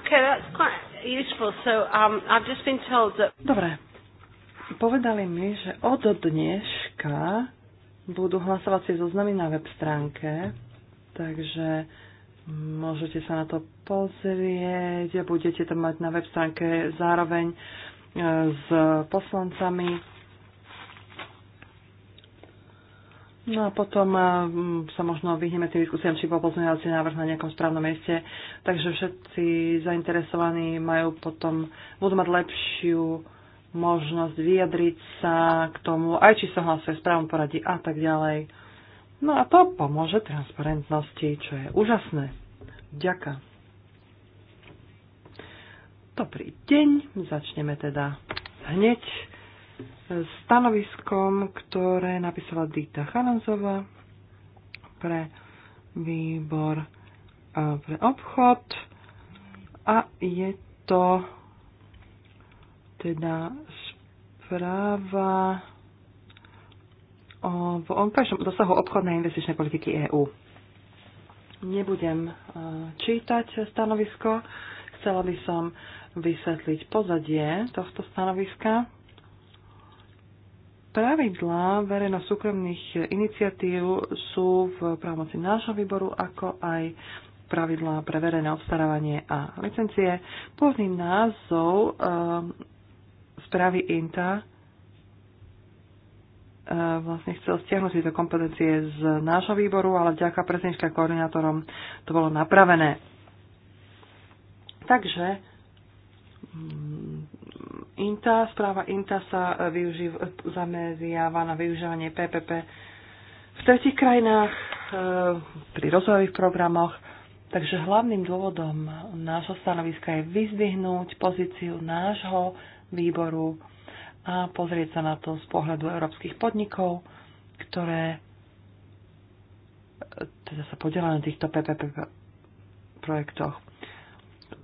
Okay, that's quite useful. So um, I've just been told that... Dobre. Povedali mi, že od dneška budú hlasovacie zoznamy na web stránke, takže môžete sa na to pozrieť, budete to mať na web stránke zároveň e, s poslancami No a potom eh, sa možno vyhneme tým diskusiám, či bol pozmeňovací návrh na nejakom správnom mieste. Takže všetci zainteresovaní majú potom, budú mať lepšiu možnosť vyjadriť sa k tomu, aj či sa hlasuje v správnom poradí a tak ďalej. No a to pomôže transparentnosti, čo je úžasné. Ďaká. Dobrý deň, začneme teda hneď stanoviskom, ktoré napísala Dita Chalanzová pre výbor e, pre obchod a je to teda správa o, vonkajšom dosahu obchodnej investičnej politiky EÚ. Nebudem e, čítať stanovisko, chcela by som vysvetliť pozadie tohto stanoviska pravidlá verejno-súkromných iniciatív sú v právomoci nášho výboru, ako aj pravidlá pre verejné obstarávanie a licencie. Pôvodný názov eh, správy INTA eh, vlastne chcel stiahnuť tieto kompetencie z nášho výboru, ale vďaka prezidentským koordinátorom to bolo napravené. Takže INTA. Správa INTA sa e, využív, e, zameziava na využívanie PPP v tretich krajinách, e, pri rozvojových programoch. Takže hlavným dôvodom nášho stanoviska je vyzdvihnúť pozíciu nášho výboru a pozrieť sa na to z pohľadu európskych podnikov, ktoré teda sa podielajú na týchto PPP projektoch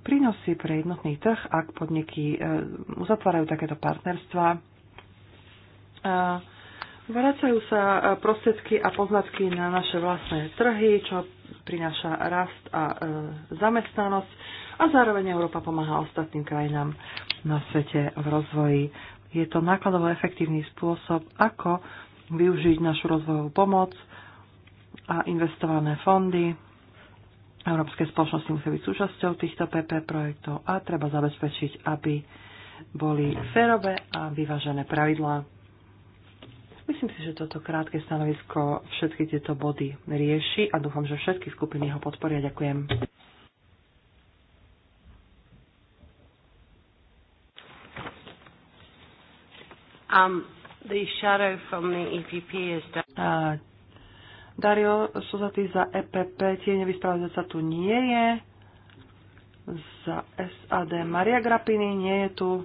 prínosy pre jednotný trh, ak podniky e, uzatvárajú takéto partnerstva. E, vracajú sa e, prostriedky a poznatky na naše vlastné trhy, čo prináša rast a zamestnanosť a zároveň Európa pomáha ostatným krajinám na svete v rozvoji. Je to nákladovo efektívny spôsob, ako využiť našu rozvojovú pomoc a investované fondy Európske spoločnosti musia byť súčasťou týchto PP projektov a treba zabezpečiť, aby boli férové a vyvážené pravidlá. Myslím si, že toto krátke stanovisko všetky tieto body rieši a dúfam, že všetky skupiny ho podporia. Ďakujem. Um, the shadow from the EPP is done. Uh, Dario Suzatý za EPP, tieňový sa tu nie je. Za SAD Maria Grapini nie je tu. E,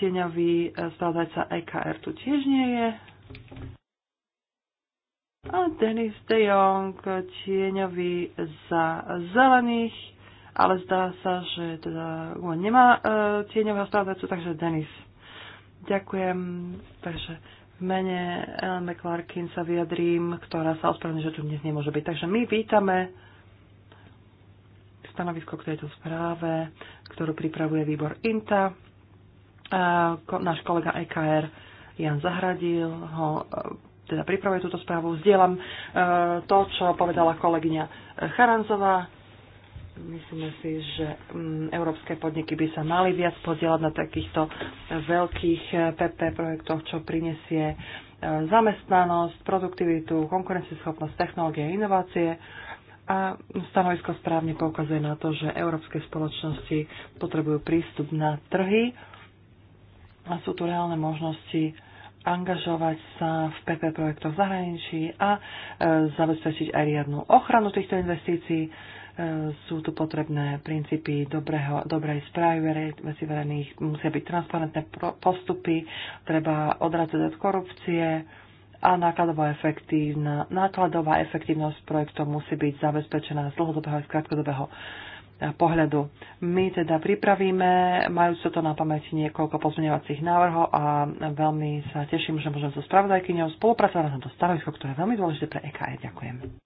tieňový e, spravodajca EKR tu tiež nie je. A Denis de Jong, tieňový za zelených, ale zdá sa, že teda on nemá e, tieňového spravodajcu, takže Denis. Ďakujem. Takže v mene Ellen McClarkin sa vyjadrím, ktorá sa ospravedlňuje, že tu dnes nemôže byť. Takže my vítame stanovisko k tejto správe, ktorú pripravuje výbor INTA. Náš kolega EKR Jan Zahradil ho e, teda pripravuje túto správu. Zdieľam e, to, čo povedala kolegyňa Charanzová Myslíme si, že mm, európske podniky by sa mali viac podielať na takýchto veľkých PP eh, projektoch, čo prinesie eh, zamestnanosť, produktivitu, konkurencieschopnosť, technológie a inovácie. A stanovisko správne poukazuje na to, že európske spoločnosti potrebujú prístup na trhy a sú tu reálne možnosti angažovať sa v PP projektoch v zahraničí a e, zabezpečiť aj riadnu ochranu týchto investícií sú tu potrebné princípy dobrého, dobrej správy veci verejných, musia byť transparentné postupy, treba odradzať od korupcie a nákladová, efektívna, nákladová efektívnosť projektov musí byť zabezpečená z dlhodobého a z krátkodobého eh, pohľadu. My teda pripravíme, majú sa to na pamäti niekoľko pozmeňovacích návrhov a veľmi sa teším, že môžem so spravodajkyňou spolupracovať na to stanovisko, ktoré je veľmi dôležité pre EKE. E. Ďakujem.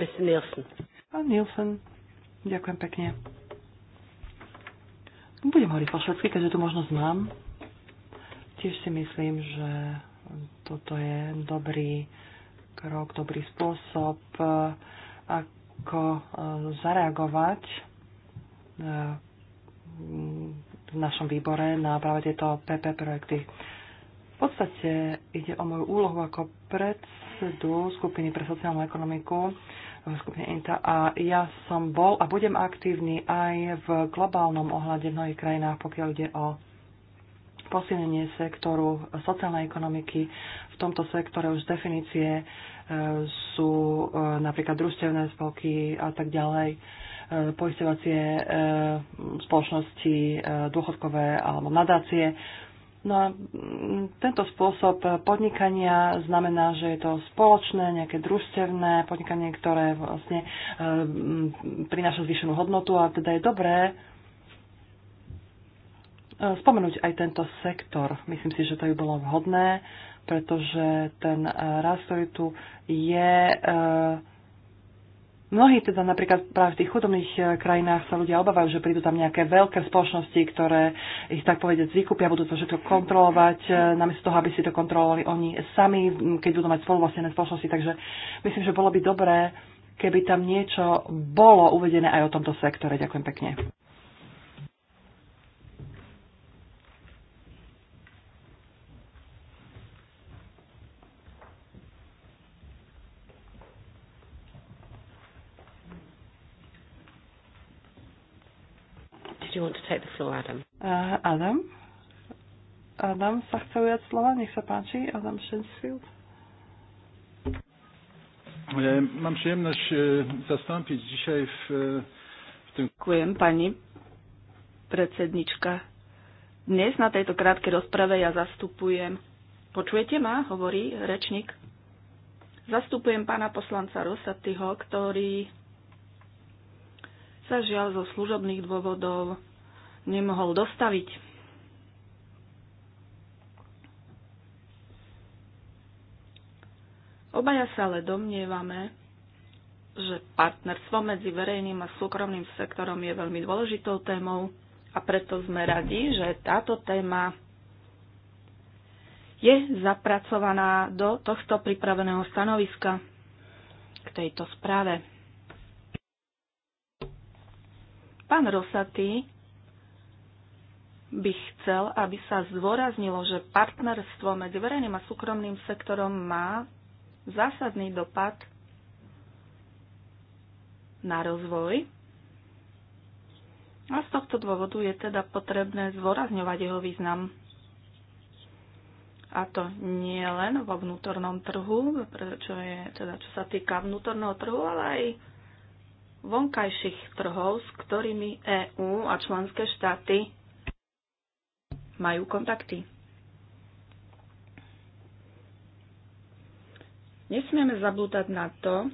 Mr. Nielsen. Pán Nielsen, ďakujem pekne. Budem hovoriť po švedsky, keďže tu možnosť mám. Tiež si myslím, že toto je dobrý krok, dobrý spôsob, eh, ako eh, zareagovať eh, v našom výbore na práve tieto PP projekty. V podstate ide o moju úlohu ako predsedu skupiny pre sociálnu ekonomiku v skupine INTA a ja som bol a budem aktívny aj v globálnom ohľade v mnohých krajinách, pokiaľ ide o posilnenie sektoru sociálnej ekonomiky. V tomto sektore už definície e, sú e, napríklad družstevné spolky a tak ďalej e, poistovacie spoločnosti, dôchodkové alebo nadácie. No a mm, tento spôsob podnikania znamená, že je to spoločné, nejaké družstevné podnikanie, ktoré vlastne e, mm, prináša zvýšenú hodnotu a teda je dobré e, spomenúť aj tento sektor. Myslím si, že to by bolo vhodné, pretože ten e, rast, ktorý tu je, Mnohí teda napríklad práve v tých chudobných e, krajinách sa ľudia obávajú, že prídu tam nejaké veľké spoločnosti, ktoré ich tak povedať vykúpia, budú to všetko kontrolovať, e, namiesto toho, aby si to kontrolovali oni sami, keď budú mať spoluvlastnené spoločnosti. Takže myslím, že bolo by dobré, keby tam niečo bolo uvedené aj o tomto sektore. Ďakujem pekne. do you want to take the floor, Adam? Uh, Adam? Adam sa chce ujať slova, nech sa páči, Adam Shensfield. Mám príjemnosť e, zastúpiť dzisiaj v, e, w tym... Dziękuję pani predsednička. Dnes na tejto krátkej rozprave ja zastupujem... Počujete ma? Hovorí rečník. Zastupujem pána poslanca Rosatyho, ktorý sa žiaľ zo služobných dôvodov nemohol dostaviť. Obaja sa ale domnievame, že partnerstvo medzi verejným a súkromným sektorom je veľmi dôležitou témou a preto sme radi, že táto téma je zapracovaná do tohto pripraveného stanoviska k tejto správe. Pán Rosaty by chcel, aby sa zdôraznilo, že partnerstvo medzi verejným a súkromným sektorom má zásadný dopad na rozvoj. A z tohto dôvodu je teda potrebné zdôrazňovať jeho význam. A to nie len vo vnútornom trhu, čo, je, teda, čo sa týka vnútorného trhu, ale aj vonkajších trhov, s ktorými EÚ a členské štáty majú kontakty. Nesmieme zabúdať na to,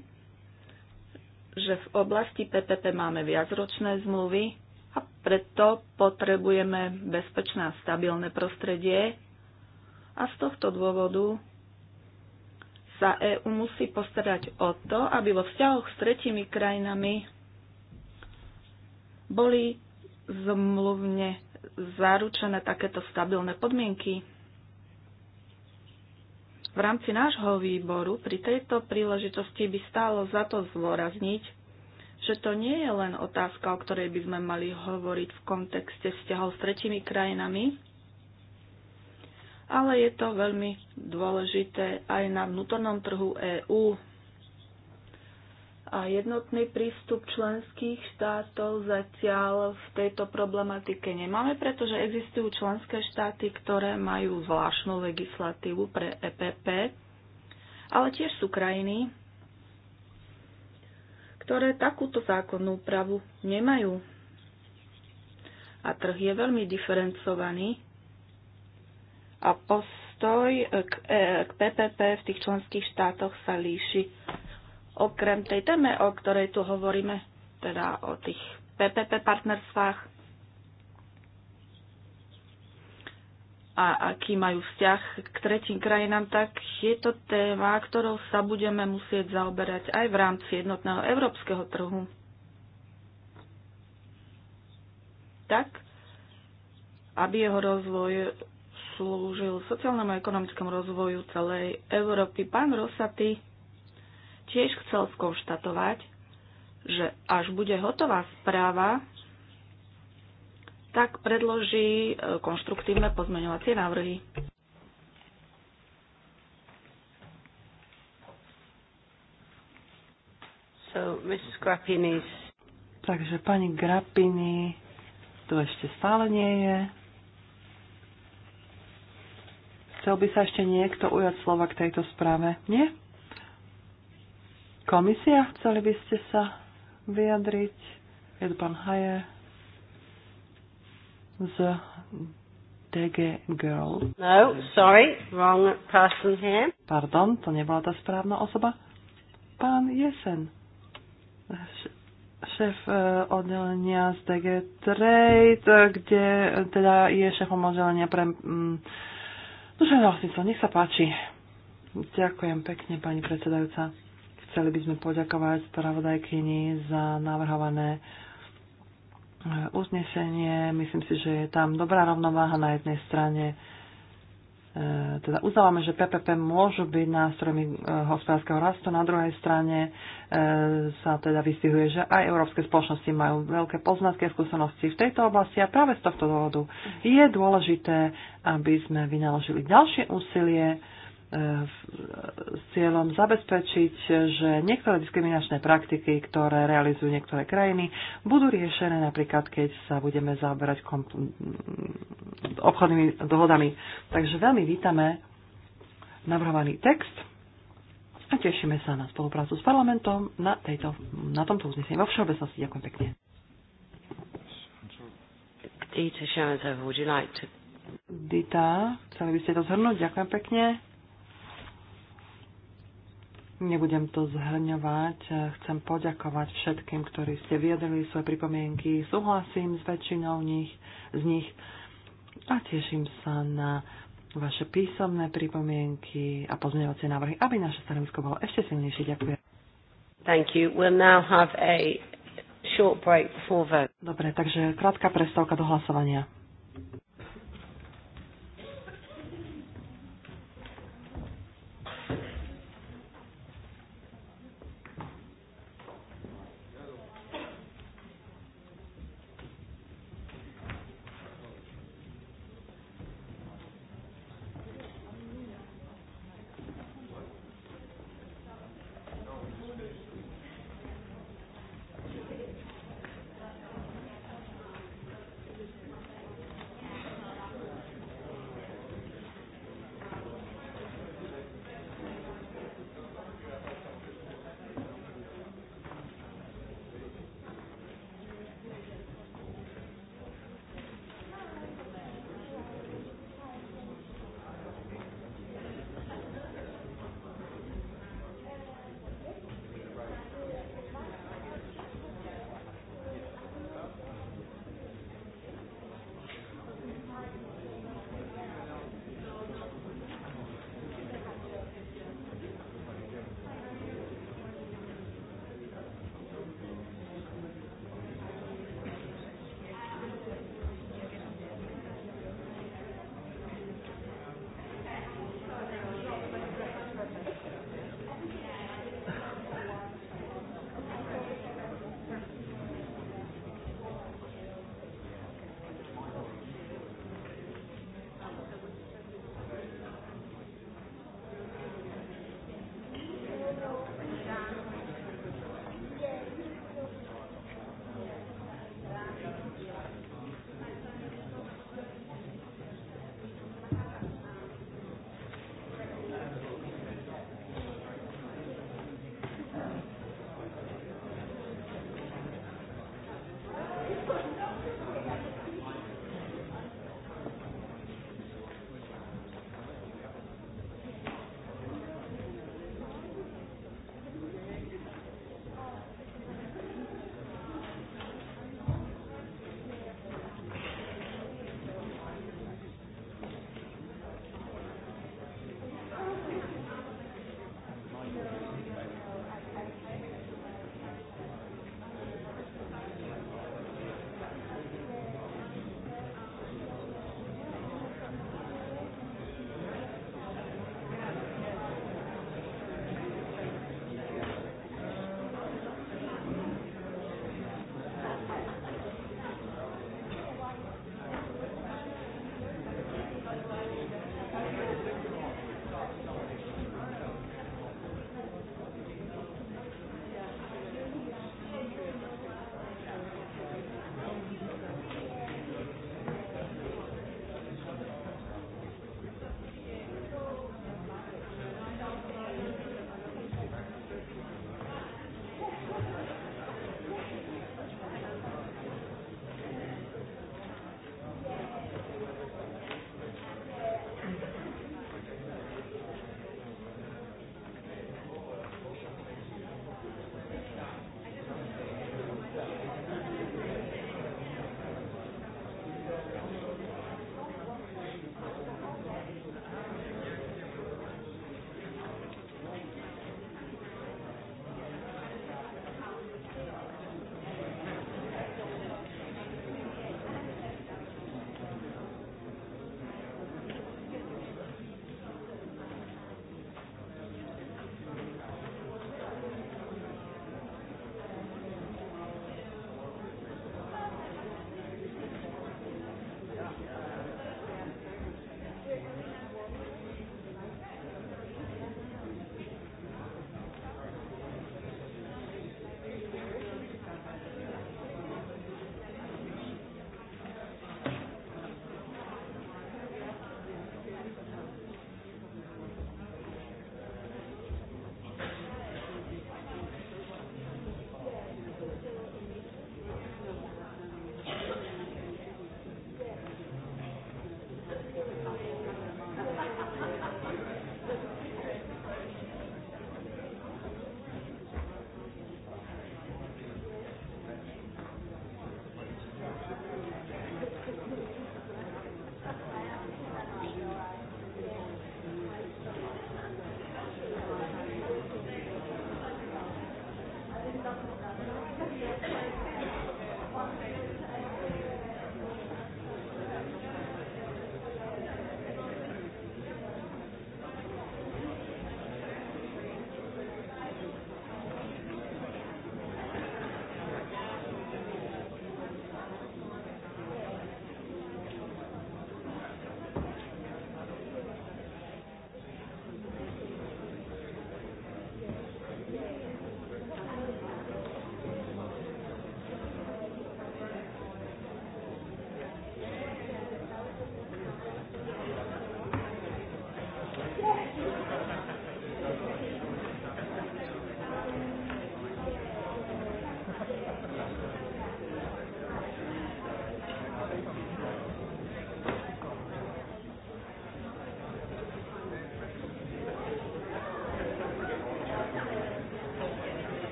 že v oblasti PPP máme viacročné zmluvy a preto potrebujeme bezpečné a stabilné prostredie a z tohto dôvodu sa EÚ musí postarať o to, aby vo vzťahoch s tretimi krajinami boli zmluvne zaručené takéto stabilné podmienky. V rámci nášho výboru pri tejto príležitosti by stálo za to zvorazniť, že to nie je len otázka, o ktorej by sme mali hovoriť v kontexte vzťahov s tretimi krajinami, ale je to veľmi dôležité aj na vnútornom trhu EÚ. A jednotný prístup členských štátov zatiaľ v tejto problematike nemáme, pretože existujú členské štáty, ktoré majú zvláštnu legislatívu pre EPP, ale tiež sú krajiny, ktoré takúto zákonnú úpravu nemajú. A trh je veľmi diferencovaný a postoj k, e, k PPP v tých členských štátoch sa líši. Okrem tej téme, o ktorej tu hovoríme, teda o tých PPP partnerstvách a aký majú vzťah k tretím krajinám, tak je to téma, ktorou sa budeme musieť zaoberať aj v rámci jednotného európskeho trhu. Tak, aby jeho rozvoj slúžil sociálnemu a ekonomickému rozvoju celej Európy. Pán Rosaty tiež chcel skonštatovať, že až bude hotová správa, tak predloží e, konštruktívne pozmeňovacie návrhy. So, Mrs. Grappini's... Takže pani Grappini tu ešte stále nie je. Chcel by sa ešte niekto ujať slova k tejto správe? Nie? Komisia? Chceli by ste sa vyjadriť? Je to pán Haje z DG Girl. No, sorry, wrong person here. Pardon, to nebola tá správna osoba. Pán Jesen, šéf e, oddelenia z DG Trade, e, kde e, teda je šéfom oddelenia pre Mm, Dušan Rosnico, nech sa páči. Ďakujem pekne, pani predsedajúca. Chceli by sme poďakovať spravodajkyni za navrhované e, uznesenie. Myslím si, že je tam dobrá rovnováha na jednej strane E, teda uznávame, že PPP môžu byť nástrojmi e, hospodárskeho rastu. Na druhej strane e, sa teda vystihuje, že aj európske spoločnosti majú veľké poznatky a skúsenosti v tejto oblasti a práve z tohto dôvodu je dôležité, aby sme vynaložili ďalšie úsilie s cieľom zabezpečiť, že niektoré diskriminačné praktiky, ktoré realizujú niektoré krajiny, budú riešené napríklad, keď sa budeme zaoberať obchodnými dohodami. Takže veľmi vítame navrhovaný text a tešíme sa na spoluprácu s parlamentom na, tejto, na tomto uznesení. Vo všeobecnosti ďakujem pekne. Dita, chceli by ste to zhrnúť? Ďakujem pekne. Nebudem to zhrňovať. Chcem poďakovať všetkým, ktorí ste viedeli svoje pripomienky. Súhlasím s väčšinou nich, z nich a teším sa na vaše písomné pripomienky a pozmeňovacie návrhy, aby naše stanovisko bolo ešte silnejšie. Ďakujem. Thank you. We'll now have a short break before vote. Dobre, takže krátka prestávka do hlasovania.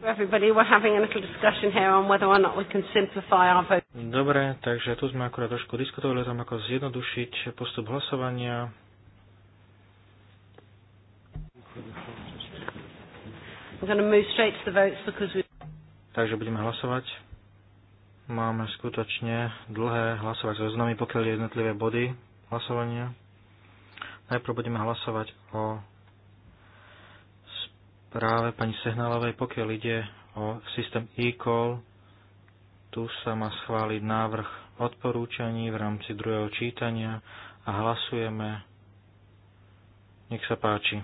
Everybody, we're having a little discussion here on whether or not we can simplify our vote. Dobre, takže tu sme akurát trošku diskutovali o tom, ako zjednodušiť postup hlasovania. going to move straight to the votes because we... Takže budeme hlasovať. Máme skutočne dlhé hlasovať zoznamy, pokiaľ je jednotlivé body hlasovania. Najprv budeme hlasovať o práve pani Sehnalovej, pokiaľ ide o systém e-call, tu sa má schváliť návrh odporúčaní v rámci druhého čítania a hlasujeme. Nech sa páči.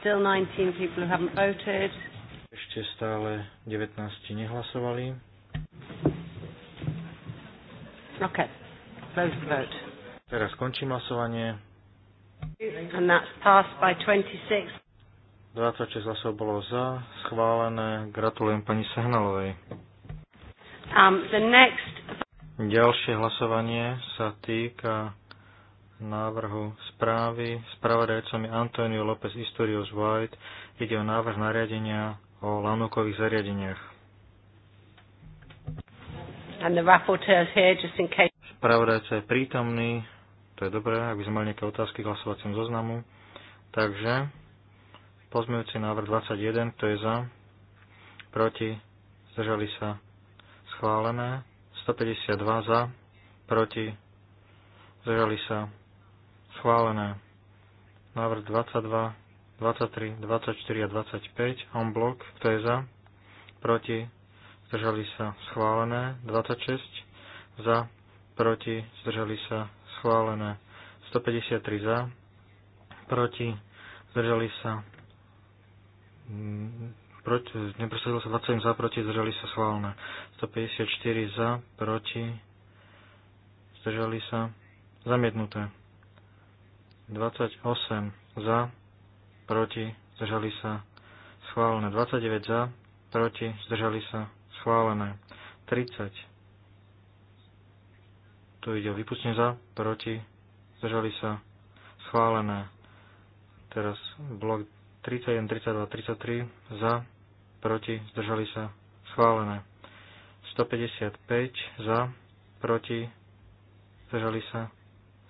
Still 19 people haven't voted. Ešte stále 19 nehlasovali. Okay. Close the vote. Teraz končím hlasovanie. And that's passed by 26. 26 hlasov bolo za, schválené. Gratulujem pani Sehnalovej. Um, the next... Ďalšie hlasovanie sa týka návrhu správy. Spravodajcom je Antonio López Istorios White. Ide o návrh nariadenia o lanukových zariadeniach and the rapporteur is here just in case. Spravodajca je prítomný, to je dobré, ak by sme mali nejaké otázky k hlasovacím zoznamu. Takže pozmejúci návrh 21, kto je za, proti, zdržali sa, schválené, 152 za, proti, zdržali sa, schválené. Návrh 22, 23, 24 a 25, on blok, kto je za, proti, zdržali sa schválené, 26 za, proti, zdržali sa schválené, 153 za, proti, zdržali sa, mm, proti, nepresadilo sa 27 za, proti, zdržali sa schválené, 154 za, proti, zdržali sa, zamietnuté, 28 za, proti, zdržali sa, schválené, 29 za, proti, zdržali sa, Schválené. 30. Tu ide o vypustenie za, proti, zdržali sa. Schválené. Teraz blok 31, 32, 33 za, proti, zdržali sa. Schválené. 155 za, proti, zdržali sa.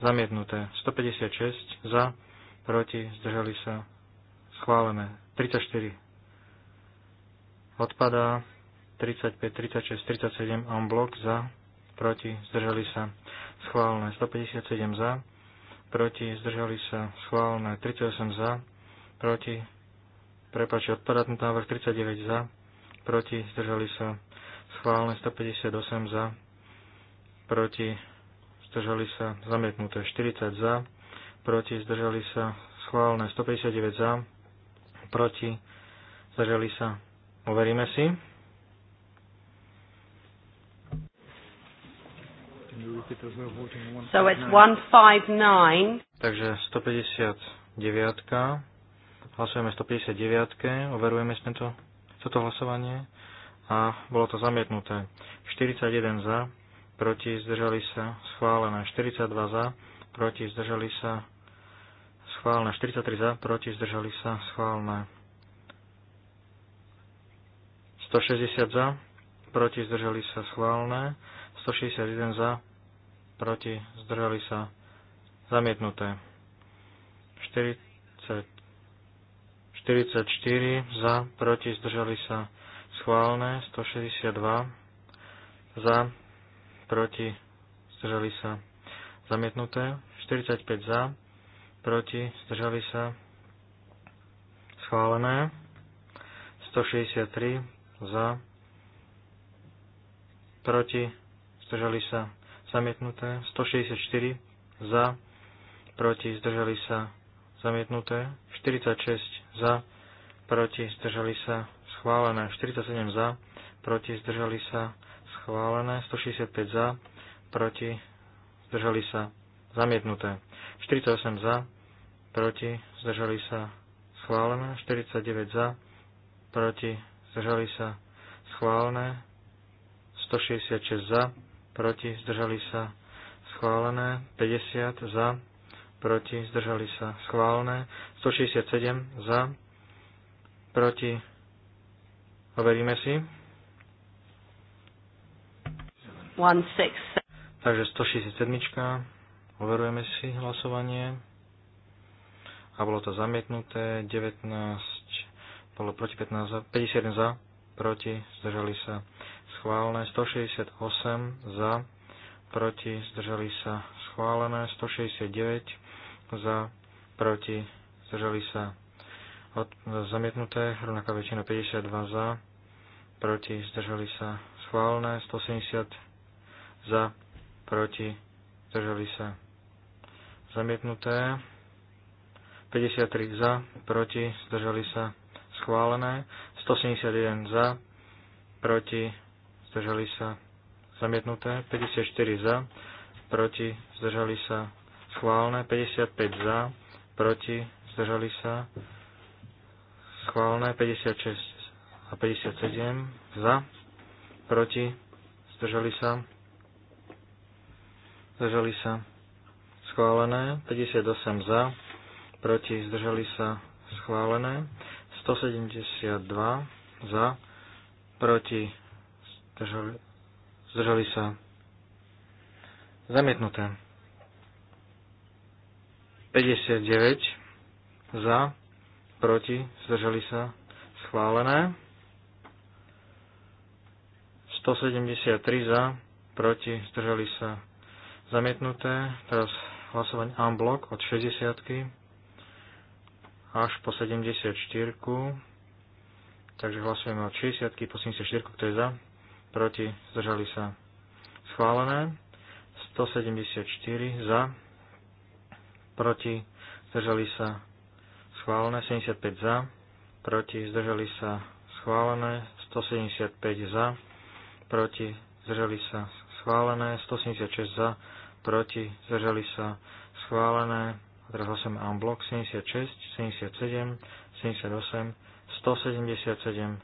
Zamietnuté. 156 za, proti, zdržali sa. Schválené. 34. Odpadá. 35, 36, 37 en blok za, proti, zdržali sa, schválené 157 za, proti, zdržali sa, schválené 38 za, proti, prepáči, odpadá tento návrh 39 za, proti, zdržali sa, schválené 158 za, proti, zdržali sa, zamietnuté 40 za, proti, zdržali sa, schválené 159 za, proti, zdržali sa, overíme si. So it's 159. Takže 159. Hlasujeme 159. Overujeme sme to, toto hlasovanie. A bolo to zamietnuté. 41 za, proti zdržali sa, schválené. 42 za, proti zdržali sa, schválené. 43 za, proti zdržali sa, schválené. 160 za, proti zdržali sa, schválené. 161 za, proti, zdržali sa, zamietnuté. 40, 44 za, proti, zdržali sa, schválne. 162 za, proti, zdržali sa, zamietnuté. 45 za, proti, zdržali sa, schválené. 163 za, proti, zdržali sa, zamietnuté, 164 za, proti, zdržali sa, zamietnuté, 46 za, proti, zdržali sa, schválené, 47 za, proti, zdržali sa, schválené, 165 za, proti, zdržali sa, zamietnuté, 48 za, proti, zdržali sa, schválené, 49 za, proti, zdržali sa, schválené, 166 za, proti, zdržali sa, schválené, 50 za, proti, zdržali sa, schválené, 167 za, proti, overíme si. Takže 167, overujeme si hlasovanie a bolo to zamietnuté, 19 bolo proti 15 51 za, proti, zdržali sa, schválené, 168 za, proti, zdržali sa, schválené, 169 za, proti, zdržali sa, od, zamietnuté, rovnaká väčšina 52 za, proti, zdržali sa, schválené, 170 za, proti, zdržali sa, zamietnuté, 53 za, proti, zdržali sa, schválené, 171 za, proti, zdržali sa zamietnuté, 54 za, proti, zdržali sa schválne, 55 za, proti, zdržali sa schválne, 56 a 57 za, proti, zdržali sa, zdržali sa schválené, 58 za, proti, zdržali sa schválené, 172 za, proti, Zdržali, zdržali sa. Zamietnuté. 59 za, proti, zdržali sa, schválené. 173 za, proti, zdržali sa, zamietnuté. Teraz hlasovanie unblock od 60 až po 74. Takže hlasujeme od 60 po 74, kto je za, proti, zdržali sa schválené, 174 za, proti, zdržali sa schválené, 75 za, proti, zdržali sa schválené, 175 za, proti, zdržali sa schválené, 176 za, proti, zdržali sa schválené, teraz hlasujeme unblock 76, 77, 78, 177, 178,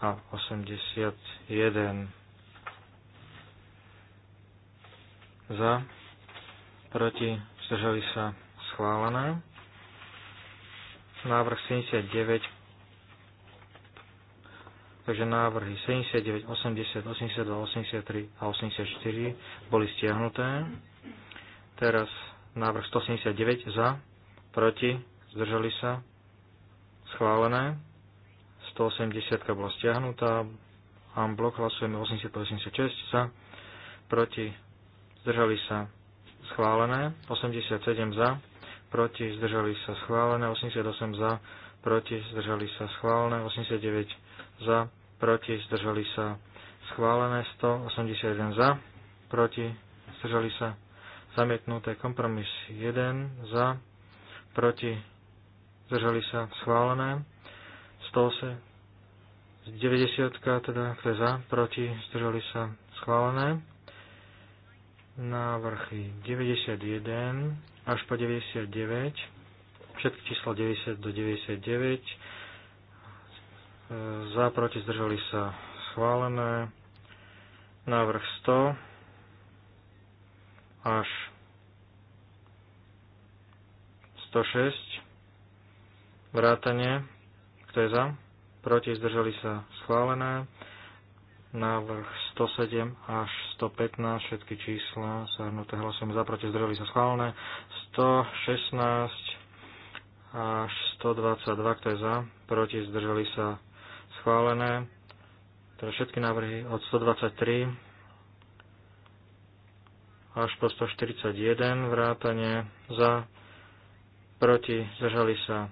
a 81 za, proti, zdržali sa schválené. Návrh 79, takže návrhy 79, 80, 82, 83 a 84 boli stiahnuté. Teraz návrh 179 za, proti, zdržali sa schválené. 180 bola stiahnutá. blok hlasujeme 80-86 za, proti zdržali sa schválené, 87 za, proti zdržali sa schválené, 88 za, proti zdržali sa schválené, 89 za, proti zdržali sa schválené, 181 za, proti zdržali sa zamietnuté, kompromis 1 za, proti zdržali sa schválené, 108, 90 teda, kto je za, proti, zdržali sa schválené. Návrhy 91 až po 99, všetky čísla 90 do 99, e, za, proti, zdržali sa schválené. Návrh 100 až 106, vrátanie, kto je za? proti, zdržali sa schválené. Návrh 107 až 115, všetky čísla zahrnuté hlasujeme za, proti, zdržali sa schválené. 116 až 122, kto je za, proti, zdržali sa schválené. Teda všetky návrhy od 123 až po 141 vrátane za, proti, zdržali sa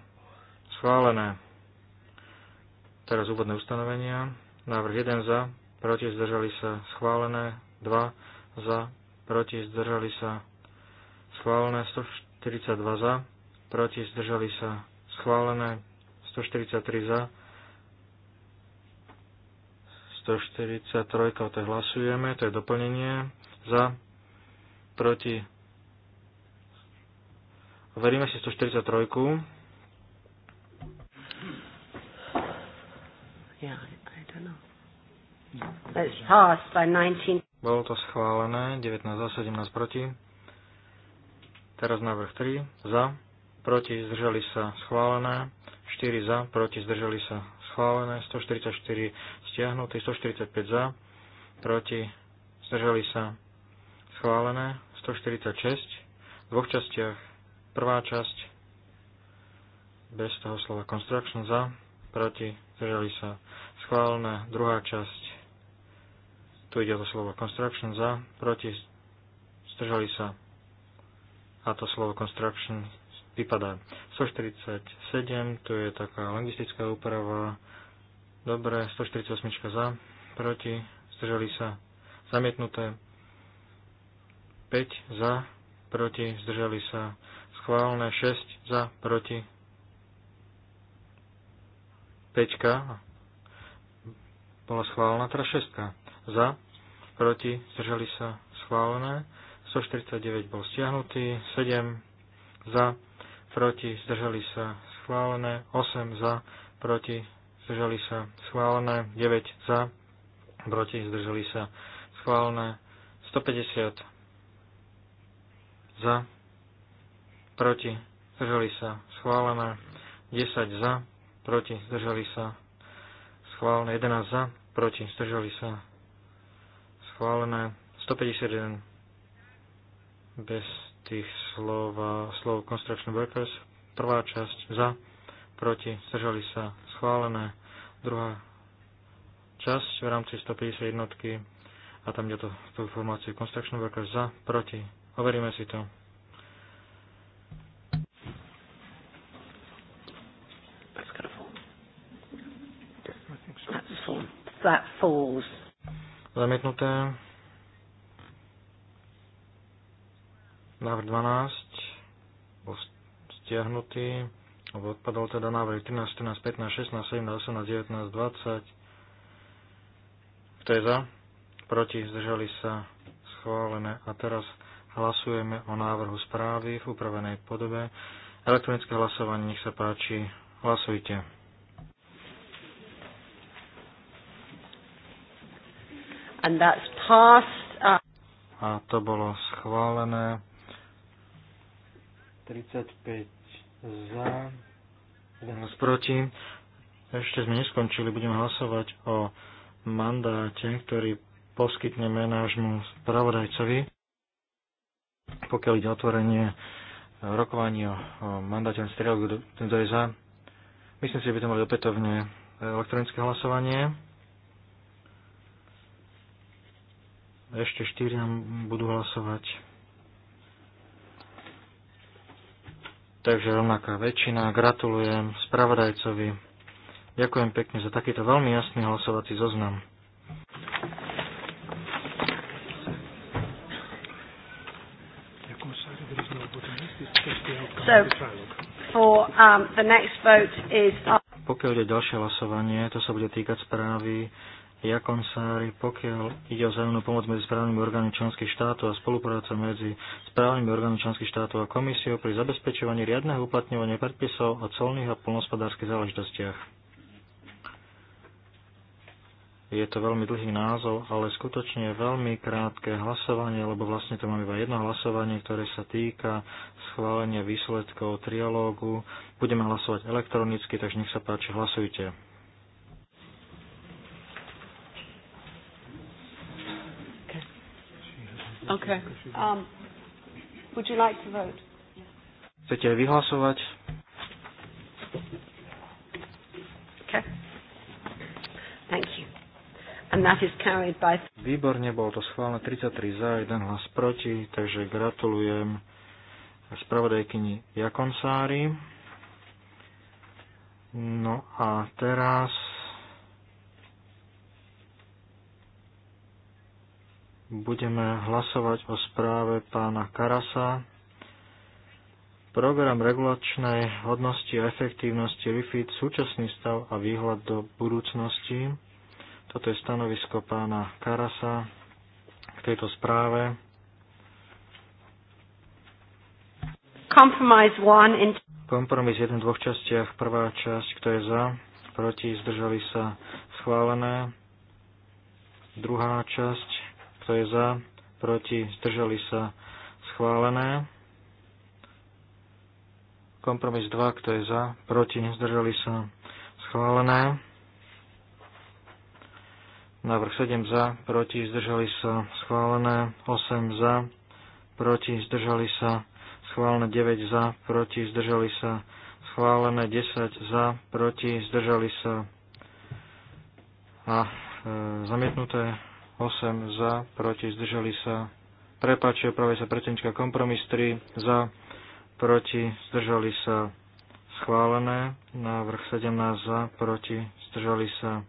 schválené. Teraz úvodné ustanovenia. Návrh 1 za, proti zdržali sa schválené. 2 za, proti zdržali sa schválené. 142 za, proti zdržali sa schválené. 143 za, 143, to hlasujeme, to je doplnenie, za, proti, veríme si 143, Yeah, I don't know. passed by 19. Bolo to schválené, 19 za, 17 proti. Teraz návrh 3, za, proti, zdržali sa, schválené. 4 za, proti, zdržali sa, schválené. 144 stiahnutý, 145 za, proti, zdržali sa, schválené. 146 v dvoch častiach. Prvá časť bez toho slova construction za, proti, zdržali sa. Schválená druhá časť, tu ide o slovo construction za, proti, zdržali sa. A to slovo construction vypadá. 147, tu je taká logistická úprava. Dobre, 148 za, proti, zdržali sa. Zamietnuté. 5 za, proti, zdržali sa. Schválne 6 za, proti, 5 bola schválená, teda 6 za, proti, zdržali sa schválené, 149 bol stiahnutý, 7 za, proti, zdržali sa schválené, 8 za, proti, zdržali sa schválené, 9 za, proti, zdržali sa schválené, 150 za, proti, zdržali sa schválené, 10 za, proti, zdržali sa, schválené 11 za, proti, zdržali sa, schválené 151 bez tých slov, slov Construction Workers, prvá časť za, proti, zdržali sa, schválené, druhá časť v rámci 150 jednotky a tam je to tú formáciu Construction Workers za, proti, overíme si to. that falls. Zamietnuté. Návrh 12 bol stiahnutý, alebo odpadol teda návrh 13, 14, 15, 16, 17, 18, 19, 20. Kto je za? Proti? Zdržali sa? Schválené. A teraz hlasujeme o návrhu správy v upravenej podobe. Elektronické hlasovanie, nech sa páči. Hlasujte. and that's passed. Uh... A to bolo schválené. 35 za, 11 proti. Ešte sme neskončili, budeme hlasovať o mandáte, ktorý poskytneme nášmu spravodajcovi, pokiaľ ide otvorenie rokovania o mandáte na je za. Myslím si, že by to mali opätovne elektronické hlasovanie. Ešte štyri nám budú hlasovať. Takže rovnaká väčšina. Gratulujem spravodajcovi. Ďakujem pekne za takýto veľmi jasný hlasovací zoznam. So, for, um, the next vote is... Pokiaľ ide ďalšie hlasovanie, to sa bude týkať správy Jakonsári, pokiaľ ide o zájomnú pomoc medzi správnymi orgánmi členských štátov a spolupráca medzi správnymi orgánmi členských štátov a komisiou pri zabezpečovaní riadneho uplatňovania predpisov o colných a polnospodárskych záležitostiach. Je to veľmi dlhý názov, ale skutočne veľmi krátke hlasovanie, lebo vlastne to máme iba jedno hlasovanie, ktoré sa týka schválenia výsledkov trialógu. Budeme hlasovať elektronicky, takže nech sa páči, hlasujte. Okay. Um, would you like to vote? Chcete vyhlasovať? Okay. Thank you. And that is carried by... Výborne, bolo to schválené 33 za, 1 hlas proti, takže gratulujem spravodajkyni Jakonsári. No a teraz budeme hlasovať o správe pána Karasa. Program regulačnej hodnosti a efektívnosti RIFID, súčasný stav a výhľad do budúcnosti. Toto je stanovisko pána Karasa k tejto správe. Kompromis 1 v dvoch častiach. Prvá časť, kto je za, proti, zdržali sa schválené. Druhá časť, kto je za, proti, zdržali sa, schválené. Kompromis 2, kto je za, proti, zdržali sa, schválené. Návrh 7 za, proti, zdržali sa, schválené. 8 za, proti, zdržali sa, schválené. 9 za, proti, zdržali sa, schválené. 10 za, proti, zdržali sa a e, zamietnuté 8 za, proti, zdržali sa. Prepačuje, práve sa predsednička kompromis 3 za, proti, zdržali sa. Schválené. Návrh 17 za, proti, zdržali sa.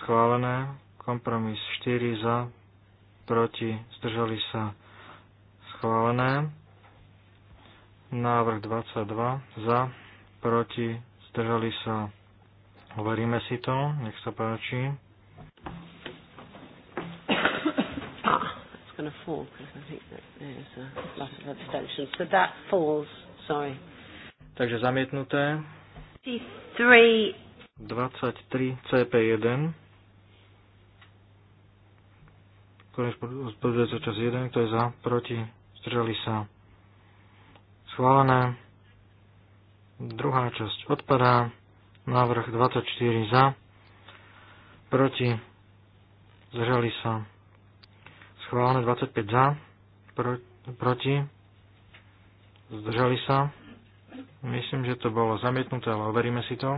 Schválené. Kompromis 4 za, proti, zdržali sa. Schválené. Návrh 22 za, proti, zdržali sa. Hovoríme si to, nech sa páči. going to fall because I think that there's a lot of abstentions. So that falls, sorry. Takže zamietnuté. 23. 23 CP1. Konec podvedca čas 1, kto je za, proti, zdržali sa. Schválené. Druhá časť odpadá. Návrh 24 za, proti, zdržali sa Schválené 25 za, pro, proti, zdržali sa. Myslím, že to bolo zamietnuté, ale overíme si to.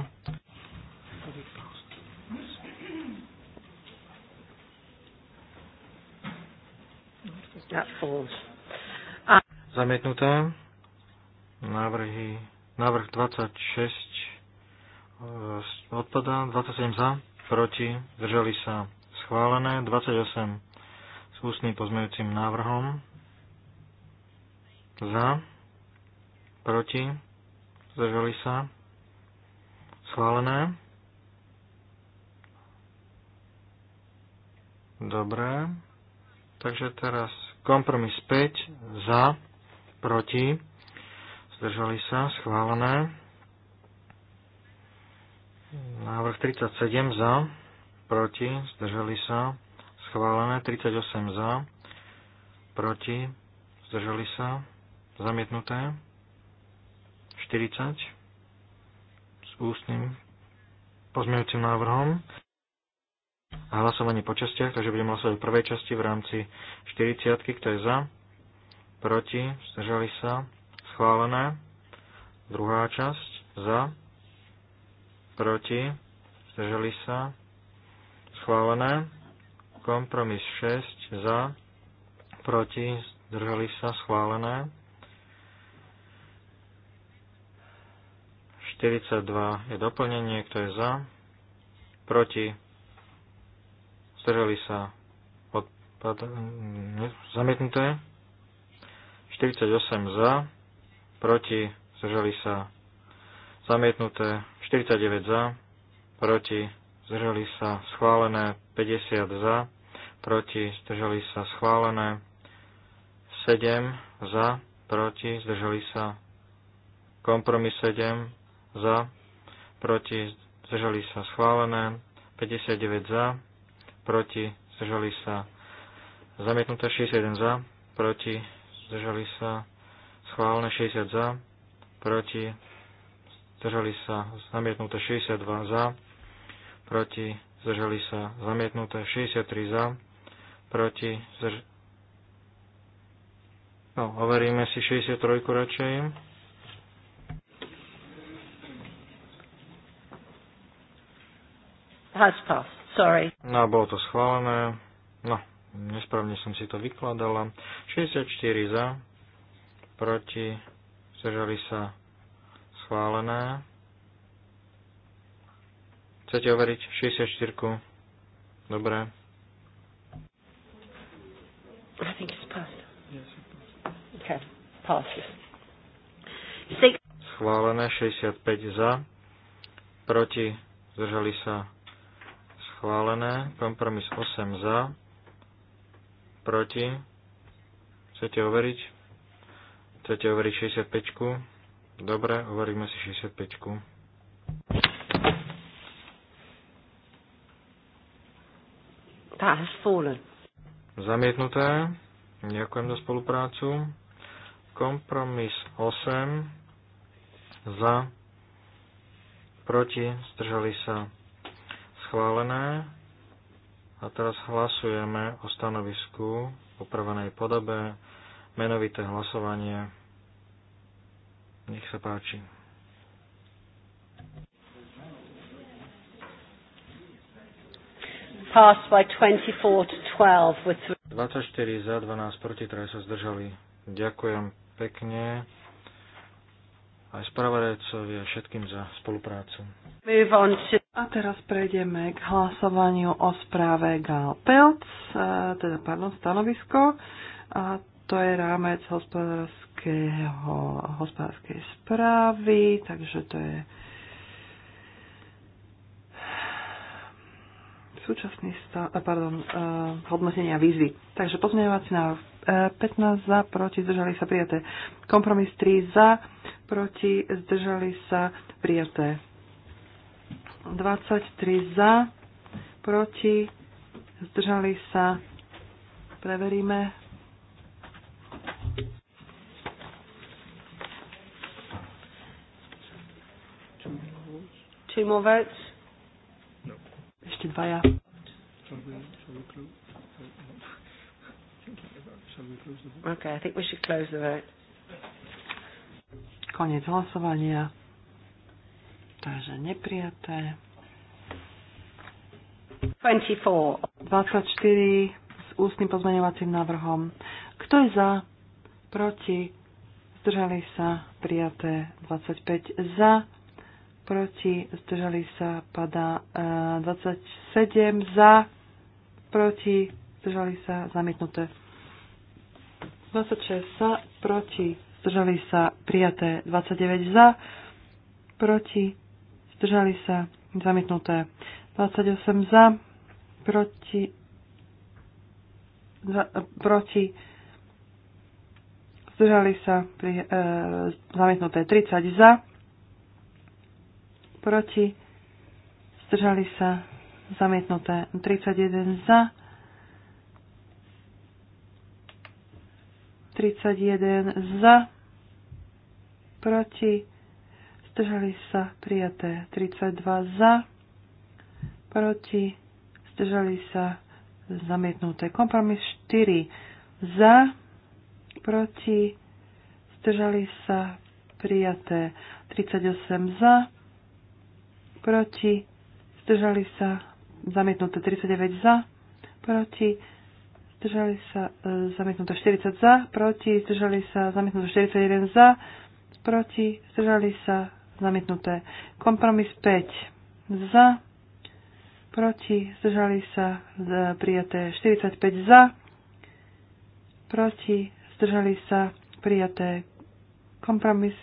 Zamietnuté. Návrhy, návrh 26 eh, odpadá, 27 za, proti, zdržali sa schválené, 28 s ústnym pozmeňujúcim návrhom. Za. Proti. Zdržali sa. Schválené. Dobre. Takže teraz kompromis 5. Za. Proti. Zdržali sa. Schválené. Návrh 37 za, proti, zdržali sa, schválené, 38 za, proti, zdržali sa, zamietnuté, 40 s ústnym pozmeňujúcim návrhom a hlasovanie po častiach, takže budeme hlasovať v prvej časti v rámci 40, kto je za, proti, zdržali sa, schválené, druhá časť, za, proti, zdržali sa, schválené, Kompromis 6 za, proti, zdržali sa schválené. 42 je doplnenie, kto je za, proti, zdržali sa odpad, zamietnuté. 48 za, proti, zdržali sa zamietnuté. 49 za, proti, zdržali sa schválené 50 za, proti, zdržali sa schválené. 7 za, proti, zdržali sa. Kompromis 7 za, proti, zdržali sa schválené. 59 za, proti, zdržali sa. Zamietnuté 61 za, proti, zdržali sa. Schválené 60 za, proti, zdržali sa. Zamietnuté 62 za, proti, zdržali sa. Zamietnuté 63 za, proti, zr... No, overíme si 63 radšej. Has passed, sorry. No, bolo to schválené. No, nesprávne som si to vykladala. 64 za, proti, zdržali sa schválené. Chcete overiť 64? Dobre. Okay, passes. Six. Schválené 65 za, proti zdržali sa schválené, kompromis 8 za, proti, chcete overiť? Chcete overiť 65? -ku? Dobre, overíme si 65. -ku. Zamietnuté. Ďakujem za spoluprácu. Kompromis 8 za, proti, zdržali sa schválené. A teraz hlasujeme o stanovisku v upravenej podobe, menovité hlasovanie. Nech sa páči. Passed by 24 to 12 with 24 za, 12 proti, 3 sa zdržali. Ďakujem pekne aj spravodajcovi a všetkým za spoluprácu. A teraz prejdeme k hlasovaniu o správe Gal Pelc, e, teda pardon, stanovisko. A to je rámec hospodárskeho, hospodárskej správy, takže to je súčasný stav, eh, pardon, eh, hodnotenia výzvy. Takže pozmeňovací uh, 15 eh, za, proti, zdržali sa prijaté. Kompromis 3 za, proti, zdržali sa prijaté. 23 za, proti, zdržali sa, preveríme. Čimovec dvaja. Okay, I think we should close the vote. Koniec hlasovania. Takže neprijaté. 24 s ústnym pozmeňovacím návrhom. Kto je za? Proti? Zdržali sa? Prijaté. 25 za proti, zdržali sa, padá 27 e, za, proti, zdržali sa, zamietnuté. 26 za, proti, zdržali sa, prijaté 29 za, proti, zdržali sa, zamietnuté 28 za, proti, za, e, proti zdržali sa, pri, e, zamietnuté 30 za, proti, zdržali sa zamietnuté 31 za, 31 za, proti, zdržali sa prijaté 32 za, proti, zdržali sa zamietnuté. Kompromis 4 za, proti, zdržali sa prijaté 38 za, proti, zdržali sa zamietnuté 39 e, za, proti, zdržali sa zamietnuté 40 za, proti, zdržali sa zamietnuté 41 za, proti, zdržali sa zamietnuté. Kompromis 5 za, proti, zdržali sa e, prijaté 45 za, proti, zdržali sa prijaté kompromis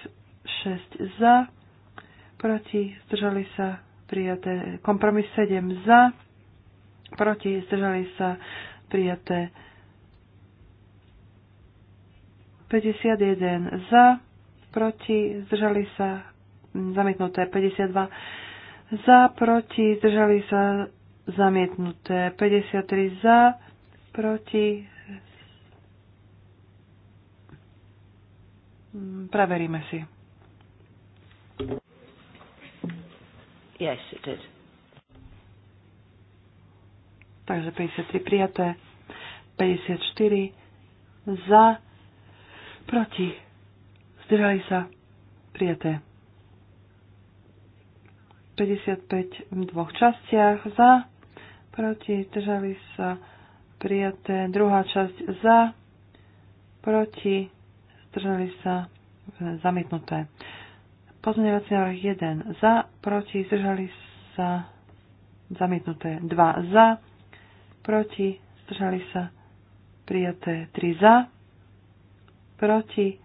6 za, proti, zdržali sa prijaté. Kompromis 7 za, proti, zdržali sa prijaté. 51 za, proti, zdržali sa zamietnuté. 52 za, proti, zdržali sa zamietnuté. 53 za, proti. Preveríme si. Yes, it did. Takže 53 prijaté, 54 za, proti, zdržali sa, prijaté. 55 v dvoch častiach za, proti, zdržali sa, prijaté. Druhá časť za, proti, zdržali sa, e, zamietnuté. Pozmeňovací návrh 1 za, proti, zdržali sa, zamietnuté 2 za, proti, zdržali sa, prijaté 3 e, za, proti,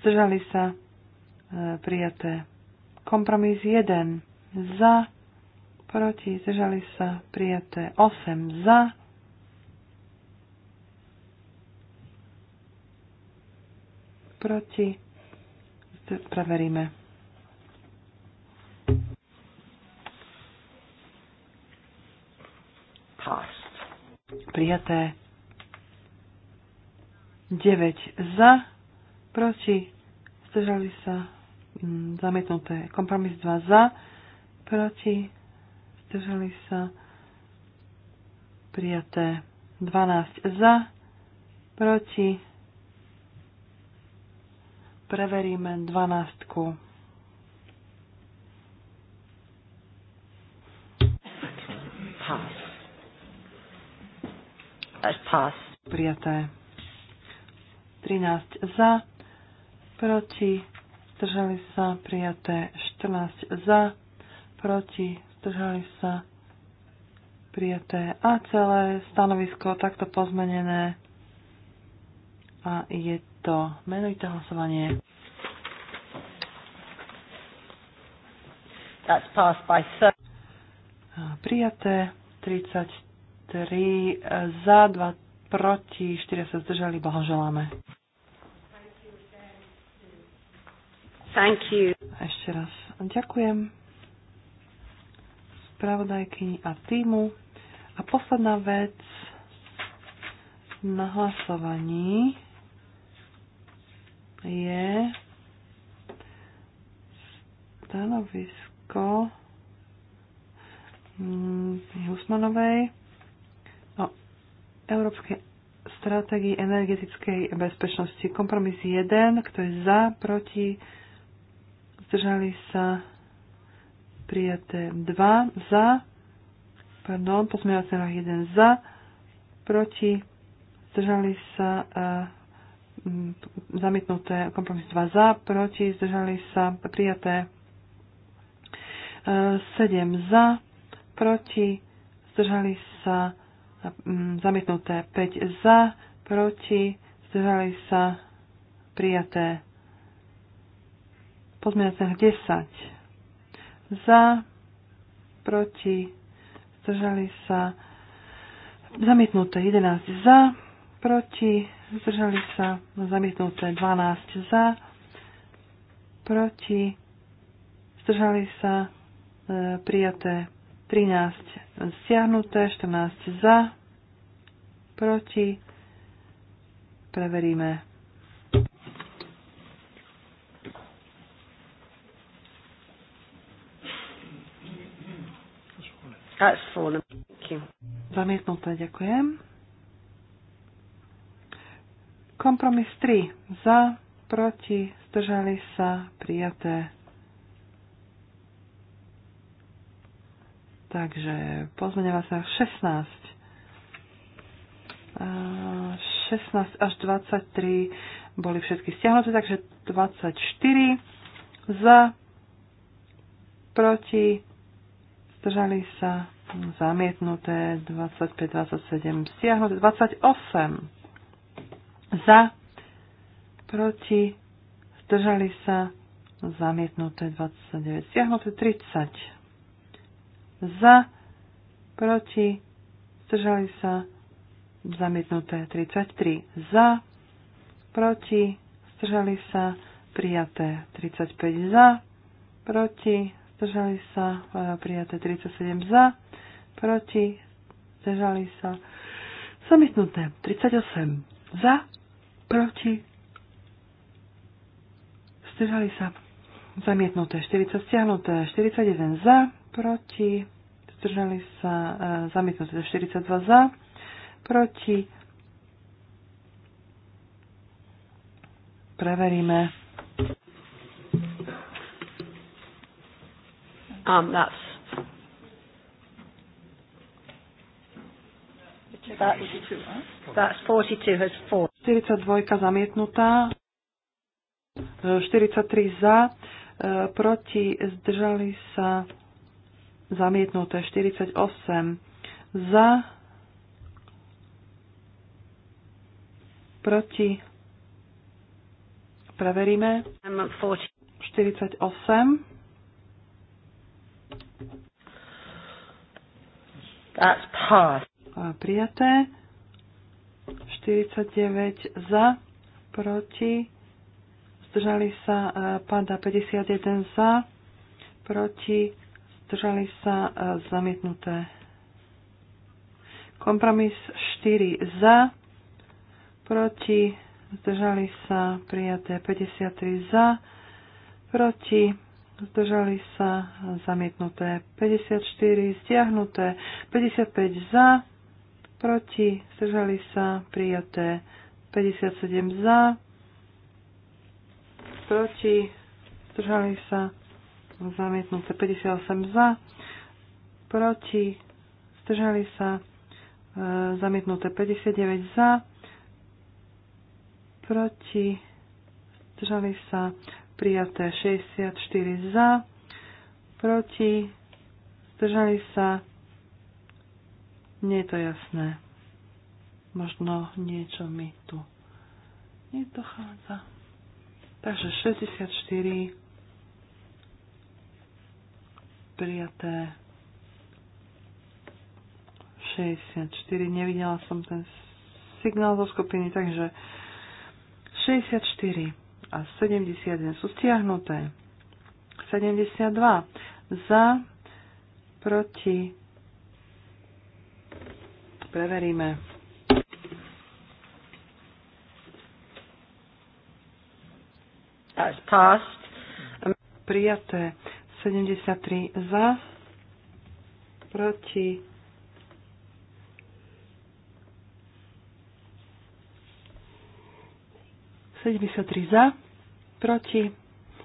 zdržali sa, prijaté kompromis 1 za, proti, zdržali sa, prijaté 8 za, proti, preveríme. Past. Prijaté. 9 za, proti, zdržali sa, mm, zamietnuté. Kompromis 2 za, proti, zdržali sa, prijaté. 12 za, proti, Preveríme dvanástku. Pass. Prijaté. 13 za, proti, zdržali sa, prijaté 14 za, proti, zdržali sa, prijaté a celé stanovisko takto pozmenené a je to menujte hlasovanie. That's passed by 30. Prijaté 33 e, za 2 proti 4 sa zdržali. Blahoželáme. Thank you. Ešte raz ďakujem spravodajkyni a týmu. A posledná vec na hlasovaní je stanovisko stanovisko mm, Husmanovej o no, Európskej stratégii energetickej bezpečnosti. Kompromis 1, kto je za, proti, zdržali sa prijaté 2, za, pardon, pozmeňovací návrh 1 za, proti, zdržali sa a e, zamietnuté kompromis 2 za, proti, zdržali sa prijaté 7 mm, za, proti, zdržali sa zamietnuté 5 za, proti, zdržali sa prijaté sa 10 za, proti, zdržali sa zamietnuté 11 za, proti, zdržali sa zamietnuté 12 za, proti, zdržali sa prijaté 13 stiahnuté, 14 za, proti. Preveríme. Zamietnuté, ďakujem. Kompromis 3. Za, proti, zdržali sa, prijaté Takže pozmeňová sa 16. 16 až 23 boli všetky stiahnuté, takže 24 za, proti, zdržali sa, zamietnuté, 25, 27 stiahnuté, 28 za, proti, zdržali sa, zamietnuté, 29 stiahnuté, 30 za, proti, zdržali sa, zamietnuté 33 za, proti, zdržali sa, prijaté 35 za, proti, zdržali sa, e, prijaté 37 za, proti, zdržali sa, zamietnuté 38 za, proti, zdržali sa, zamietnuté 40 stiahnuté 41 za, proti, zdržali sa e, zamietnuté 42 za, proti, preveríme. Um, that's That's 42 has 4. 42 zamietnutá, 43 e, za, e, proti zdržali sa zamietnuté 48 za, proti, preveríme, 48. That's passed. Prijaté. 49 za, proti, zdržali sa, eh, pada 51 za, proti, zdržali sa, e, zamietnuté. Kompromis 4 za, proti, zdržali sa, prijaté 53 za, proti, zdržali sa, zamietnuté 54, stiahnuté 55 za, proti, zdržali sa, prijaté 57 za, proti, zdržali sa, zamietnuté 58 za, proti, zdržali sa, e, zamietnuté 59 za, proti, zdržali sa, prijaté 64 za, proti, zdržali sa, nie je to jasné. Možno niečo mi tu nedochádza. Takže 64 prijaté 64. Nevidela som ten signál zo skupiny, takže 64 a 71 sú stiahnuté. 72 za, proti, preveríme. Prijaté 73 za, proti, 73 za, proti,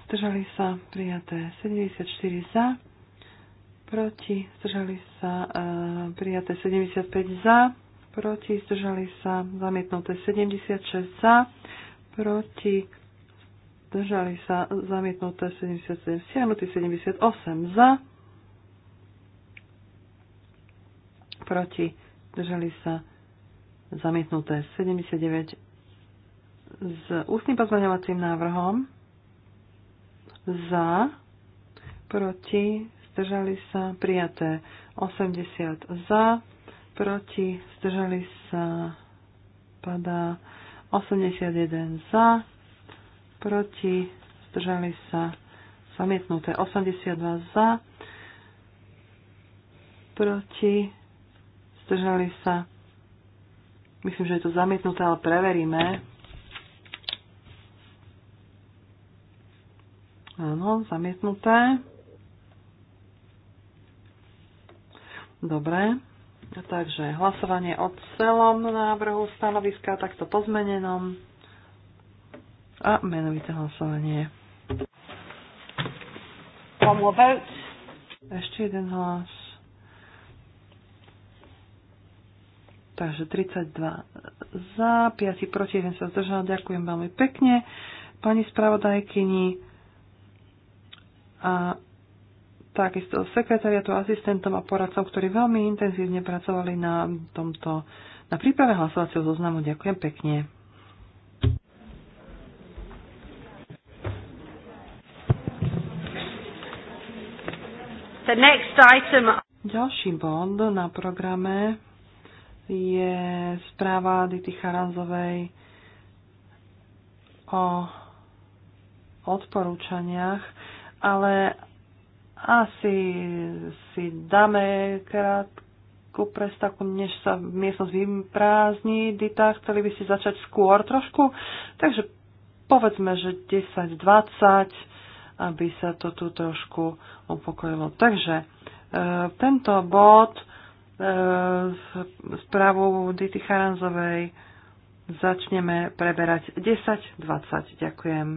zdržali sa prijaté. 74 za, proti, zdržali sa e, prijaté. 75 za, proti, zdržali sa zamietnuté. 76 za, proti, zdržali sa, zamietnuté 77, stiahnutý 78 za, proti, zdržali sa, zamietnuté 79 s ústnym pozmeňovacím návrhom, za, proti, zdržali sa, prijaté 80 za, proti, zdržali sa, padá 81 za, proti, zdržali sa zamietnuté 82 za, proti, zdržali sa, myslím, že je to zamietnuté, ale preveríme. Áno, zamietnuté. Dobre, takže hlasovanie o celom návrhu stanoviska, takto pozmenenom a menovité hlasovanie. One more vote. Ešte jeden hlas. Takže 32 za, 5 proti, 1 sa zdržal. Ďakujem veľmi pekne pani spravodajkyni a takisto sekretariatu, asistentom a poradcom, ktorí veľmi intenzívne pracovali na tomto, na príprave hlasovacieho zoznamu. Ďakujem pekne. The next item... Ďalší bod na programe je správa Dity Charanzovej o odporúčaniach, ale asi si dáme krátku prestaku, než sa miestnosť vyprázdni. Dita, chceli by si začať skôr trošku, takže povedzme, že 10-20 aby sa to tu trošku upokojilo. Takže e, tento bod e, správu Dity Charanzovej začneme preberať 10.20. Ďakujem.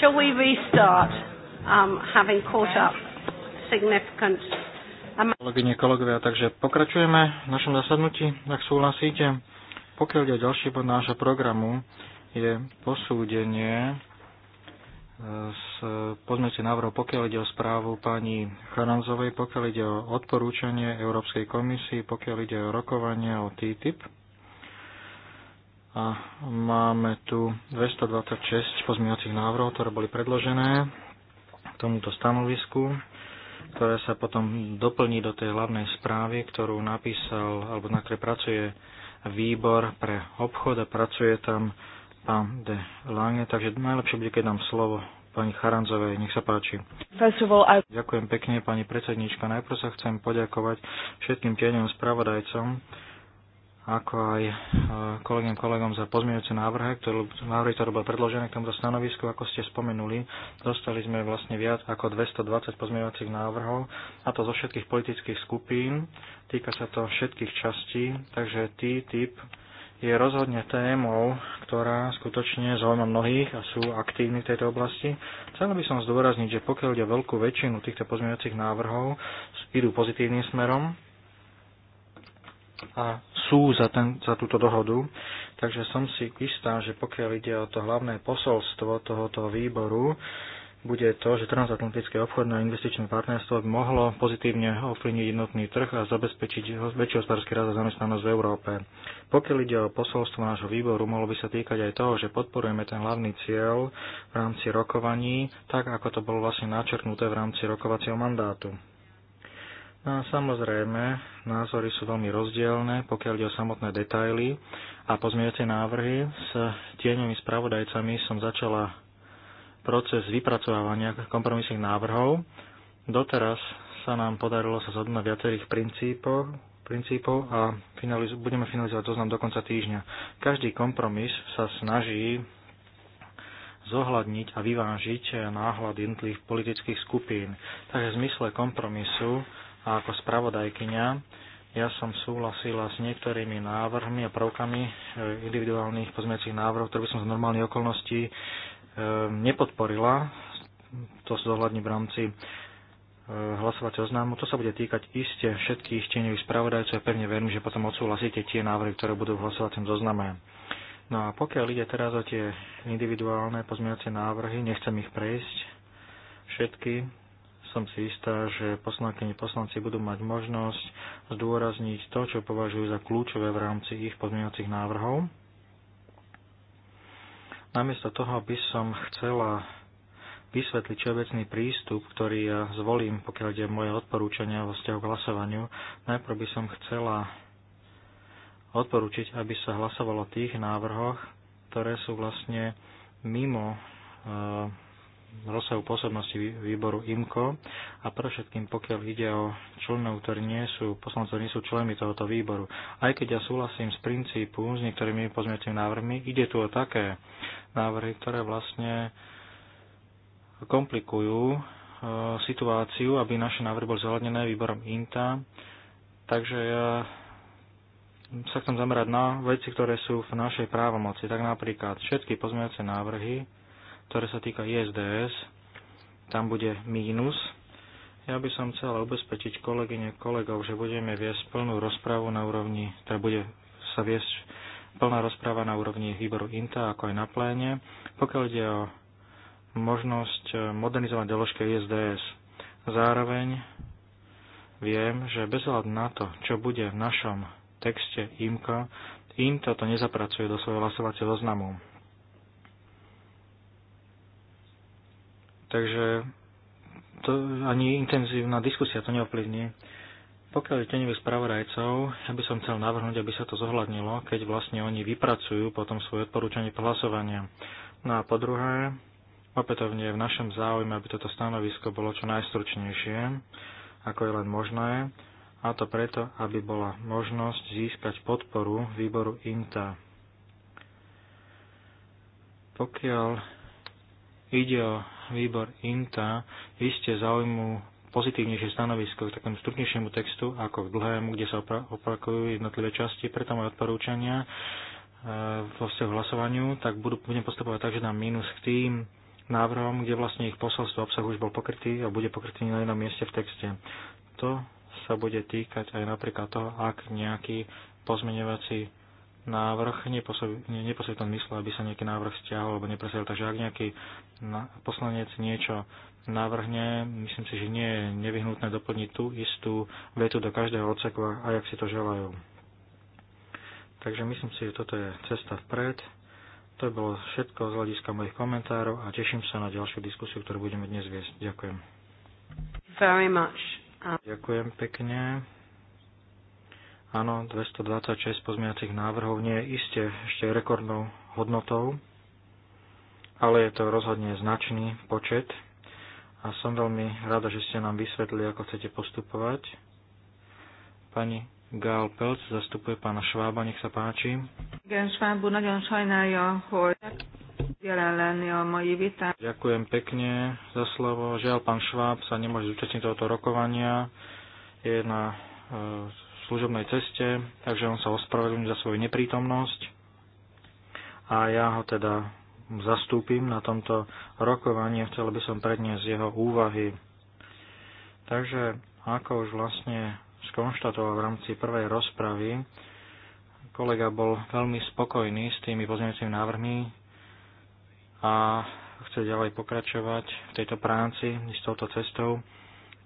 Shall we restart um, having caught up significant Kolegyne, kolegovia, takže pokračujeme v našom zasadnutí, ak súhlasíte. Pokiaľ ide ďalší bod nášho programu, je posúdenie z e, pozmete návrhu, pokiaľ ide o správu pani Charanzovej, pokiaľ ide o odporúčanie Európskej komisii, pokiaľ ide o rokovanie o TTIP. A Máme tu 226 pozmeňovacích návrhov, ktoré boli predložené k tomuto stanovisku, ktoré sa potom doplní do tej hlavnej správy, ktorú napísal, alebo na ktorej pracuje výbor pre obchod a pracuje tam pán de Lange, takže najlepšie bude, keď dám slovo pani Charanzovej. Nech sa páči. Ďakujem pekne, pani predsednička. Najprv sa chcem poďakovať všetkým tieňom spravodajcom ako aj e, kolegiem kolegom za pozmeňujúce návrhy, ktoré, návrhy, ktoré boli predložené k tomuto stanovisku. Ako ste spomenuli, dostali sme vlastne viac ako 220 pozmeňujúcich návrhov, a to zo všetkých politických skupín. Týka sa to všetkých častí, takže T-typ je rozhodne témou, ktorá skutočne zaujíma mnohých a sú aktívni v tejto oblasti. Chcel by som zdôrazniť, že pokiaľ ide veľkú väčšinu týchto pozmeňujúcich návrhov, idú pozitívnym smerom, a sú za, ten, za túto dohodu. Takže som si istá, že pokiaľ ide o to hlavné posolstvo tohoto výboru, bude to, že transatlantické obchodné a investičné partnerstvo by mohlo pozitívne ovplyvniť jednotný trh a zabezpečiť väčšiu hospodársky rast a zamestnanosť v Európe. Pokiaľ ide o posolstvo nášho výboru, mohlo by sa týkať aj toho, že podporujeme ten hlavný cieľ v rámci rokovaní, tak ako to bolo vlastne načrtnuté v rámci rokovacieho mandátu. No samozrejme, názory sú veľmi rozdielne, pokiaľ ide o samotné detaily a pozmiete návrhy. S tieňovými spravodajcami som začala proces vypracovávania kompromisných návrhov. Doteraz sa nám podarilo sa zhodnúť na viacerých princípoch, princípov a finaliz- budeme finalizovať zoznam do konca týždňa. Každý kompromis sa snaží zohľadniť a vyvážiť náhľad jednotlivých politických skupín. Takže v zmysle kompromisu a ako spravodajkyňa ja som súhlasila s niektorými návrhmi a prvkami e, individuálnych pozmeňacích návrhov, ktoré by som z normálnych okolností e, nepodporila. To zohľadní v rámci e, hlasovacieho známu. To sa bude týkať iste všetkých tieňových spravodajcov a pevne verím, že potom odsúhlasíte tie návrhy, ktoré budú v hlasovacom zozname. No a pokiaľ ide teraz o tie individuálne pozmeňovacie návrhy, nechcem ich prejsť všetky, som si istá, že poslankyni poslanci budú mať možnosť zdôrazniť to, čo považujú za kľúčové v rámci ich podmienacích návrhov. Namiesto toho by som chcela vysvetliť všeobecný prístup, ktorý ja zvolím, pokiaľ ide moje odporúčania vo vzťahu k hlasovaniu. Najprv by som chcela odporúčiť, aby sa hlasovalo o tých návrhoch, ktoré sú vlastne mimo e, rozsahu pôsobnosti výboru IMCO a pre všetkým, pokiaľ ide o členov, ktorí nie sú poslancov, nie sú členmi tohoto výboru. Aj keď ja súhlasím s princípu s niektorými pozmeňujúcimi návrhmi, ide tu o také návrhy, ktoré vlastne komplikujú e, situáciu, aby naše návrhy boli zohľadnené výborom INTA. Takže ja sa chcem zamerať na veci, ktoré sú v našej právomoci. Tak napríklad všetky pozmeňujúce návrhy ktoré sa týka ISDS, tam bude mínus. Ja by som chcel ubezpečiť kolegyne kolegov, že budeme viesť plnú rozprávu na úrovni, teda bude sa viesť plná rozpráva na úrovni výboru INTA, ako aj na pléne, pokiaľ ide o možnosť eh, modernizovať doložke ISDS. Zároveň viem, že bez hľadu na to, čo bude v našom texte IMKA, INTA to nezapracuje do svojho hlasovacieho zoznamu. Takže to ani intenzívna diskusia to neovplyvní. Pokiaľ je tenivých spravodajcov, ja by som chcel navrhnúť, aby sa to zohľadnilo, keď vlastne oni vypracujú potom svoje odporúčanie hlasovania. No a po druhé, opätovne je v našom záujme, aby toto stanovisko bolo čo najstručnejšie, ako je len možné, a to preto, aby bola možnosť získať podporu výboru INTA. Pokiaľ ide o výbor INTA, iste zaujímu pozitívnejšie stanovisko k takému stručnejšiemu textu ako k dlhému, kde sa opakujú jednotlivé časti, preto moje odporúčania e, vo vzťahu hlasovaniu, tak budú, budem postupovať tak, že dám mínus k tým návrhom, kde vlastne ich posolstvo obsahu už bol pokrytý a bude pokrytý na jednom mieste v texte. To sa bude týkať aj napríklad toho, ak nejaký pozmeňovací návrh, neposlal v tom mysle, aby sa nejaký návrh stiahol alebo nepresadil. Takže ak nejaký poslanec niečo navrhne, myslím si, že nie je nevyhnutné doplniť tú istú vetu do každého odseku, aj ak si to želajú. Takže myslím si, že toto je cesta vpred. To bolo všetko z hľadiska mojich komentárov a teším sa na ďalšiu diskusiu, ktorú budeme dnes viesť. Ďakujem. Very much. Ďakujem pekne. Áno, 226 pozmeňacích návrhov nie je iste ešte rekordnou hodnotou, ale je to rozhodne značný počet a som veľmi rada, že ste nám vysvetli, ako chcete postupovať. Pani Gál Pelc zastupuje pána Švába, nech sa páči. Ďakujem pekne za slovo. Žiaľ, pán Šváb sa nemôže zúčastniť tohoto rokovania. Je na e, služobnej ceste, takže on sa ospravedlňuje za svoju neprítomnosť a ja ho teda zastúpim na tomto rokovaní a chcel by som predniesť jeho úvahy. Takže ako už vlastne skonštatoval v rámci prvej rozpravy, kolega bol veľmi spokojný s tými pozmeňujúcimi návrhmi a chce ďalej pokračovať v tejto práci s touto cestou.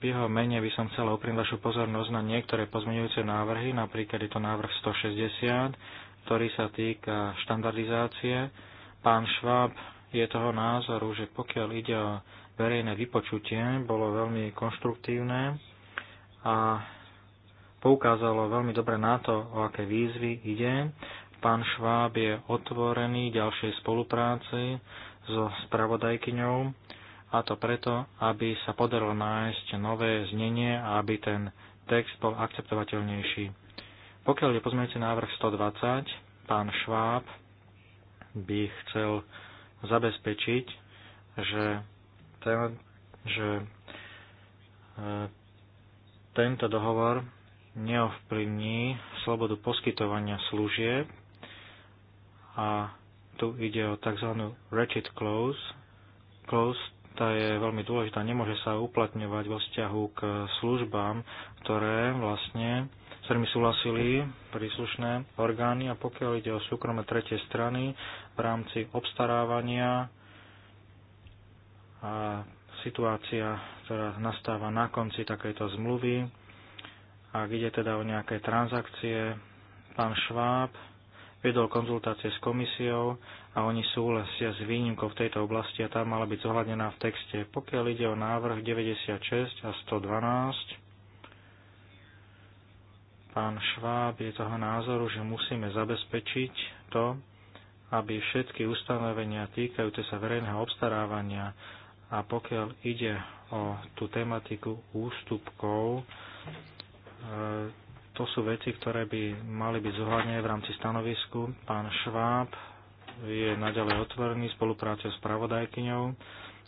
V jeho mene by som chcel oprieť vašu pozornosť na niektoré pozmeňujúce návrhy, napríklad je to návrh 160, ktorý sa týka štandardizácie. Pán Šváb je toho názoru, že pokiaľ ide o verejné vypočutie, bolo veľmi konštruktívne a poukázalo veľmi dobre na to, o aké výzvy ide. Pán Šváb je otvorený ďalšej spolupráci so spravodajkyňou a to preto, aby sa podarilo nájsť nové znenie a aby ten text bol akceptovateľnejší. Pokiaľ je pozmeňujúci návrh 120, pán Šváb by chcel zabezpečiť, že, ten, že e, tento dohovor neovplyvní slobodu poskytovania služieb a tu ide o tzv. ratchet clause, close charta je veľmi dôležitá, nemôže sa uplatňovať vo vzťahu k službám, ktoré vlastne s ktorými súhlasili príslušné orgány a pokiaľ ide o súkromné tretie strany v rámci obstarávania a situácia, ktorá nastáva na konci takejto zmluvy, ak ide teda o nejaké transakcie, pán Šváb vedol konzultácie s komisiou a oni súhlasia s výnimkou v tejto oblasti a tá mala byť zohľadnená v texte. Pokiaľ ide o návrh 96 a 112, pán Šváb je toho názoru, že musíme zabezpečiť to, aby všetky ustanovenia týkajúce sa verejného obstarávania a pokiaľ ide o tú tematiku ústupkov, e, to sú veci, ktoré by mali byť zohľadne v rámci stanovisku. Pán Šváb je naďalej otvorený spolupráce s pravodajkyňou,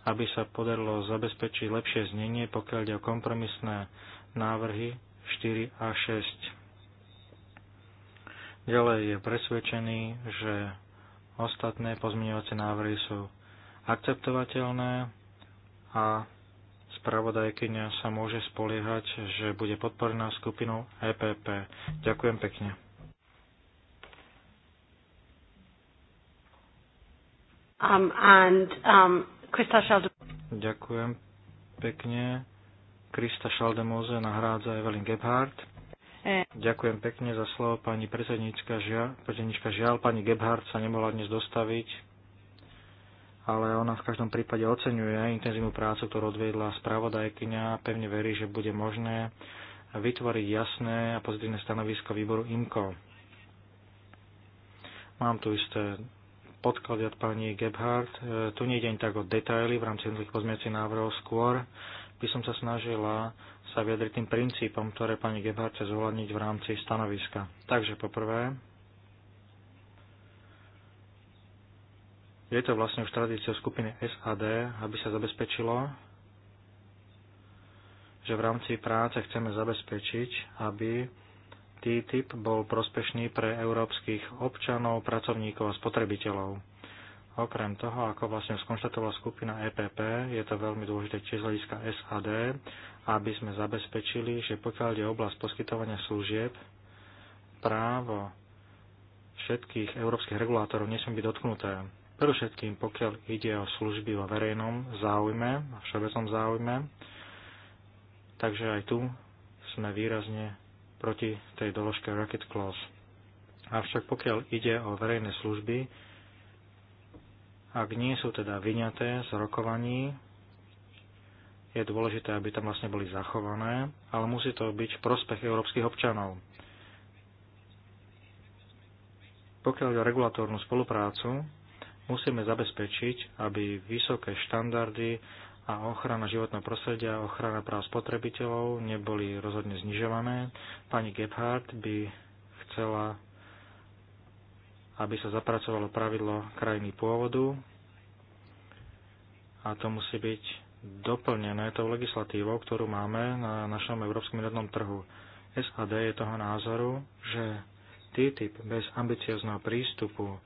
aby sa podarilo zabezpečiť lepšie znenie, pokiaľ ide o kompromisné návrhy 4 a 6. Ďalej je presvedčený, že ostatné pozmeňovacie návrhy sú akceptovateľné a spravodajkyňa sa môže spoliehať, že bude podporená skupinou EPP. Ďakujem pekne. Um, and, um, Ďakujem pekne. Krista Šaldemóze nahrádza Evelyn Gebhardt. Eh. Ďakujem pekne za slovo pani predsednička žiaľ, žiaľ. Pani Gebhardt sa nemohla dnes dostaviť ale ona v každom prípade oceňuje intenzívnu prácu, ktorú odviedla spravodajkyňa. a Pevne verí, že bude možné vytvoriť jasné a pozitívne stanovisko výboru IMCO. Mám tu isté podklady od pani Gebhardt. E, tu nejde ani tak o detaily v rámci jednotlivých pozmiacich návrhov. Skôr by som sa snažila sa vyjadriť tým princípom, ktoré pani Gebhardt chce zohľadniť v rámci stanoviska. Takže poprvé, Je to vlastne už tradíciou skupiny SAD, aby sa zabezpečilo, že v rámci práce chceme zabezpečiť, aby TTIP bol prospešný pre európskych občanov, pracovníkov a spotrebiteľov. Okrem toho, ako vlastne skonštatovala skupina EPP, je to veľmi dôležité tiež z hľadiska SAD, aby sme zabezpečili, že pokiaľ je oblasť poskytovania služieb, právo všetkých európskych regulátorov nesmie byť dotknuté. Predovšetkým, pokiaľ ide o služby vo verejnom záujme a všeobecnom záujme, takže aj tu sme výrazne proti tej doložke Racket Clause. Avšak pokiaľ ide o verejné služby, ak nie sú teda vyňaté z rokovaní, je dôležité, aby tam vlastne boli zachované, ale musí to byť v prospech európskych občanov. Pokiaľ ide o regulatórnu spoluprácu, Musíme zabezpečiť, aby vysoké štandardy a ochrana životného prostredia a ochrana práv spotrebiteľov neboli rozhodne znižované. Pani Gebhardt by chcela, aby sa zapracovalo pravidlo krajiny pôvodu a to musí byť doplnené tou legislatívou, ktorú máme na našom európskom jednotnom trhu. SAD je toho názoru, že TTIP bez ambiciozného prístupu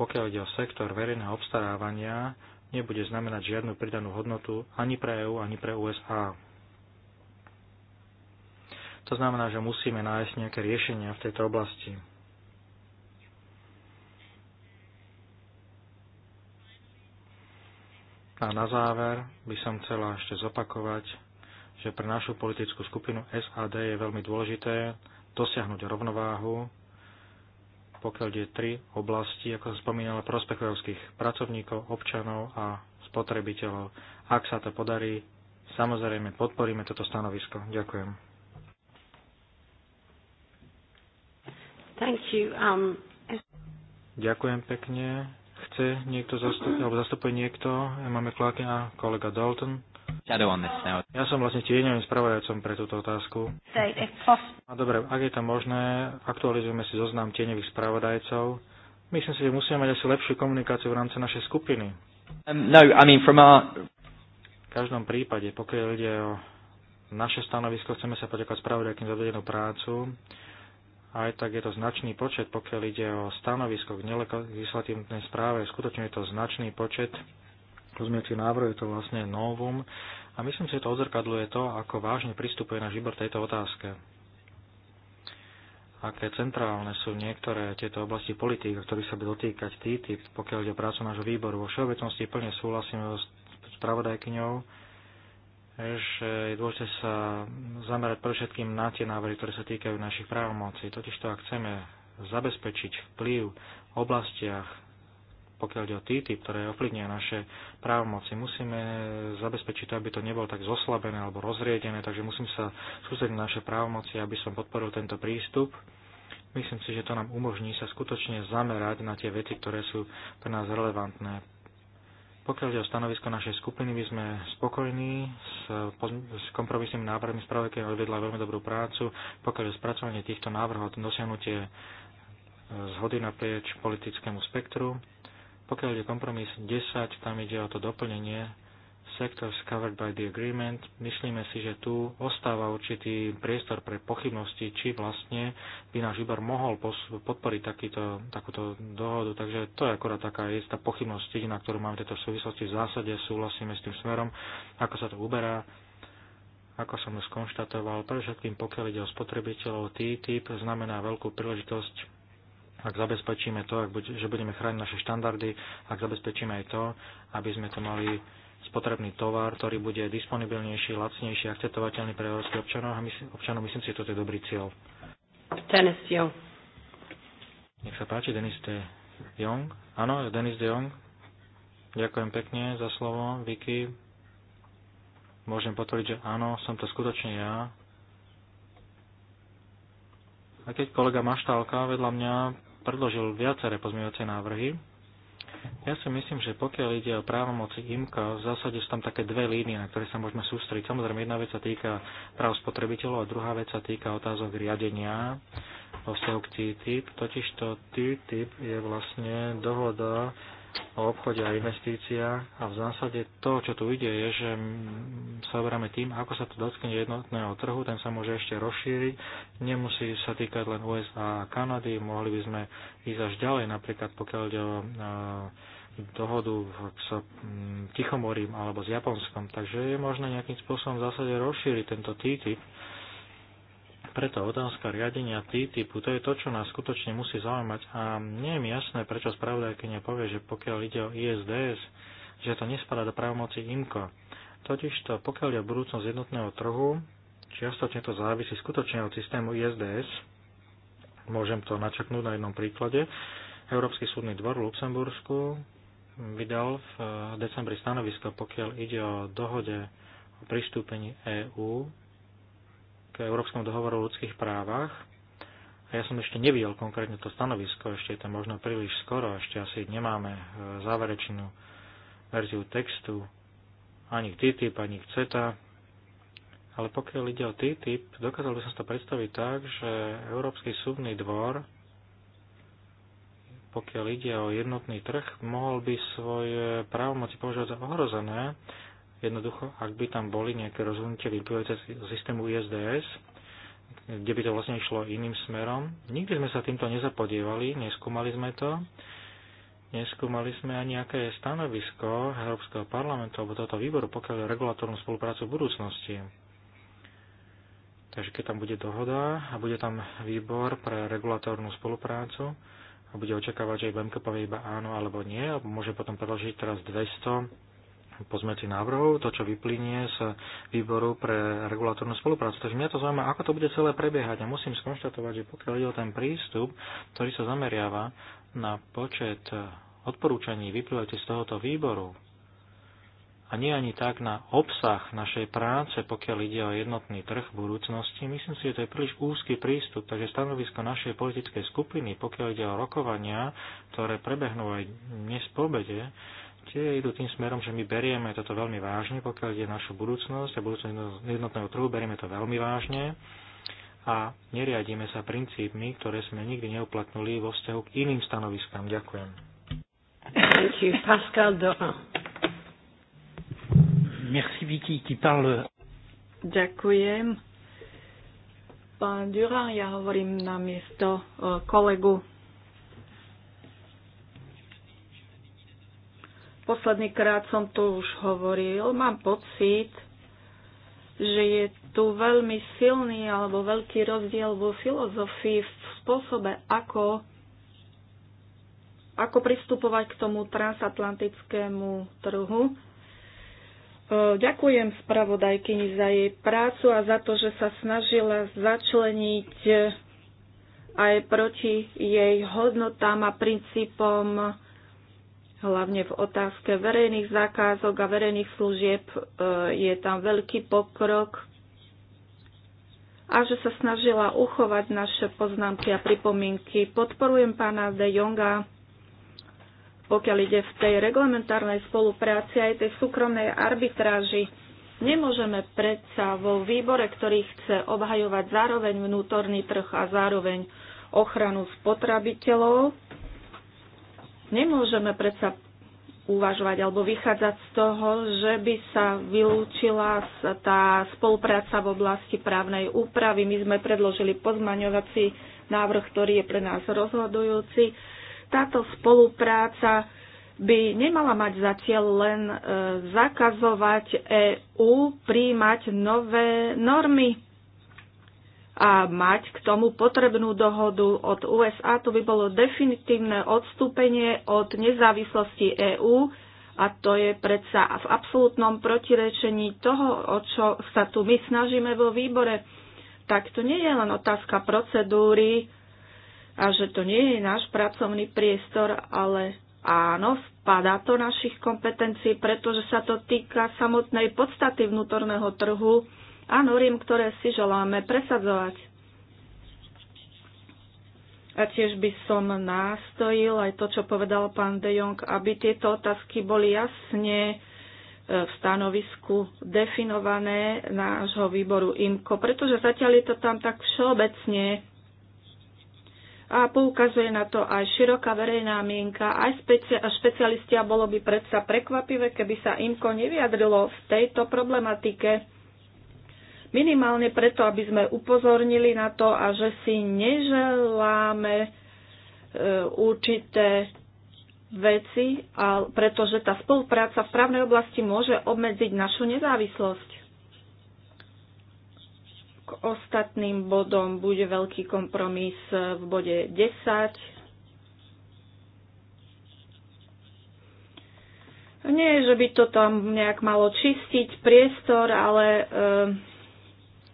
pokiaľ ide o sektor verejného obstarávania, nebude znamenať žiadnu pridanú hodnotu ani pre EÚ, ani pre USA. To znamená, že musíme nájsť nejaké riešenia v tejto oblasti. A na záver by som chcela ešte zopakovať, že pre našu politickú skupinu SAD je veľmi dôležité dosiahnuť rovnováhu pokiaľ ide tri oblasti, ako som spomínala, prospechovských pracovníkov, občanov a spotrebiteľov. Ak sa to podarí, samozrejme podporíme toto stanovisko. Ďakujem. Thank you. Um... Ďakujem pekne. Chce niekto zastupuje, alebo zastupuje niekto? Máme kláky a kolega Dalton shadow on this now. Ja som vlastne tieňovým spravodajcom pre túto otázku. A dobre, ak je to možné, aktualizujeme si zoznam tieňových spravodajcov. Myslím si, že musíme mať asi lepšiu komunikáciu v rámci našej skupiny. Um, no, I mean from our... V každom prípade, pokiaľ ide o naše stanovisko, chceme sa poďakovať spravodajkým za vedenú prácu. Aj tak je to značný počet, pokiaľ ide o stanovisko k nelegislatívnej správe. Skutočne je to značný počet pozmiacich návrh, je to vlastne novum a myslím si, že to odzrkadluje to, ako vážne pristupuje náš výbor tejto otázke. Aké centrálne sú niektoré tieto oblasti politík, o ktorých sa by dotýkať TTIP, pokiaľ ide o prácu nášho výboru. Vo všeobecnosti plne súhlasím s spravodajkyňou, že je dôležité sa zamerať pre všetkým na tie návrhy, ktoré sa týkajú našich právomocí. Totižto, ak chceme zabezpečiť vplyv v oblastiach pokiaľ ide o TTIP, ktoré ovplyvňuje naše právomoci. Musíme zabezpečiť to, aby to nebolo tak zoslabené alebo rozriedené, takže musím sa sústrediť na naše právomoci, aby som podporil tento prístup. Myslím si, že to nám umožní sa skutočne zamerať na tie veci, ktoré sú pre nás relevantné. Pokiaľ ide o stanovisko našej skupiny, my sme spokojní s, s kompromisnými návrhmi spravodajky odvedla veľmi dobrú prácu. Pokiaľ je spracovanie týchto návrhov, dosiahnutie e, zhody naprieč politickému spektru, pokiaľ je kompromis 10, tam ide o to doplnenie sectors covered by the agreement. Myslíme si, že tu ostáva určitý priestor pre pochybnosti, či vlastne by náš výbor mohol podporiť takýto, takúto dohodu. Takže to je akorát taká istá pochybnosť, na ktorú máme tieto súvislosti. V zásade súhlasíme s tým smerom, ako sa to uberá ako som už skonštatoval, pre všetkým pokiaľ ide o spotrebiteľov, TTIP znamená veľkú príležitosť ak zabezpečíme to, ak bude, že budeme chrániť naše štandardy, ak zabezpečíme aj to, aby sme to mali spotrebný tovar, ktorý bude disponibilnejší, lacnejší, akceptovateľný pre európskych občanov a myslím, občanov, myslím si, že toto je dobrý cieľ. Denis Jong. Nech sa páči, Denis de Jong. Áno, Denis de Jong. Ďakujem pekne za slovo, Vicky. Môžem potvrdiť, že áno, som to skutočne ja. A keď kolega Maštálka vedľa mňa predložil viaceré pozmeňovacie návrhy. Ja si myslím, že pokiaľ ide o právomoci IMKA, v zásade sú tam také dve línie, na ktoré sa môžeme sústrediť. Samozrejme, jedna vec sa týka práv spotrebiteľov a druhá vec sa týka otázok riadenia vo vzťahu k TTIP. Totižto TTIP je vlastne dohoda o obchode a investíciách a v zásade to, čo tu ide, je, že sa oberáme tým, ako sa to dotkne jednotného trhu, ten sa môže ešte rozšíriť, nemusí sa týkať len USA a Kanady, mohli by sme ísť až ďalej, napríklad pokiaľ ide o dohodu s Tichomorím alebo s Japonskom, takže je možné nejakým spôsobom v zásade rozšíriť tento TTIP preto otázka riadenia T-typu, to je to, čo nás skutočne musí zaujímať a nie je mi jasné, prečo spravodajkynia povie, že pokiaľ ide o ISDS, že to nespadá do právomoci IMCO. Totižto, pokiaľ je budúcnosť jednotného trhu, čiastočne to závisí skutočne od systému ISDS, môžem to načaknúť na jednom príklade, Európsky súdny dvor v Luxembursku vydal v decembri stanovisko, pokiaľ ide o dohode o pristúpení EÚ k Európskom dohovoru o ľudských právach. A ja som ešte nevidel konkrétne to stanovisko, ešte je to možno príliš skoro, ešte asi nemáme e, záverečnú verziu textu ani k TTIP, ani k CETA. Ale pokiaľ ide o TTIP, dokázal by som to predstaviť tak, že Európsky súdny dvor, pokiaľ ide o jednotný trh, mohol by svoje právomoci považovať za ohrozené, Jednoducho, ak by tam boli nejaké rozhodnutie vyplývajúce z systému ISDS, kde by to vlastne išlo iným smerom. Nikdy sme sa týmto nezapodievali, neskúmali sme to. Neskúmali sme ani nejaké stanovisko Európskeho parlamentu alebo tohto výboru, pokiaľ je regulatórnu spoluprácu v budúcnosti. Takže keď tam bude dohoda a bude tam výbor pre regulatórnu spoluprácu a bude očakávať, že IBM povie iba áno alebo nie, a môže potom predložiť teraz 200 pozmeňujúcich návrhov, to, čo vyplynie z výboru pre regulatórnu spoluprácu. Takže mňa to zaujíma, ako to bude celé prebiehať. A musím skonštatovať, že pokiaľ ide o ten prístup, ktorý sa zameriava na počet odporúčaní vyplývajúcich z tohoto výboru, a nie ani tak na obsah našej práce, pokiaľ ide o jednotný trh v budúcnosti. Myslím si, že to je príliš úzky prístup, takže stanovisko našej politickej skupiny, pokiaľ ide o rokovania, ktoré prebehnú aj dnes po obede, tie idú tým smerom, že my berieme toto veľmi vážne, pokiaľ je našu budúcnosť a budúcnosť jednotného trhu, berieme to veľmi vážne a neriadíme sa princípmi, ktoré sme nikdy neuplatnuli vo vzťahu k iným stanoviskám. Ďakujem. Thank you. Pascal Dorin. Merci Vicky, qui parle. Ďakujem. Pán Durán, ja hovorím na miesto eh, kolegu Posledný krát som tu už hovoril. Mám pocit, že je tu veľmi silný alebo veľký rozdiel vo filozofii, v spôsobe, ako, ako pristupovať k tomu transatlantickému trhu. E, ďakujem spravodajkyni za jej prácu a za to, že sa snažila začleniť aj proti jej hodnotám a princípom hlavne v otázke verejných zákazok a verejných služieb e, je tam veľký pokrok a že sa snažila uchovať naše poznámky a pripomienky. Podporujem pána De Jonga, pokiaľ ide v tej reglementárnej spolupráci aj tej súkromnej arbitráži. Nemôžeme predsa vo výbore, ktorý chce obhajovať zároveň vnútorný trh a zároveň ochranu spotrebiteľov, Nemôžeme predsa uvažovať alebo vychádzať z toho, že by sa vylúčila tá spolupráca v oblasti právnej úpravy. My sme predložili pozmaňovací návrh, ktorý je pre nás rozhodujúci. Táto spolupráca by nemala mať za cieľ len e, zakazovať EÚ príjmať nové normy a mať k tomu potrebnú dohodu od USA. To by bolo definitívne odstúpenie od nezávislosti EÚ a to je predsa v absolútnom protirečení toho, o čo sa tu my snažíme vo výbore. Tak to nie je len otázka procedúry a že to nie je náš pracovný priestor, ale Áno, spadá to našich kompetencií, pretože sa to týka samotnej podstaty vnútorného trhu a noriem, ktoré si želáme presadzovať. A tiež by som nástojil aj to, čo povedal pán De Jong, aby tieto otázky boli jasne e, v stanovisku definované nášho výboru IMKO, pretože zatiaľ je to tam tak všeobecne a poukazuje na to aj široká verejná mienka, aj špecialistia špecialisti a bolo by predsa prekvapivé, keby sa IMKO nevyjadrilo v tejto problematike. Minimálne preto, aby sme upozornili na to a že si neželáme e, určité veci, a pretože tá spolupráca v právnej oblasti môže obmedziť našu nezávislosť. K ostatným bodom bude veľký kompromis v bode 10. Nie, že by to tam nejak malo čistiť priestor, ale e,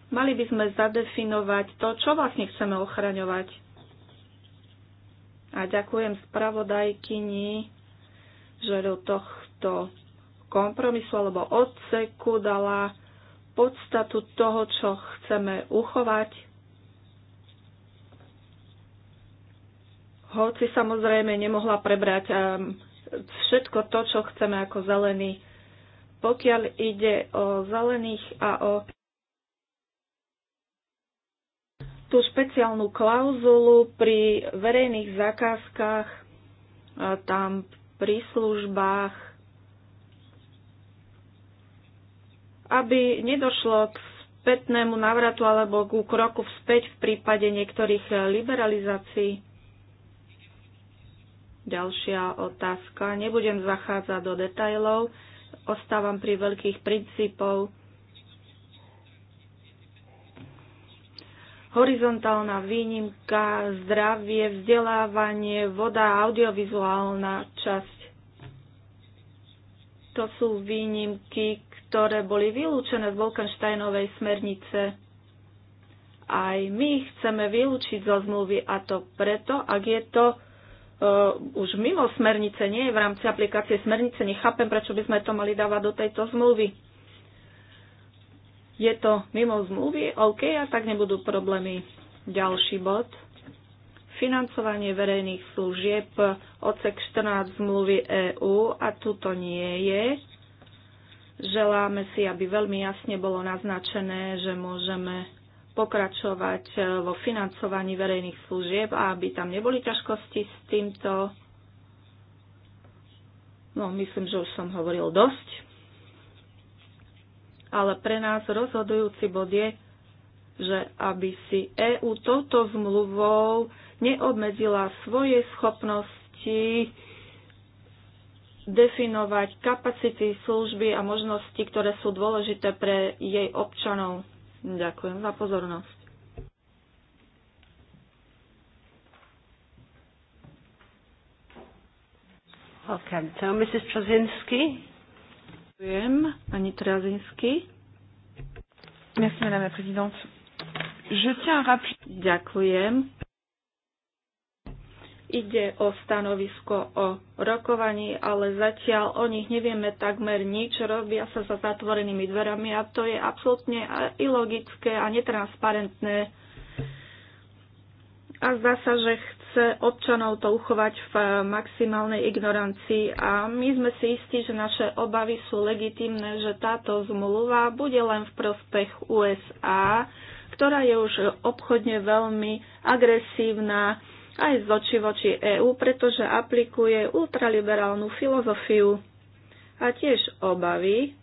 Mali by sme zadefinovať to, čo vlastne chceme ochraňovať. A ďakujem spravodajkyni, že do tohto kompromisu alebo odseku dala podstatu toho, čo chceme uchovať hoci samozrejme nemohla prebrať ehm, všetko to, čo chceme ako zelený. Pokiaľ ide o zelených a o tú špeciálnu klauzulu pri verejných zakázkach, tam pri službách, aby nedošlo k spätnému návratu alebo ku kroku vzpäť v prípade niektorých liberalizácií. Ďalšia otázka. Nebudem zachádzať do detajlov, ostávam pri veľkých princípoch. horizontálna výnimka, zdravie, vzdelávanie, voda, audiovizuálna časť. To sú výnimky, ktoré boli vylúčené z Wolkensteinovej smernice. Aj my ich chceme vylúčiť zo zmluvy a to preto, ak je to uh, už mimo smernice, nie je v rámci aplikácie smernice, nechápem, prečo by sme to mali dávať do tejto zmluvy je to mimo zmluvy, OK, a tak nebudú problémy. Ďalší bod. Financovanie verejných služieb, odsek 14 zmluvy EÚ a tuto to nie je. Želáme si, aby veľmi jasne bolo naznačené, že môžeme pokračovať vo financovaní verejných služieb a aby tam neboli ťažkosti s týmto. No, myslím, že už som hovoril dosť ale pre nás rozhodujúci bod je, že aby si EÚ touto zmluvou neobmedzila svoje schopnosti definovať kapacity, služby a možnosti, ktoré sú dôležité pre jej občanov. Ďakujem za pozornosť. Okay, so Mrs. Trzynski. Ďakujem, pani Trazinsky. Merci, madame la présidente. Je tiens à rappeler... Ďakujem. Ide o stanovisko o rokovaní, ale zatiaľ o nich nevieme takmer nič. Robia sa za zatvorenými dverami a to je absolútne ilogické a netransparentné a zdá sa, že chce občanov to uchovať v maximálnej ignorancii a my sme si istí, že naše obavy sú legitimné, že táto zmluva bude len v prospech USA, ktorá je už obchodne veľmi agresívna aj z oči voči EÚ, pretože aplikuje ultraliberálnu filozofiu a tiež obavy,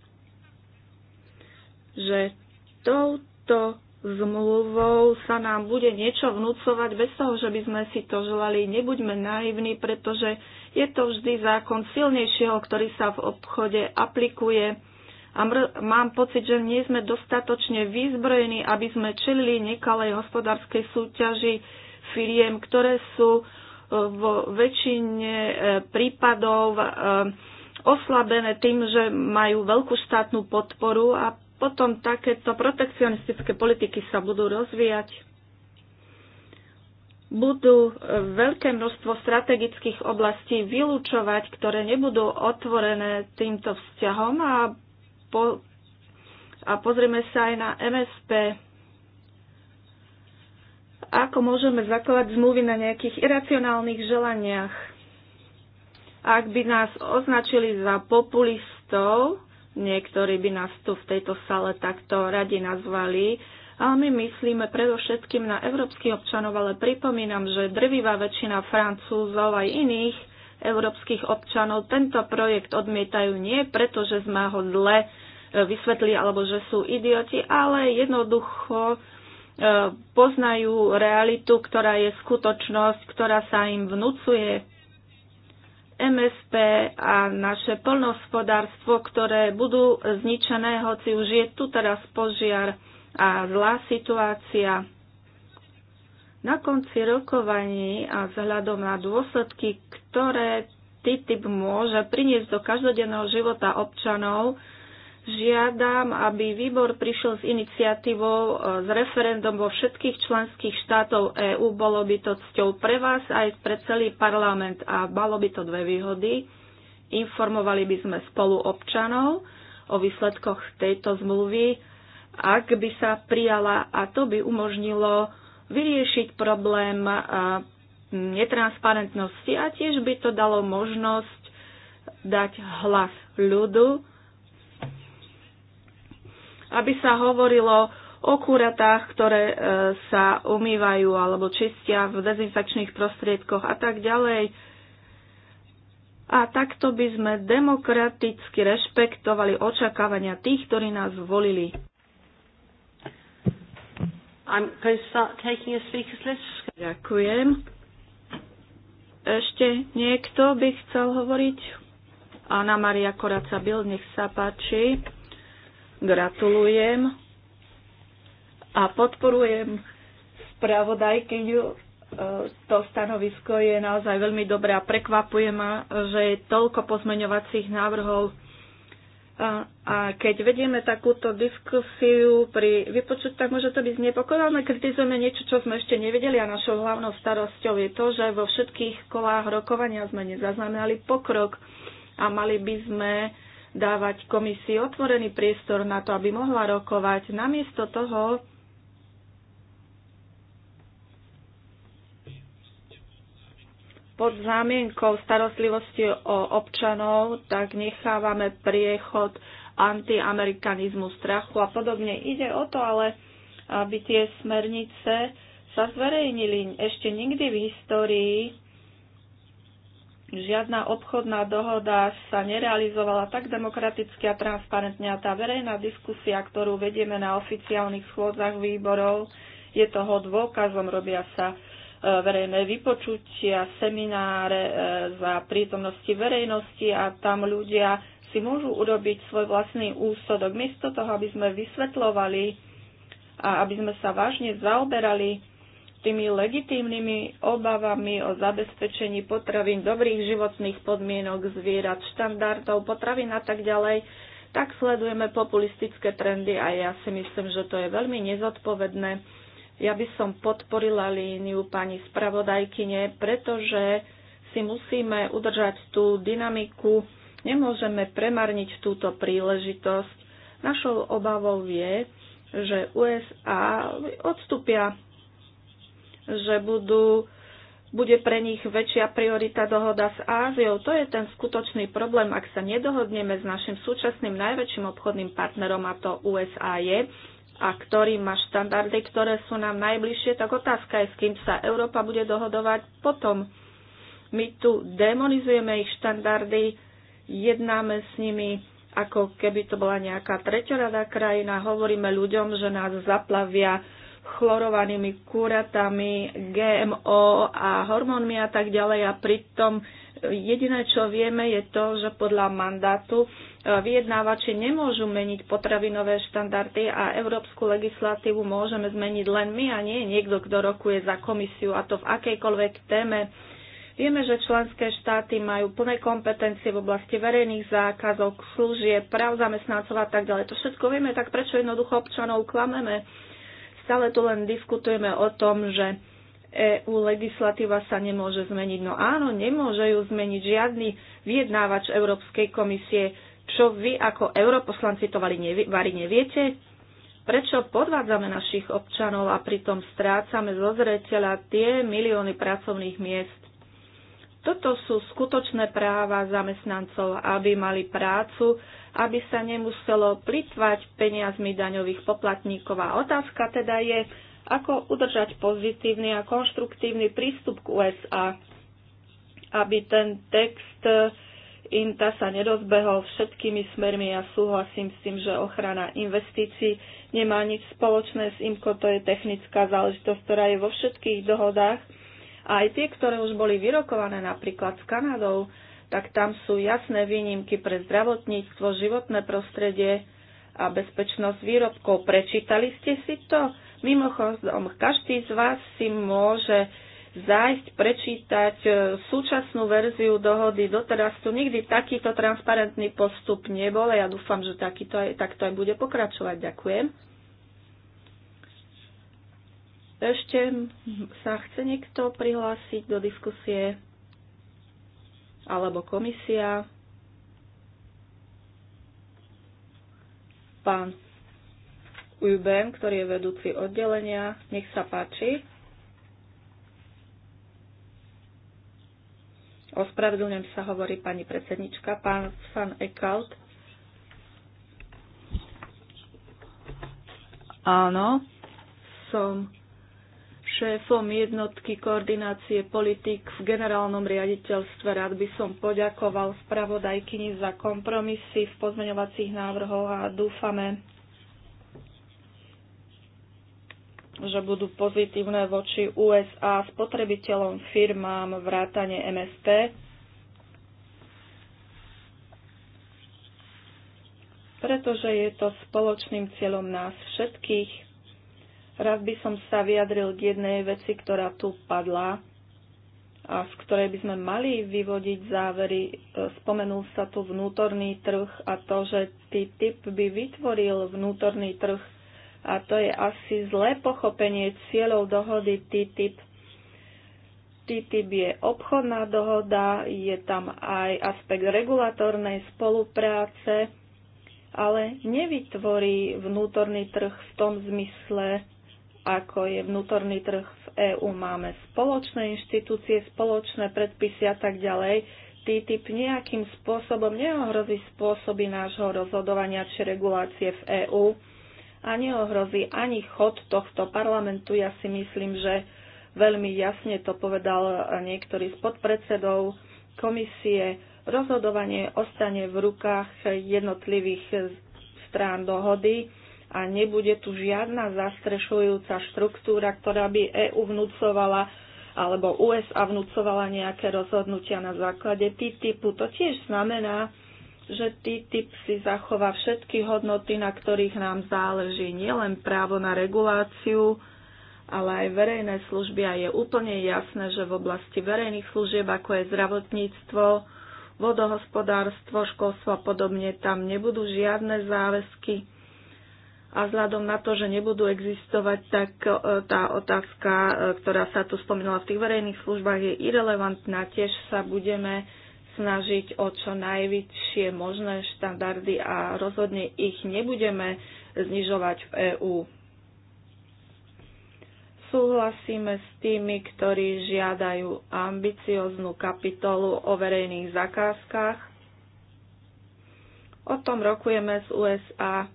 že touto zmluvou sa nám bude niečo vnúcovať bez toho, že by sme si to želali. Nebuďme naivní, pretože je to vždy zákon silnejšieho, ktorý sa v obchode aplikuje. A mám pocit, že nie sme dostatočne vyzbrojení, aby sme čelili nekalej hospodárskej súťaži firiem, ktoré sú e, v väčšine e, prípadov e, oslabené tým, že majú veľkú štátnu podporu a potom takéto protekcionistické politiky sa budú rozvíjať. Budú e, veľké množstvo strategických oblastí vylúčovať, ktoré nebudú otvorené týmto vzťahom a, po, a pozrieme sa aj na MSP. Ako môžeme zakladať zmluvy na nejakých iracionálnych želaniach? Ak by nás označili za populistov, Niektorí by nás tu v tejto sale takto radi nazvali, A my myslíme predovšetkým na európskych občanov, ale pripomínam, že drvivá väčšina Francúzov aj iných európskych občanov tento projekt odmietajú nie preto, že sme ho zle e, vysvetli alebo že sú idioti, ale jednoducho e, poznajú realitu, ktorá je skutočnosť, ktorá sa im vnúcuje MSP a naše polnohospodárstvo, ktoré budú zničené, hoci už je tu teraz požiar a zlá situácia. Na konci rokovaní a vzhľadom na dôsledky, ktoré TTIP môže priniesť do každodenného života občanov, žiadam, aby výbor prišiel s iniciatívou, e, s referendum vo všetkých členských štátov EÚ. Bolo by to cťou pre vás aj pre celý parlament a malo by to dve výhody. Informovali by sme spolu občanov o výsledkoch tejto zmluvy, ak by sa prijala a to by umožnilo vyriešiť problém e, netransparentnosti a tiež by to dalo možnosť dať hlas ľudu aby sa hovorilo o kuratách, ktoré e, sa umývajú alebo čistia v dezinfekčných prostriedkoch a tak ďalej. A takto by sme demokraticky rešpektovali očakávania tých, ktorí nás volili. I'm going to start taking a speaker's list. Ďakujem. Ešte niekto by chcel hovoriť? Anna Maria Koraca Bill, nech sa páči. Gratulujem a podporujem spravodajkyňu. E, to stanovisko je naozaj veľmi dobré a prekvapuje ma, že je toľko pozmeňovacích návrhov. A, a keď vedieme takúto diskusiu pri vypočuť, tak môže to byť znepokojené. Kritizujeme niečo, čo sme ešte nevedeli a našou hlavnou starosťou je to, že vo všetkých kolách rokovania sme nezaznamenali pokrok a mali by sme dávať komisii otvorený priestor na to, aby mohla rokovať. Namiesto toho pod zámienkou starostlivosti o občanov, tak nechávame priechod antiamerikanizmu, strachu a podobne. Ide o to ale, aby tie smernice sa zverejnili. Ešte nikdy v histórii žiadna obchodná dohoda sa nerealizovala tak demokraticky a transparentne a tá verejná diskusia, ktorú vedieme na oficiálnych schôdzach výborov, je toho dôkazom. Robia sa e, verejné vypočutia, semináre e, za prítomnosti verejnosti a tam ľudia si môžu urobiť svoj vlastný úsodok. Miesto toho, aby sme vysvetlovali a aby sme sa vážne zaoberali tými legitímnymi obavami o zabezpečení potravín, dobrých životných podmienok zvierat, štandardov potravín a tak ďalej, tak sledujeme populistické trendy a ja si myslím, že to je veľmi nezodpovedné. Ja by som podporila líniu pani spravodajkyne, pretože si musíme udržať tú dynamiku, nemôžeme premarniť túto príležitosť. Našou obavou je, že USA odstúpia že budú, bude pre nich väčšia priorita dohoda s Áziou. To je ten skutočný problém, ak sa nedohodneme s našim súčasným najväčším obchodným partnerom, a to USA je, a ktorý má štandardy, ktoré sú nám najbližšie, tak otázka je, s kým sa Európa bude dohodovať potom. My tu demonizujeme ich štandardy, jednáme s nimi ako keby to bola nejaká treťorada krajina, hovoríme ľuďom, že nás zaplavia chlorovanými kuratami, GMO a hormónmi a tak ďalej a pritom jediné, čo vieme, je to, že podľa mandátu e, vyjednávači nemôžu meniť potravinové štandardy a európsku legislatívu môžeme zmeniť len my a nie niekto, kto rokuje za komisiu a to v akejkoľvek téme. Vieme, že členské štáty majú plné kompetencie v oblasti verejných zákazov, služieb, práv zamestnancov a tak ďalej. To všetko vieme, tak prečo jednoducho občanov klameme? Stále tu len diskutujeme o tom, že EU legislatíva sa nemôže zmeniť. No áno, nemôže ju zmeniť žiadny vyjednávač Európskej komisie. Čo vy ako europoslanci to vari neviete? Prečo podvádzame našich občanov a pritom strácame zo zreteľa tie milióny pracovných miest? Toto sú skutočné práva zamestnancov, aby mali prácu, aby sa nemuselo plitvať peniazmi daňových poplatníkov. A otázka teda je, ako udržať pozitívny a konštruktívny prístup k USA, aby ten text INTA sa nerozbehol všetkými smermi. Ja súhlasím s tým, že ochrana investícií nemá nič spoločné s IMCO, to je technická záležitosť, ktorá je vo všetkých dohodách a aj tie, ktoré už boli vyrokované napríklad s Kanadou, tak tam sú jasné výnimky pre zdravotníctvo, životné prostredie a bezpečnosť výrobkov. Prečítali ste si to? Mimochodom, každý z vás si môže zájsť, prečítať e, súčasnú verziu dohody. Doteraz tu nikdy takýto transparentný postup nebol a ja dúfam, že takýto aj, takto aj bude pokračovať. Ďakujem. Ešte sa chce niekto prihlásiť do diskusie? Alebo komisia? Pán UBM, ktorý je vedúci oddelenia, nech sa páči. Ospravedlňujem sa, hovorí pani predsednička, pán Fan Ekaut. Áno, som šéfom jednotky koordinácie politik v generálnom riaditeľstve. Rád by som poďakoval spravodajkyni za kompromisy v pozmeňovacích návrhoch a dúfame, že budú pozitívne voči USA spotrebiteľom firmám vrátane MSP. pretože je to spoločným cieľom nás všetkých Raz by som sa vyjadril k jednej veci, ktorá tu padla a z ktorej by sme mali vyvodiť závery. E, spomenul sa tu vnútorný trh a to, že TTIP by vytvoril vnútorný trh a to je asi zlé pochopenie cieľov dohody TTIP. TTIP je obchodná dohoda, je tam aj aspekt regulatornej spolupráce, ale nevytvorí vnútorný trh v tom zmysle, ako je vnútorný trh v EÚ. Máme spoločné inštitúcie, spoločné predpisy a tak ďalej. TTIP nejakým spôsobom neohrozí spôsoby nášho rozhodovania či regulácie v EÚ a neohrozí ani chod tohto parlamentu. Ja si myslím, že veľmi jasne to povedal niektorý z podpredsedov komisie. Rozhodovanie ostane v rukách jednotlivých strán dohody a nebude tu žiadna zastrešujúca štruktúra, ktorá by EU vnúcovala alebo USA vnúcovala nejaké rozhodnutia na základe TTIPu. To tiež znamená, že TTIP si zachová všetky hodnoty, na ktorých nám záleží nielen právo na reguláciu, ale aj verejné služby a je úplne jasné, že v oblasti verejných služieb, ako je zdravotníctvo, vodohospodárstvo, školstvo a podobne, tam nebudú žiadne záväzky a vzhľadom na to, že nebudú existovať, tak e, tá otázka, e, ktorá sa tu spomínala v tých verejných službách, je irrelevantná. Tiež sa budeme snažiť o čo najvyššie možné štandardy a rozhodne ich nebudeme znižovať v EÚ. Súhlasíme s tými, ktorí žiadajú ambicioznú kapitolu o verejných zakázkach. O tom rokujeme z USA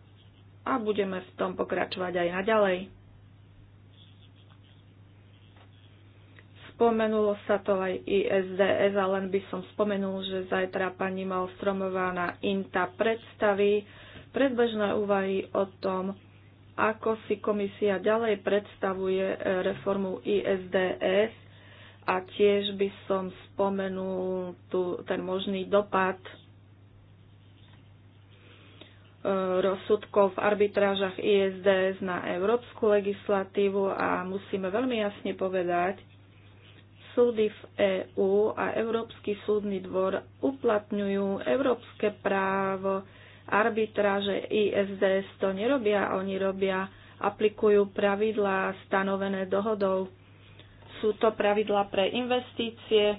a budeme v tom pokračovať aj naďalej. Spomenulo sa to aj ISDS a len by som spomenul, že zajtra pani Malstromová na INTA predstaví predbežné úvahy o tom, ako si komisia ďalej predstavuje e, reformu ISDS a tiež by som spomenul tu ten možný dopad rozsudkov v arbitrážach ISDS na európsku legislatívu a musíme veľmi jasne povedať, súdy v EÚ a Európsky súdny dvor uplatňujú európske právo, arbitráže ISDS to nerobia, oni robia, aplikujú pravidlá stanovené dohodou. Sú to pravidlá pre investície,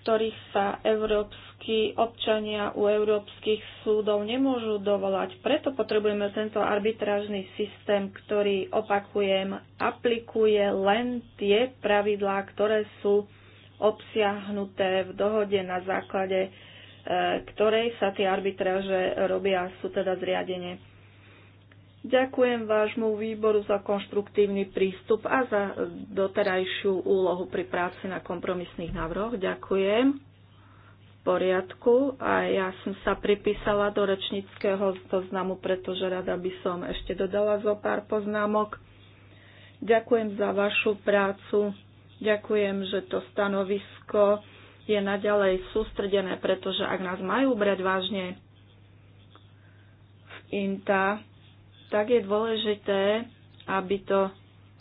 ktorých sa Európsky európsky občania u európskych súdov nemôžu dovolať. Preto potrebujeme tento arbitrážny systém, ktorý, opakujem, aplikuje len tie pravidlá, ktoré sú obsiahnuté v dohode na základe e, ktorej sa tie arbitráže robia, sú teda zriadenie. Ďakujem vášmu výboru za konštruktívny prístup a za doterajšiu úlohu pri práci na kompromisných návrhoch. Ďakujem poriadku a ja som sa pripísala do rečníckého zoznamu, pretože rada by som ešte dodala zo pár poznámok. Ďakujem za vašu prácu, ďakujem, že to stanovisko je naďalej sústredené, pretože ak nás majú brať vážne v INTA, tak je dôležité, aby to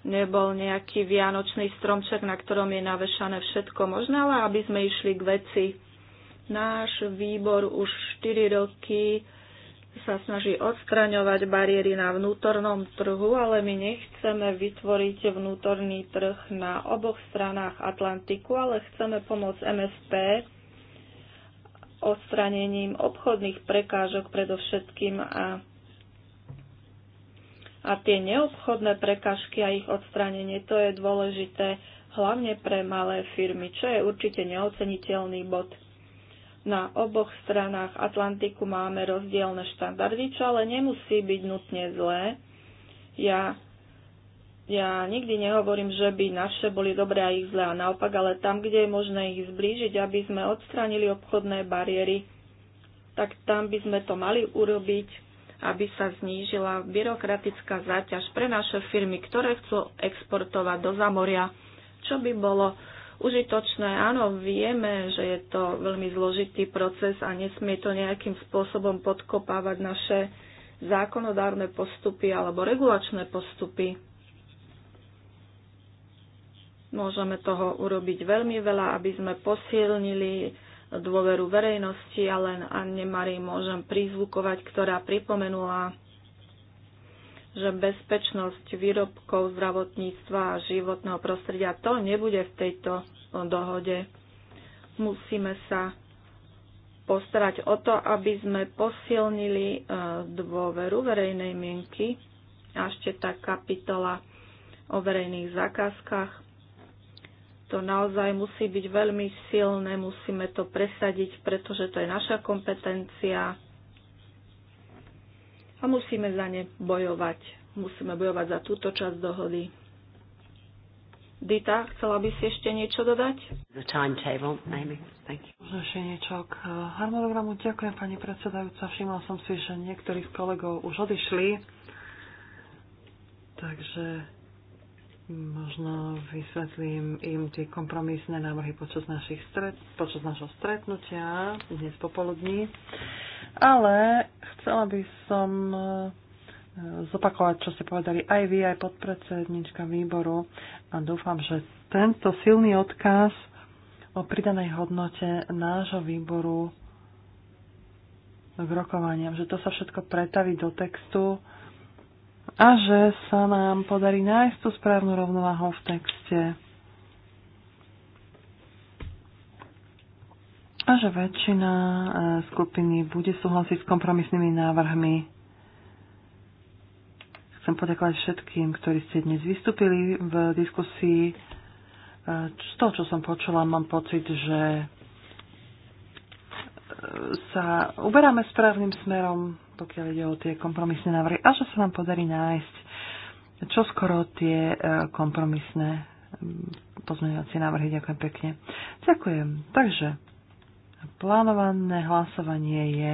nebol nejaký vianočný stromček, na ktorom je navešané všetko možné, ale aby sme išli k veci Náš výbor už 4 roky sa snaží odstraňovať bariéry na vnútornom trhu, ale my nechceme vytvoriť vnútorný trh na oboch stranách Atlantiku, ale chceme pomôcť MSP odstranením obchodných prekážok predovšetkým a, a tie neobchodné prekážky a ich odstranenie, to je dôležité hlavne pre malé firmy, čo je určite neoceniteľný bod na oboch stranách Atlantiku máme rozdielne štandardy, čo ale nemusí byť nutne zlé. Ja, ja nikdy nehovorím, že by naše boli dobré a ich zlé a naopak, ale tam, kde je možné ich zblížiť, aby sme odstránili obchodné bariéry, tak tam by sme to mali urobiť aby sa znížila byrokratická záťaž pre naše firmy, ktoré chcú exportovať do zamoria, čo by bolo užitočné. Áno, vieme, že je to veľmi zložitý proces a nesmie to nejakým spôsobom podkopávať naše zákonodárne postupy alebo regulačné postupy. Môžeme toho urobiť veľmi veľa, aby sme posilnili dôveru verejnosti a len Anne Marie môžem prizvukovať, ktorá pripomenula že bezpečnosť výrobkov zdravotníctva a životného prostredia to nebude v tejto dohode. Musíme sa postarať o to, aby sme posilnili e, dôveru verejnej mienky a ešte tá kapitola o verejných zákazkách. To naozaj musí byť veľmi silné, musíme to presadiť, pretože to je naša kompetencia a musíme za ne bojovať. Musíme bojovať za túto časť dohody. Dita, chcela by si ešte niečo dodať? The timetable, Thank you. Ešte niečo k eh, harmonogramu. Ďakujem, pani predsedajúca. Všimla som si, že niektorých kolegov už odišli. Takže Možno vysvetlím im tie kompromisné návrhy počas, našich stret, počas našho stretnutia dnes popoludní. Ale chcela by som eh, zopakovať, čo ste povedali aj vy, aj podpredsednička výboru a dúfam, že tento silný odkaz o pridanej hodnote nášho výboru k rokovaniam, že to sa všetko pretaví do textu, a že sa nám podarí nájsť tú správnu rovnováhu v texte. A že väčšina e, skupiny bude súhlasiť s kompromisnými návrhmi. Chcem poďakovať všetkým, ktorí ste dnes vystúpili v diskusii. E, z toho, čo som počula, mám pocit, že e, sa uberáme správnym smerom pokiaľ ide o tie kompromisné návrhy a že sa vám podarí nájsť čo skoro tie e, kompromisné pozmeňovacie návrhy. Ďakujem pekne. Ďakujem. Takže plánované hlasovanie je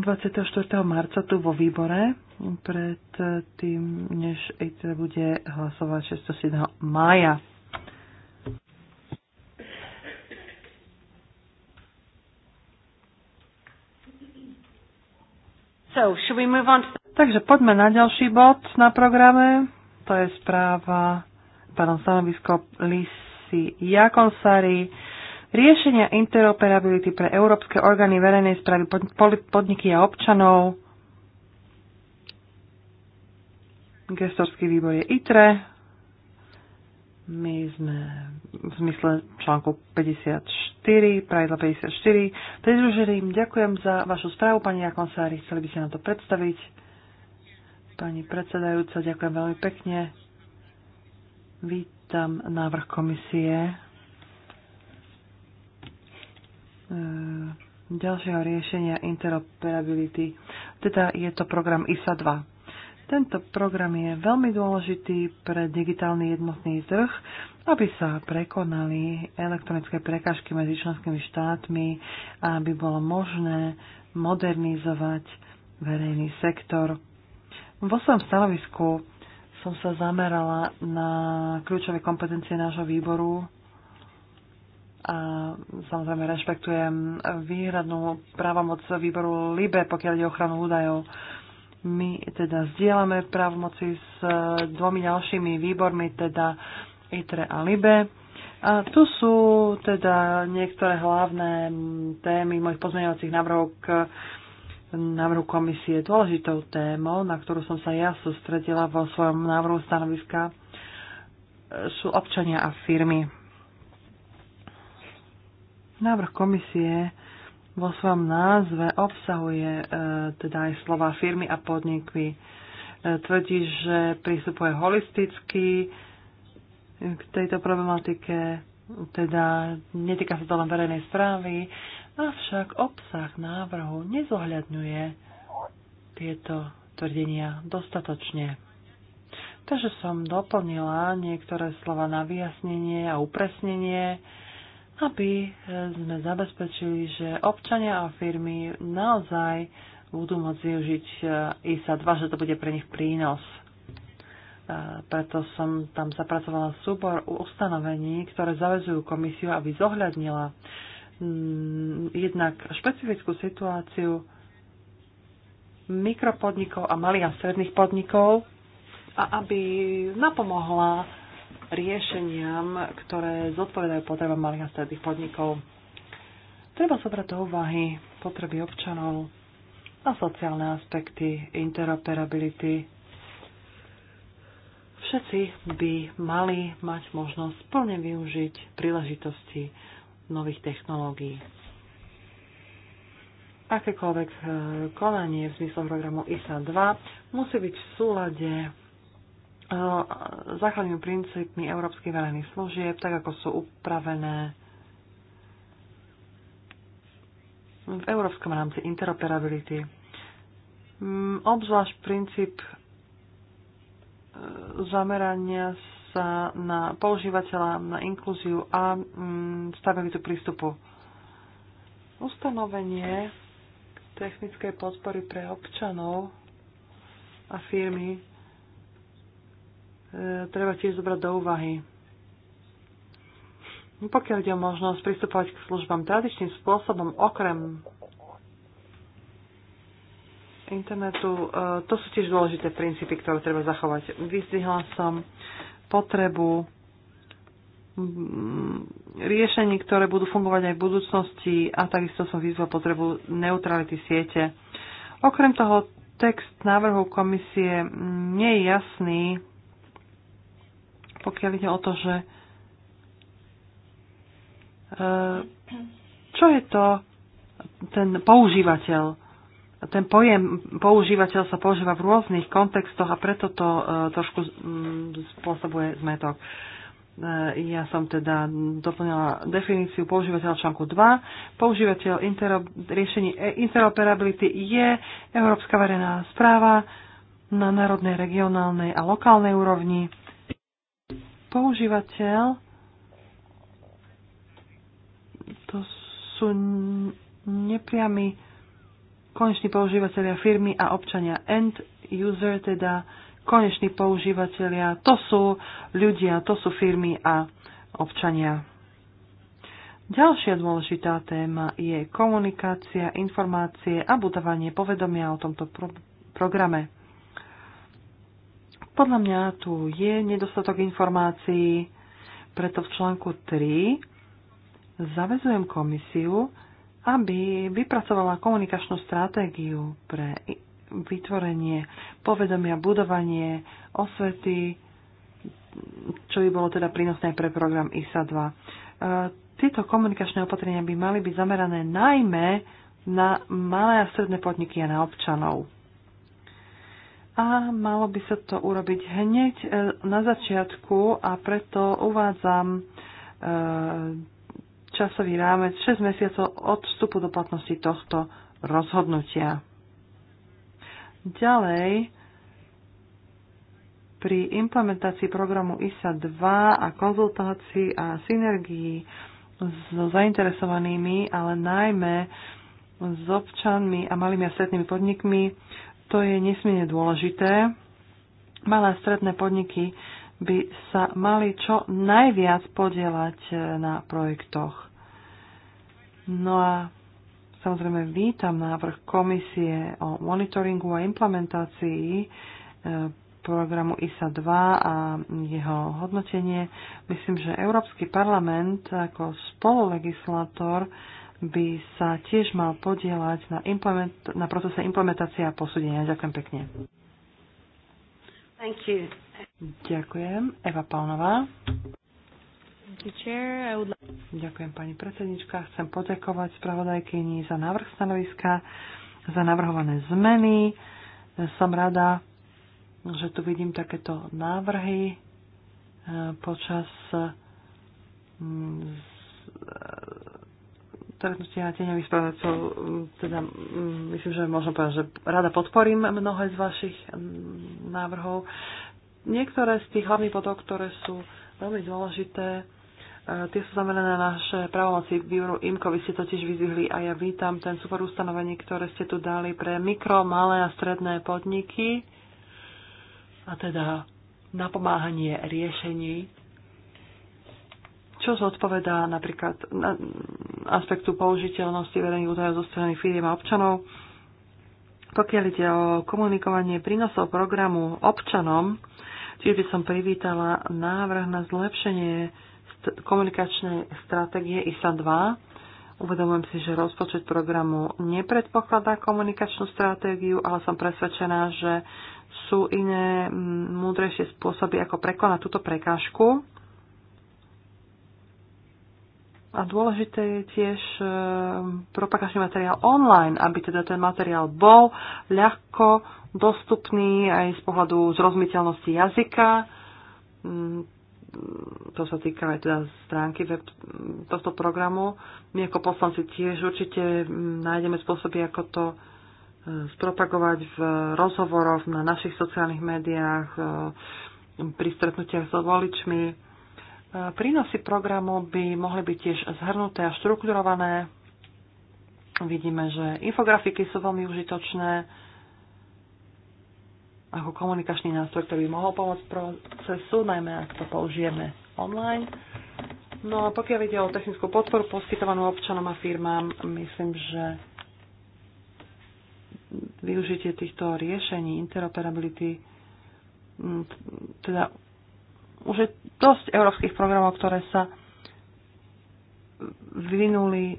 ...24. marca tu vo výbore, pred tým, než EIT bude hlasovať 6. 7. mája. So, should we move on to... Takže poďme na ďalší bod na programe. To je správa, pánom stanovisko Lisi Jakonsari. Riešenia interoperability pre európske orgány verejnej správy, podniky a občanov. Gestorský výbor je ITRE. My sme v zmysle článku 54, pravidla 54, pridružili im. Ďakujem za vašu správu, pani Jakonsári. Chceli by ste nám to predstaviť. Pani predsedajúca, ďakujem veľmi pekne. Vítam návrh komisie. Ďalšieho riešenia interoperability. Teda je to program ISA 2. Tento program je veľmi dôležitý pre digitálny jednotný trh, aby sa prekonali elektronické prekážky medzi členskými štátmi a aby bolo možné modernizovať verejný sektor. Vo svojom stanovisku som sa zamerala na kľúčové kompetencie nášho výboru a samozrejme rešpektujem výhradnú právomoc výboru LIBE, pokiaľ ide o ochranu údajov. My teda zdieľame právomoci s e, dvomi ďalšími výbormi, teda ITRE a LIBE. A tu sú teda niektoré hlavné témy mojich pozmeňovacích návrhov k návrhu komisie. Dôležitou témou, na ktorú som sa ja sústredila vo svojom návrhu stanoviska, e, sú občania a firmy. Návrh komisie vo svojom názve obsahuje e, teda aj slova firmy a podniky. E, tvrdí, že prístupuje holisticky e, k tejto problematike, teda netýka sa to len verejnej správy, avšak obsah návrhu nezohľadňuje tieto tvrdenia dostatočne. Takže som doplnila niektoré slova na vyjasnenie a upresnenie, aby e, sme zabezpečili, že občania a firmy naozaj budú môcť využiť e, ISA 2, že to bude pre nich prínos. E, preto som tam zapracovala súbor ustanovení, ktoré zavezujú komisiu, aby zohľadnila jednak špecifickú situáciu mikropodnikov a malých a stredných podnikov a aby napomohla riešeniam, ktoré zodpovedajú potrebám malých a stredných podnikov. Treba zobrať do úvahy potreby občanov a sociálne aspekty interoperability. Všetci by mali mať možnosť plne využiť príležitosti nových technológií. Akékoľvek eh, konanie v zmysle programu ISA 2 musí byť v súlade E, základnými princípmi európskych verejných služieb, tak ako sú upravené v európskom rámci interoperability. Mm, obzvlášť princíp e, zamerania sa na používateľa, na inkluziu a mm, stabilitu prístupu. Ustanovenie technickej podpory pre občanov a firmy treba tiež zobrať do úvahy. Pokiaľ ide o možnosť pristupovať k službám tradičným spôsobom, okrem internetu, e, to sú tiež dôležité princípy, ktoré treba zachovať. Vyzdvihla som potrebu mm, riešení, ktoré budú fungovať aj v budúcnosti a takisto som vyzval potrebu neutrality siete. Okrem toho, text návrhu komisie nie je jasný pokiaľ ide o to, že e, čo je to ten používateľ. Ten pojem používateľ sa používa v rôznych kontextoch a preto to e, trošku mm, spôsobuje zmetok. E, ja som teda doplnila definíciu používateľa článku 2. Používateľ interop- riešení interoperability je Európska verejná správa na národnej, regionálnej a lokálnej úrovni používateľ to sú nepriami koneční používateľia firmy a občania. End user, teda koneční používateľia, to sú ľudia, to sú firmy a občania. Ďalšia dôležitá téma je komunikácia, informácie a budovanie povedomia o tomto pro- programe. Podľa mňa tu je nedostatok informácií, preto v článku 3 zavezujem komisiu, aby vypracovala komunikačnú stratégiu pre vytvorenie povedomia, budovanie, osvety, čo by bolo teda prínosné pre program ISA 2. E, tieto komunikačné opatrenia by mali byť zamerané najmä na malé a stredné podniky a na občanov a malo by sa to urobiť hneď e, na začiatku a preto uvádzam e, časový rámec 6 mesiacov od vstupu do platnosti tohto rozhodnutia. Ďalej, pri implementácii programu ISA 2 a konzultácii a synergii so zainteresovanými, ale najmä s občanmi a malými a strednými podnikmi to je nesmierne dôležité. Malé a stredné podniky by sa mali čo najviac podielať e, na projektoch. No a samozrejme vítam návrh komisie o monitoringu a implementácii e, programu ISA 2 a jeho hodnotenie. Myslím, že Európsky parlament ako spolulegislátor by sa tiež mal podielať na, implement, na procese implementácie a posúdenia. Ďakujem pekne. Thank you. Ďakujem. Eva Palnová. Ďakujem pani predsednička. Chcem poďakovať spravodajkyni za návrh stanoviska, za navrhované zmeny. Som rada, že tu vidím takéto návrhy e, počas stretnutia tieňových správcov, mm, teda mm, myslím, že možno povedať, že rada podporím mnohé z vašich mm, návrhov. Niektoré z tých hlavných bodov, ktoré sú veľmi dôležité, e, tie sú zamerané na naše právomoci výboru IMKO, vy ste totiž vyzvihli a ja vítam ten super ustanovení, ktoré ste tu dali pre mikro, malé a stredné podniky a teda napomáhanie riešení čo zodpovedá napríklad na aspektu použiteľnosti verejných údajov zo strany firiem a občanov. Pokiaľ ide o komunikovanie prínosov programu občanom, tiež by som privítala návrh na zlepšenie st- komunikačnej stratégie ISA 2. Uvedomujem si, že rozpočet programu nepredpokladá komunikačnú stratégiu, ale som presvedčená, že sú iné múdrejšie spôsoby, ako prekonať túto prekážku. A dôležité je tiež e, propagačný materiál online, aby teda ten materiál bol ľahko dostupný aj z pohľadu zrozumiteľnosti jazyka. Mm, to sa týka aj teda stránky web mm, tohto programu. My ako poslanci tiež určite mm, nájdeme spôsoby, ako to e, spropagovať v rozhovoroch na našich sociálnych médiách, e, pri stretnutiach s voličmi Prínosy programu by mohli byť tiež zhrnuté a štrukturované. Vidíme, že infografiky sú veľmi užitočné ako komunikačný nástroj, ktorý by mohol pomôcť procesu, najmä ak to použijeme online. No a pokiaľ ide o technickú podporu poskytovanú občanom a firmám, myslím, že využitie týchto riešení interoperability teda už je dosť európskych programov, ktoré sa vyvinuli e,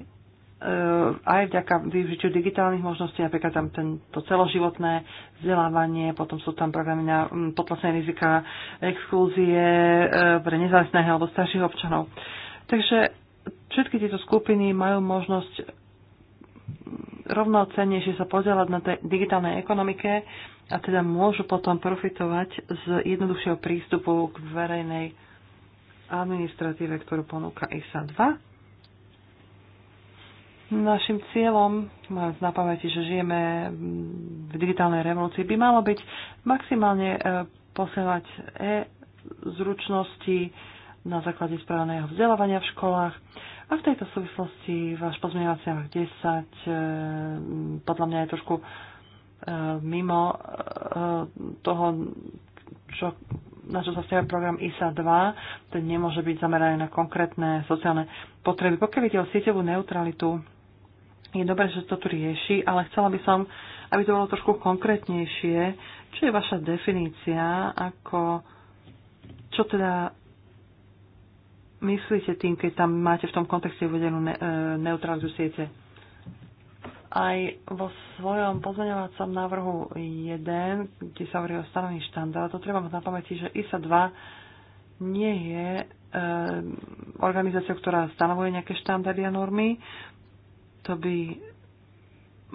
aj vďaka využitiu digitálnych možností, napríklad tam to celoživotné vzdelávanie, potom sú tam programy na potlačenie rizika exkluzie, e, pre nezávislých alebo starších občanov. Takže všetky tieto skupiny majú možnosť rovnocenejšie sa podielať na tej digitálnej ekonomike a teda môžu potom profitovať z jednoduchšieho prístupu k verejnej administratíve, ktorú ponúka ISA 2. Našim cieľom, mám na pamäti, že žijeme v digitálnej revolúcii, by malo byť maximálne e, posielať e-zručnosti na základe správneho vzdelávania v školách, a v tejto súvislosti váš pozmeňovací návrh 10 e, podľa mňa je trošku e, mimo e, toho, čo, na čo sa vzťahuje program ISA 2, ten nemôže byť zameraný na konkrétne sociálne potreby. Pokiaľ ide o sieťovú neutralitu, je dobré, že to tu rieši, ale chcela by som, aby to bolo trošku konkrétnejšie. Čo je vaša definícia, ako, čo teda myslíte tým, keď tam máte v tom kontexte uvedenú ne, e, neutralitu siete? Aj vo svojom pozmeňovacom návrhu 1, kde sa hovorí o stanovení štandardov, treba mať na pamäti, že ISA 2 nie je e, organizáciou, ktorá stanovuje nejaké štandardy a normy. To by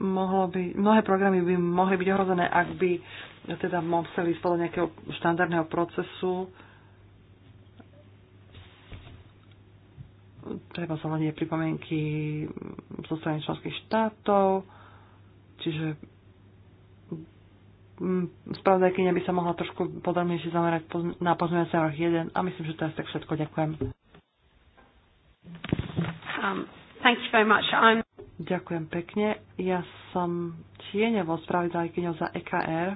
mohlo by, mnohé programy by mohli byť ohrozené, ak by teda museli spolu nejakého štandardného procesu treba zohľadniť pripomienky zo strany členských štátov, čiže spravodajkynia by sa mohla trošku podrobnejšie zamerať na pozmeňovací návrh 1 a myslím, že teraz tak všetko. Ďakujem. Um, thank you very much. I'm... Ďakujem pekne. Ja som tieňovo spravodajkyňou za EKR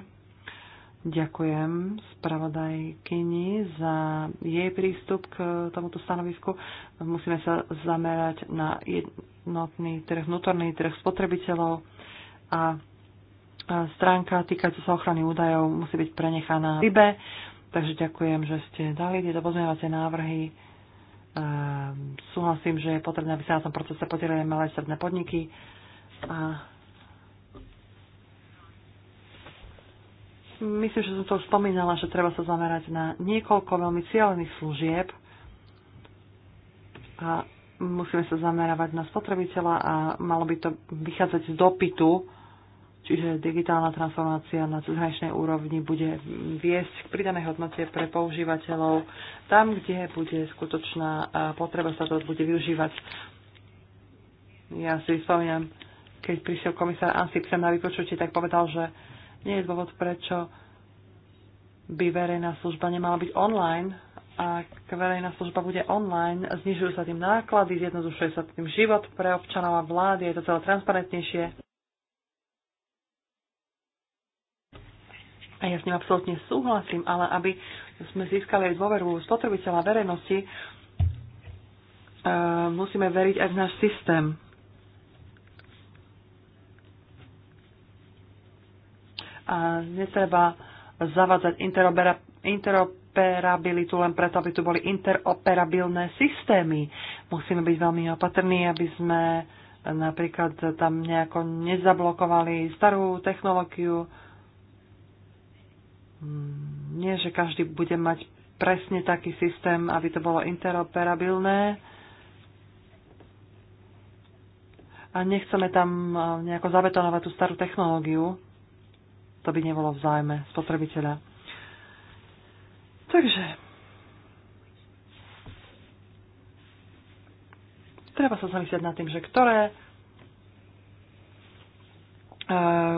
Ďakujem spravodajkyni za jej prístup k tomuto stanovisku. Musíme sa zamerať na jednotný trh, vnútorný trh spotrebiteľov a stránka týkajúca sa ochrany údajov musí byť prenechaná IBE. Takže ďakujem, že ste dali tieto pozmeňovacie návrhy. Ehm, súhlasím, že je potrebné, aby sa na tom procese podielili malé stredné podniky a Myslím, že som to spomínala, že treba sa zamerať na niekoľko veľmi cieľených služieb a musíme sa zamerávať na spotrebiteľa a malo by to vychádzať z dopytu, čiže digitálna transformácia na cezhraničnej úrovni bude viesť k pridanej hodnote pre používateľov tam, kde bude skutočná potreba sa to bude využívať. Ja si spomínam, keď prišiel komisár Ansip sem na vypočutie, tak povedal, že nie je dôvod, prečo by verejná služba nemala byť online. Ak verejná služba bude online, znižujú sa tým náklady, zjednodušuje sa tým život pre občanov a vlády, je to celé transparentnejšie. A ja s ním absolútne súhlasím, ale aby sme získali aj dôveru spotrebiteľa verejnosti, eh, musíme veriť aj v náš systém. a netreba zavádzať interoperabilitu len preto, aby tu boli interoperabilné systémy. Musíme byť veľmi opatrní, aby sme napríklad tam nejako nezablokovali starú technológiu. Hmm, nie, že každý bude mať presne taký systém, aby to bolo interoperabilné. A nechceme tam eh, nejako zabetonovať tú starú technológiu. To by nebolo v zájme spotrebiteľa. Takže treba sa zamyslieť nad tým, že ktoré e,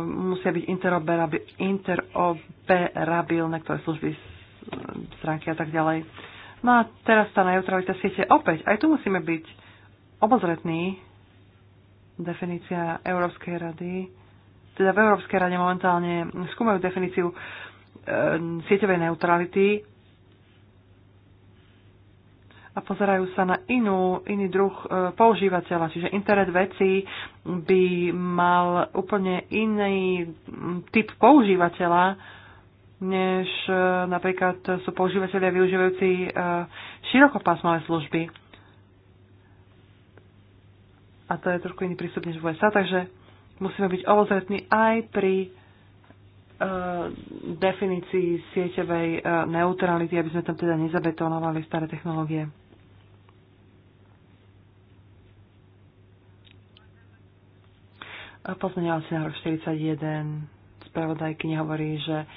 musia byť interoperabilné, ktoré služby, e, stránky a tak ďalej. No a teraz tá neutralita siete opäť. Aj tu musíme byť obozretní. Definícia Európskej rady teda v Európskej rade momentálne skúmajú definíciu e, sieťovej neutrality a pozerajú sa na inú, iný druh e, používateľa. Čiže internet veci by mal úplne iný typ používateľa, než e, napríklad sú používateľia využívajúci e, širokopásmové služby. A to je trošku iný prístup než v USA, takže Musíme byť obozretní aj pri e, definícii sieťovej e, neutrality, aby sme tam teda nezabetonovali staré technológie. Pozmeňovací návrh 41 spravodajky nehovorí, že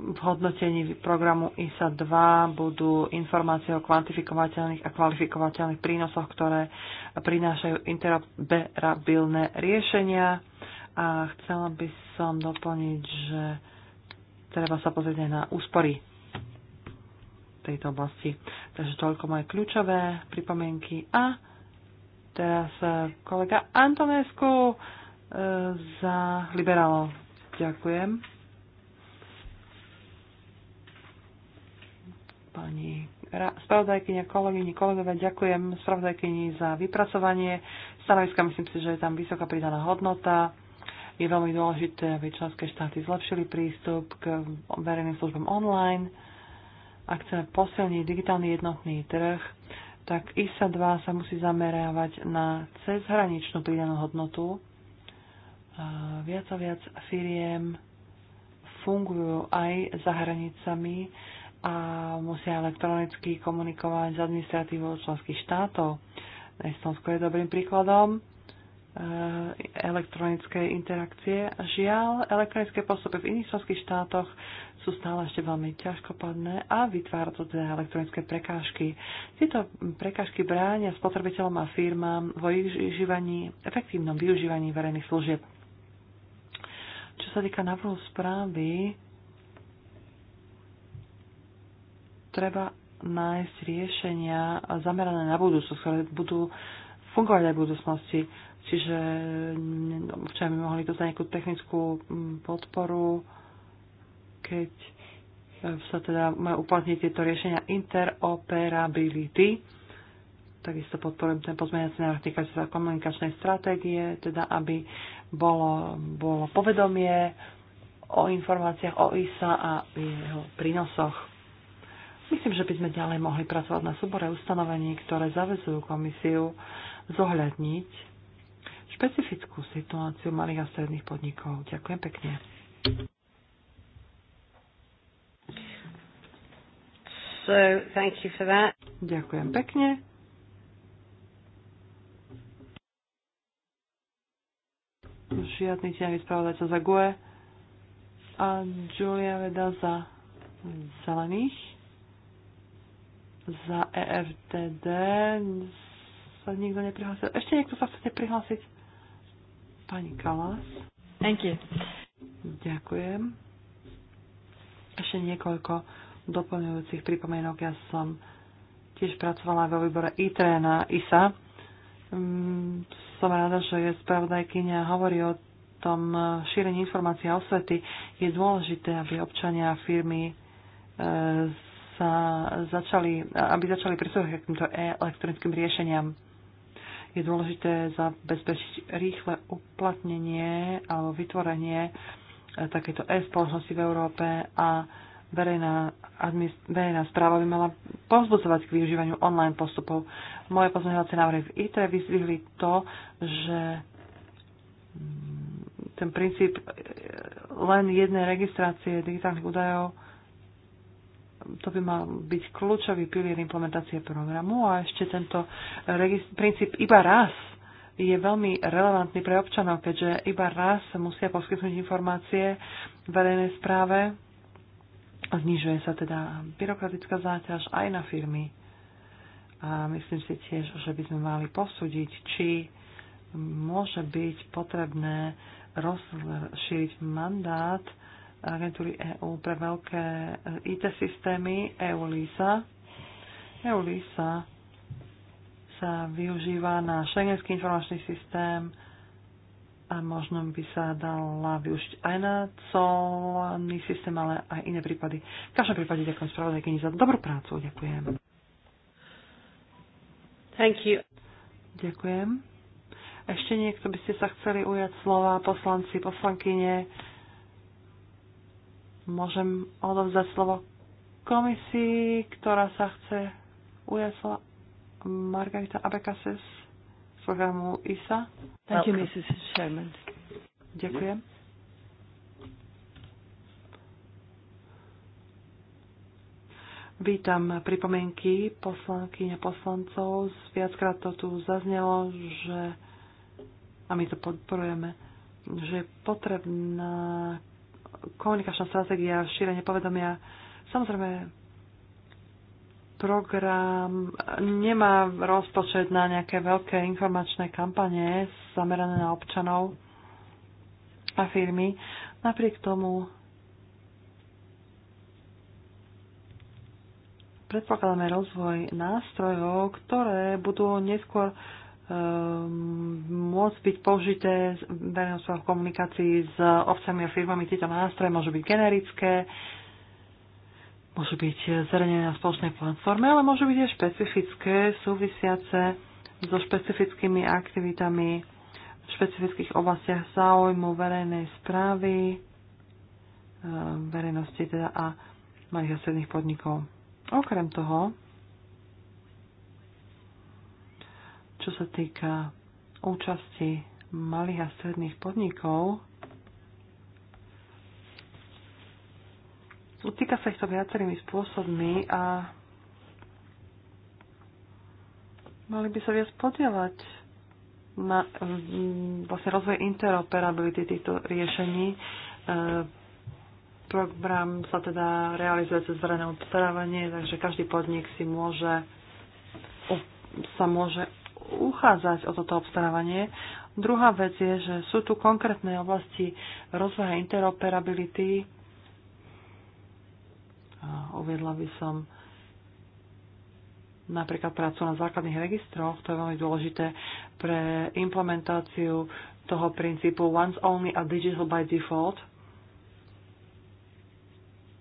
v hodnotení programu ISA 2 budú informácie o kvantifikovateľných a kvalifikovateľných prínosoch, ktoré prinášajú interoperabilné riešenia. A chcela by som doplniť, že treba sa pozrieť aj na úspory tejto oblasti. Takže toľko moje kľúčové pripomienky. A teraz e, kolega Antonesku e, za liberálov. Ďakujem. pani spravodajkynia, kolegyni, kolegovia, ďakujem spravodajkyni za vypracovanie stanoviska. Myslím si, že je tam vysoká pridaná hodnota. Je veľmi dôležité, aby členské štáty zlepšili prístup k verejným službám online. Ak chceme posilniť digitálny jednotný trh, tak ISA 2 sa musí zamerávať na cezhraničnú pridanú hodnotu. Viac a viac firiem fungujú aj za hranicami a musia elektronicky komunikovať s administratívou členských štátov. Estonsko je dobrým príkladom e, elektronickej interakcie. Žiaľ, elektronické postupy v iných členských štátoch sú stále ešte veľmi ťažkopadné a vytvára to teda elektronické prekážky. Tieto prekážky bránia spotrebiteľom a firmám vo využívaní, efektívnom využívaní verejných služieb. Čo sa týka návrhu správy, treba nájsť riešenia zamerané na budúcnosť, ktoré budú fungovať aj v budúcnosti. Čiže mm, občania by mohli dostať nejakú technickú mm, podporu, keď e, sa teda majú uplatniť tieto riešenia interoperability. Takisto podporujem ten pozmeňací návrh týka sa komunikačnej stratégie, teda aby bolo, bolo povedomie o informáciách o ISA a jeho prínosoch. Myslím, že by sme ďalej mohli pracovať na súbore ustanovení, ktoré zavezujú komisiu zohľadniť špecifickú situáciu malých a stredných podnikov. Ďakujem pekne. So, thank you for that. Ďakujem pekne. Žiadny tieňový spravodajca za GUE a Julia Veda za zelených za EFTD sa nikto neprihlásil. Ešte niekto sa chcete prihlásiť? Pani Kalas. Thank you. Ďakujem. Ešte niekoľko doplňujúcich pripomienok. Ja som tiež pracovala vo výbore ITRE na ISA. Mm, som rada, že je spravodajkynia hovorí o tom šírení informácií a osvety. Je dôležité, aby občania a firmy e, sa začali, aby začali prisúhať k týmto elektronickým riešeniam. Je dôležité zabezpečiť rýchle uplatnenie alebo vytvorenie eh, takéto e-spoločnosti v Európe a verejná, verejná správa by mala povzbudzovať k využívaniu online postupov. Moje pozmeňovacie návrhy v IT vyzvihli to, že mm, ten princíp eh, len jednej registrácie digitálnych údajov to by mal byť kľúčový pilier implementácie programu a ešte tento princíp iba raz je veľmi relevantný pre občanov, keďže iba raz musia poskytnúť informácie verejnej správe a znižuje sa teda byrokratická záťaž aj na firmy. A myslím si tiež, že by sme mali posúdiť, či môže byť potrebné rozšíriť mandát agentúry EÚ pre veľké eh, IT systémy EULISA. EULISA sa využíva na šengenský informačný systém a možno by sa dala využiť aj na colný systém, ale aj iné prípady. V každom prípade ďakujem spravodajkyni za dobrú prácu. Ďakujem. Thank you. Ďakujem. Ešte niekto by ste sa chceli ujať slova, poslanci, poslankyne? Môžem odovzdať slovo komisii, ktorá sa chce ujasla Margarita Abekases z programu ISA. Thank you, Mrs. Sherman. Ďakujem. Vítam pripomienky poslanky a poslancov. Viackrát to tu zaznelo, že a my to podporujeme, že je potrebná komunikačná stratégia, šírenie povedomia. Samozrejme, program nemá rozpočet na nejaké veľké informačné kampanie zamerané na občanov a firmy. Napriek tomu predpokladáme rozvoj nástrojov, ktoré budú neskôr Ehm, môcť byť použité v verejnosť komunikácii s obcami a firmami. Tieto nástroje môžu byť generické, môžu byť zverejnené na spoločnej platforme, ale môžu byť aj špecifické, súvisiace so špecifickými aktivitami v špecifických oblastiach záujmu verejnej správy, ehm, verejnosti teda a malých a stredných podnikov. Okrem toho, Čo sa týka účasti malých a stredných podnikov, utýka sa ich to viacerými spôsobmi a mali by sa viac podielať na mm, vlastne rozvoj interoperability týchto riešení. E, program sa teda realizuje cez verejné obstarávanie, takže každý podnik si môže sa môže uchádzať o toto obstarávanie. Druhá vec je, že sú tu konkrétne oblasti rozvoja interoperability. Uviedla by som napríklad prácu na základných registroch, to je veľmi dôležité pre implementáciu toho princípu once only a digital by default.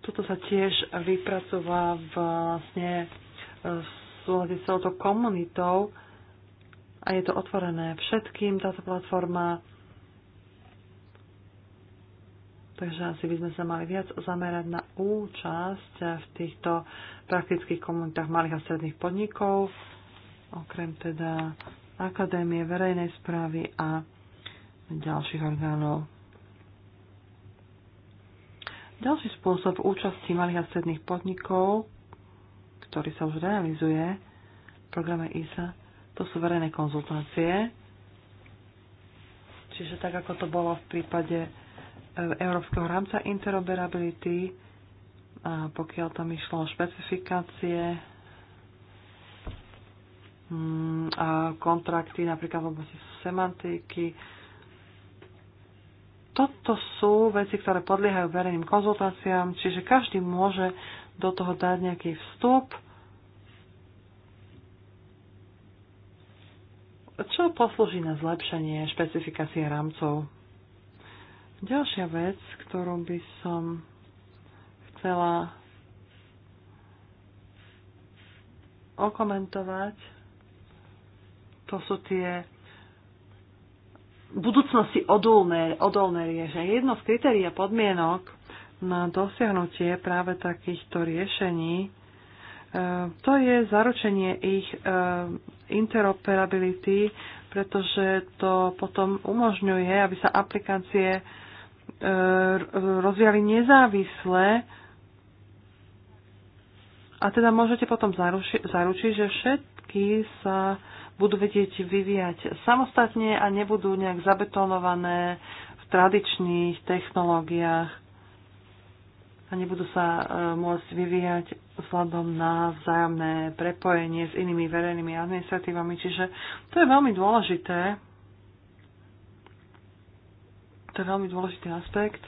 Toto sa tiež vypracová vlastne v súhľade s touto komunitou, a je to otvorené všetkým, táto platforma. Takže asi by sme sa mali viac zamerať na účasť v týchto praktických komunitách malých a stredných podnikov, okrem teda Akadémie verejnej správy a ďalších orgánov. Ďalší spôsob účasti malých a stredných podnikov, ktorý sa už realizuje v programe ISA, to sú verejné konzultácie. Čiže tak, ako to bolo v prípade e, Európskeho rámca interoperability, a pokiaľ tam išlo o špecifikácie mm, a kontrakty napríklad v oblasti semantiky. Toto sú veci, ktoré podliehajú verejným konzultáciám, čiže každý môže do toho dať nejaký vstup čo poslúži na zlepšenie špecifikácie rámcov. Ďalšia vec, ktorú by som chcela okomentovať, to sú tie budúcnosti odolné, odolné riešenia. Jedno z kritérií a podmienok na dosiahnutie práve takýchto riešení, e, to je zaručenie ich e, interoperability, pretože to potom umožňuje, aby sa aplikácie e, rozvíjali nezávisle a teda môžete potom zaruči- zaručiť, že všetky sa budú vedieť vyvíjať samostatne a nebudú nejak zabetonované v tradičných technológiách a nebudú sa e, môcť vyvíjať vzhľadom na vzájomné prepojenie s inými verejnými administratívami. Čiže to je veľmi dôležité. To je veľmi dôležitý aspekt.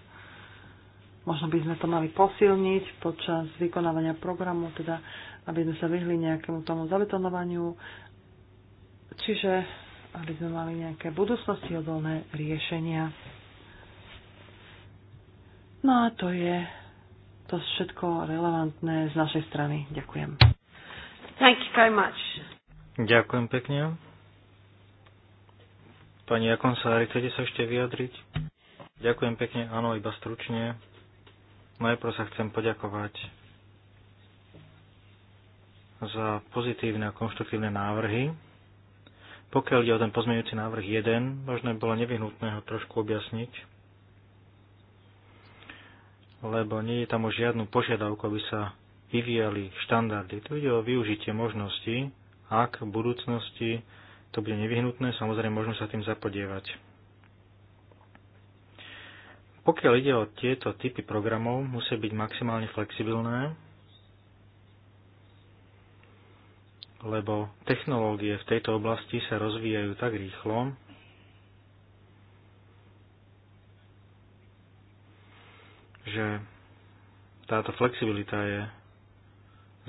Možno by sme to mali posilniť počas vykonávania programu, teda aby sme sa vyhli nejakému tomu zabetonovaniu. Čiže aby sme mali nejaké budúcnosti odolné riešenia. No a to je to všetko relevantné z našej strany. Ďakujem. Thank you very much. Ďakujem pekne. Pani Jakonsári, chcete sa ešte vyjadriť? Ďakujem pekne, áno, iba stručne. Najprv sa chcem poďakovať za pozitívne a konštruktívne návrhy. Pokiaľ ide o ten pozmeňujúci návrh 1, možno bolo nevyhnutné ho trošku objasniť lebo nie je tam už žiadnu požiadavku, aby sa vyvíjali štandardy. Tu ide o využitie možností, ak v budúcnosti to bude nevyhnutné, samozrejme možno sa tým zapodievať. Pokiaľ ide o tieto typy programov, musia byť maximálne flexibilné, lebo technológie v tejto oblasti sa rozvíjajú tak rýchlo, že táto flexibilita je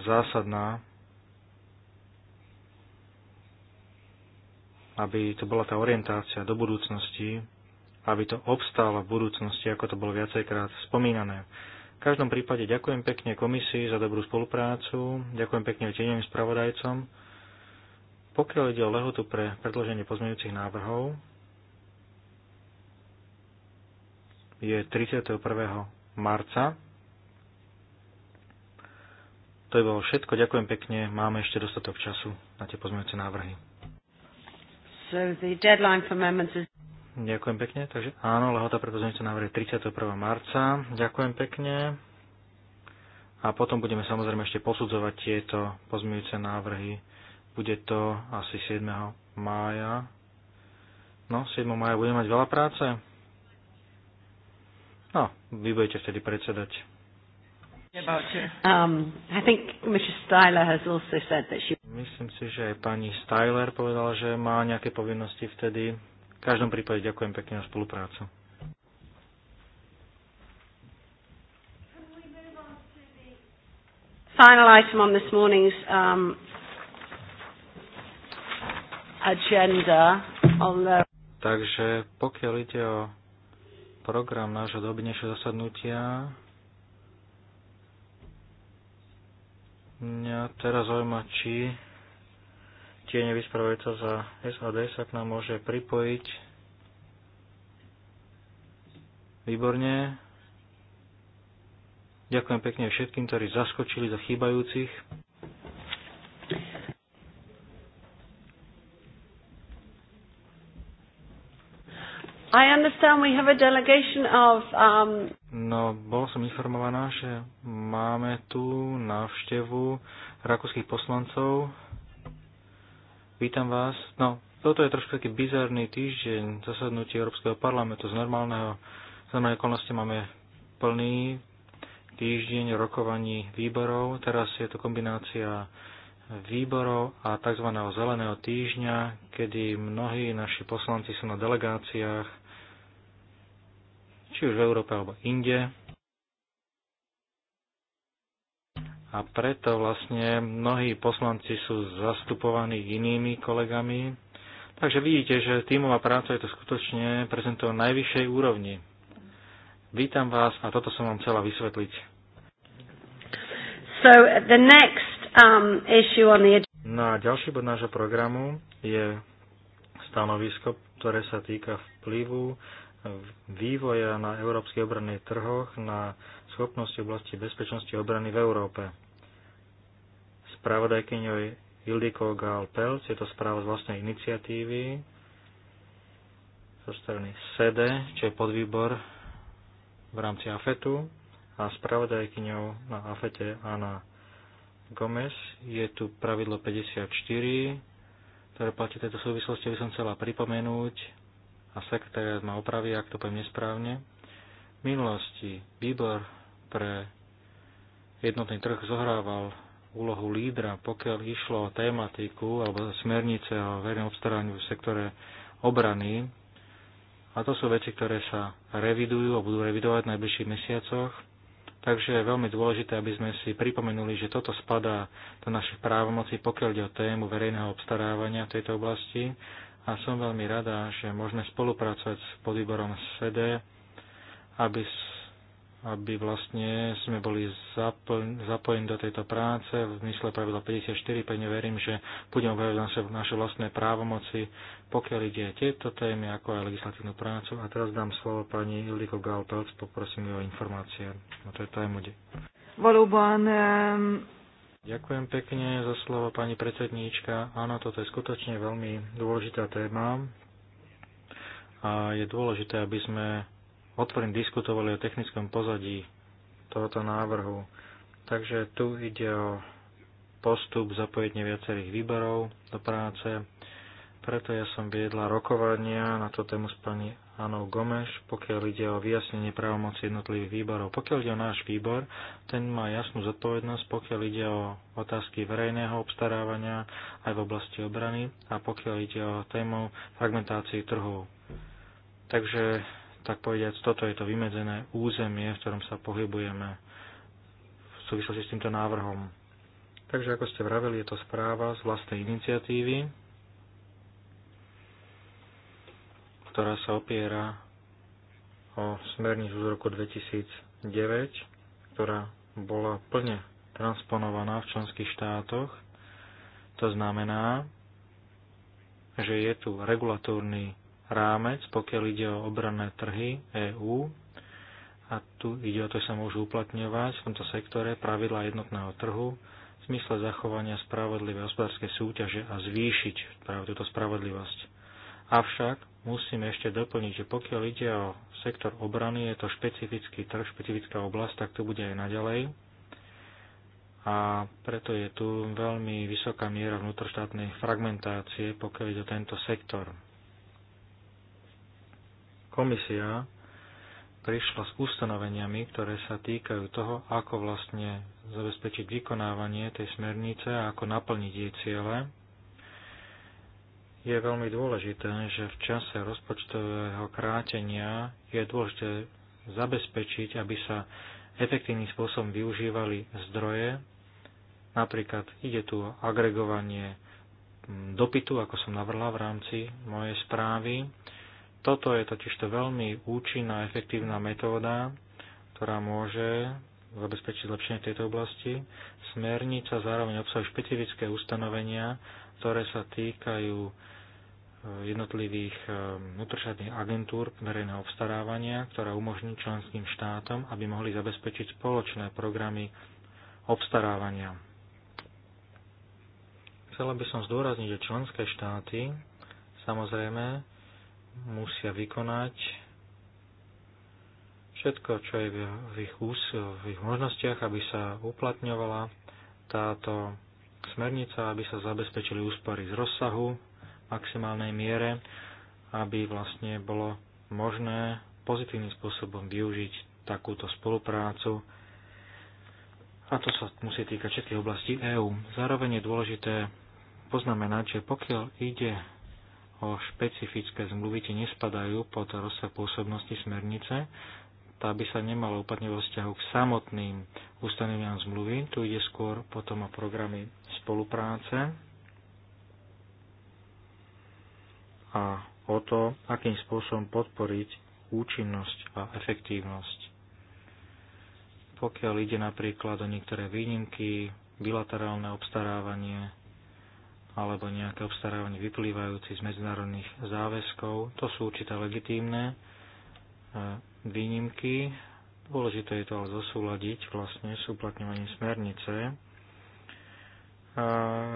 zásadná, aby to bola tá orientácia do budúcnosti, aby to obstálo v budúcnosti, ako to bolo viacejkrát spomínané. V každom prípade ďakujem pekne komisii za dobrú spoluprácu, ďakujem pekne tieňovým spravodajcom. Pokiaľ ide o lehotu pre predloženie pozmeňujúcich návrhov, je 31 marca. To je bolo všetko. Ďakujem pekne. Máme ešte dostatok času na tie pozmeňujúce návrhy. So the deadline for amendments is... Ďakujem pekne. Takže áno, lehota pre pozmeňujúce návrhy 31. marca. Ďakujem pekne. A potom budeme samozrejme ešte posudzovať tieto pozmeňujúce návrhy. Bude to asi 7. mája. No, 7. mája budeme mať veľa práce. No, vy budete vtedy predsedať. Um, I think has also said that she... Myslím si, že aj pani Styler povedala, že má nejaké povinnosti vtedy. V každom prípade ďakujem pekne za spoluprácu. Final item on this morning's um, agenda. on the... Takže pokiaľ ide o program nášho dobnejšieho zasadnutia. Mňa teraz zaujíma, či tieňe vyspravujúca za SAD sa k nám môže pripojiť. Výborne. Ďakujem pekne všetkým, ktorí zaskočili za chýbajúcich. I understand we have a delegation of... Um... No, bol som informovaná, že máme tu návštevu rakúskych poslancov. Vítam vás. No, toto je trošku taký bizarný týždeň zasadnutie Európskeho parlamentu. Z normálneho, z normálnej okolnosti máme plný týždeň rokovaní výborov. Teraz je to kombinácia výborov a tzv. zeleného týždňa, kedy mnohí naši poslanci sú na delegáciách či už v Európe alebo inde. A preto vlastne mnohí poslanci sú zastupovaní inými kolegami. Takže vidíte, že tímová práca je to skutočne prezentovaná najvyššej úrovni. Vítam vás a toto som vám chcela vysvetliť. So the next, um, issue on the... No a ďalší bod nášho programu je stanovisko, ktoré sa týka vplyvu vývoja na európskych obranných trhoch na schopnosti oblasti bezpečnosti obrany v Európe. Spravodajkyňou je Ildiko Gál-Pelc, je to správa z vlastnej iniciatívy zo strany SEDE, čo je podvýbor v rámci AFETu a spravodajkyňou na AFETe Anna Gomez je tu pravidlo 54, ktoré platí v tejto súvislosti, by som chcela pripomenúť a sekretariat ma opraví, ak to poviem nesprávne. V minulosti výbor pre jednotný trh zohrával úlohu lídra, pokiaľ išlo o tematiku alebo smernice o verejnom obstarávaní v sektore obrany. A to sú veci, ktoré sa revidujú a budú revidovať v najbližších mesiacoch. Takže je veľmi dôležité, aby sme si pripomenuli, že toto spadá do našich právomocí, pokiaľ ide o tému verejného obstarávania v tejto oblasti a som veľmi rada, že môžeme spolupracovať s podvýborom SED, aby, aby vlastne sme boli zapojení do tejto práce v zmysle pravidla 54. Pevne verím, že budeme obhajovať naše, naše vlastné právomoci, pokiaľ ide tieto témy, ako aj legislatívnu prácu. A teraz dám slovo pani Ildiko Galpelc, poprosím ju o informácie o tej tému. Valóban Ďakujem pekne za slovo pani predsedníčka. Áno, toto je skutočne veľmi dôležitá téma a je dôležité, aby sme otvorene diskutovali o technickom pozadí tohoto návrhu. Takže tu ide o postup zapojenie viacerých výborov do práce. Preto ja som viedla rokovania na tú tému s pani pánov Gomeš, pokiaľ ide o vyjasnenie právomoci jednotlivých výborov. Pokiaľ ide o náš výbor, ten má jasnú zodpovednosť, pokiaľ ide o otázky verejného obstarávania aj v oblasti obrany a pokiaľ ide o tému fragmentácií trhov. Takže, tak povediať, toto je to vymedzené územie, v ktorom sa pohybujeme v súvislosti s týmto návrhom. Takže, ako ste vraveli, je to správa z vlastnej iniciatívy, ktorá sa opiera o smernicu z roku 2009, ktorá bola plne transponovaná v členských štátoch. To znamená, že je tu regulatórny rámec, pokiaľ ide o obranné trhy EÚ a tu ide o to, že sa môžu uplatňovať v tomto sektore pravidla jednotného trhu v zmysle zachovania spravodlivej hospodárskej súťaže a zvýšiť práve túto spravodlivosť. Avšak musím ešte doplniť, že pokiaľ ide o sektor obrany, je to špecifický trh, špecifická oblasť, tak to bude aj naďalej. A preto je tu veľmi vysoká miera vnútroštátnej fragmentácie, pokiaľ ide o tento sektor. Komisia prišla s ustanoveniami, ktoré sa týkajú toho, ako vlastne zabezpečiť vykonávanie tej smernice a ako naplniť jej ciele je veľmi dôležité, že v čase rozpočtového krátenia je dôležité zabezpečiť, aby sa efektívnym spôsobom využívali zdroje. Napríklad ide tu o agregovanie mm, dopytu, ako som navrhla v rámci mojej správy. Toto je totižto veľmi účinná, efektívna metóda, ktorá môže zabezpečiť zlepšenie tejto oblasti. Smernica zároveň obsahuje špecifické ustanovenia, ktoré sa týkajú e, jednotlivých e, vnútroštátnych agentúr verejného obstarávania, ktorá umožní členským štátom, aby mohli zabezpečiť spoločné programy obstarávania. Chcela by som zdôrazniť, že členské štáty samozrejme musia vykonať všetko, čo je v ich, ús, v ich možnostiach, aby sa uplatňovala táto smernica, aby sa zabezpečili úspory z rozsahu v maximálnej miere, aby vlastne bolo možné pozitívnym spôsobom využiť takúto spoluprácu a to sa musí týkať všetkých oblastí EÚ. Zároveň je dôležité poznamenať, že pokiaľ ide o špecifické zmluvy, tie nespadajú pod rozsah pôsobnosti smernice, tá by sa nemala uplatniť vo vzťahu k samotným ustanoveniam zmluvy. Tu ide skôr potom o programy spolupráce a o to, akým spôsobom podporiť účinnosť a efektívnosť. Pokiaľ ide napríklad o niektoré výnimky, bilaterálne obstarávanie alebo nejaké obstarávanie vyplývajúce z medzinárodných záväzkov, to sú určité legitímne výnimky. Dôležité je to ale zosúľadiť vlastne s uplatňovaním smernice a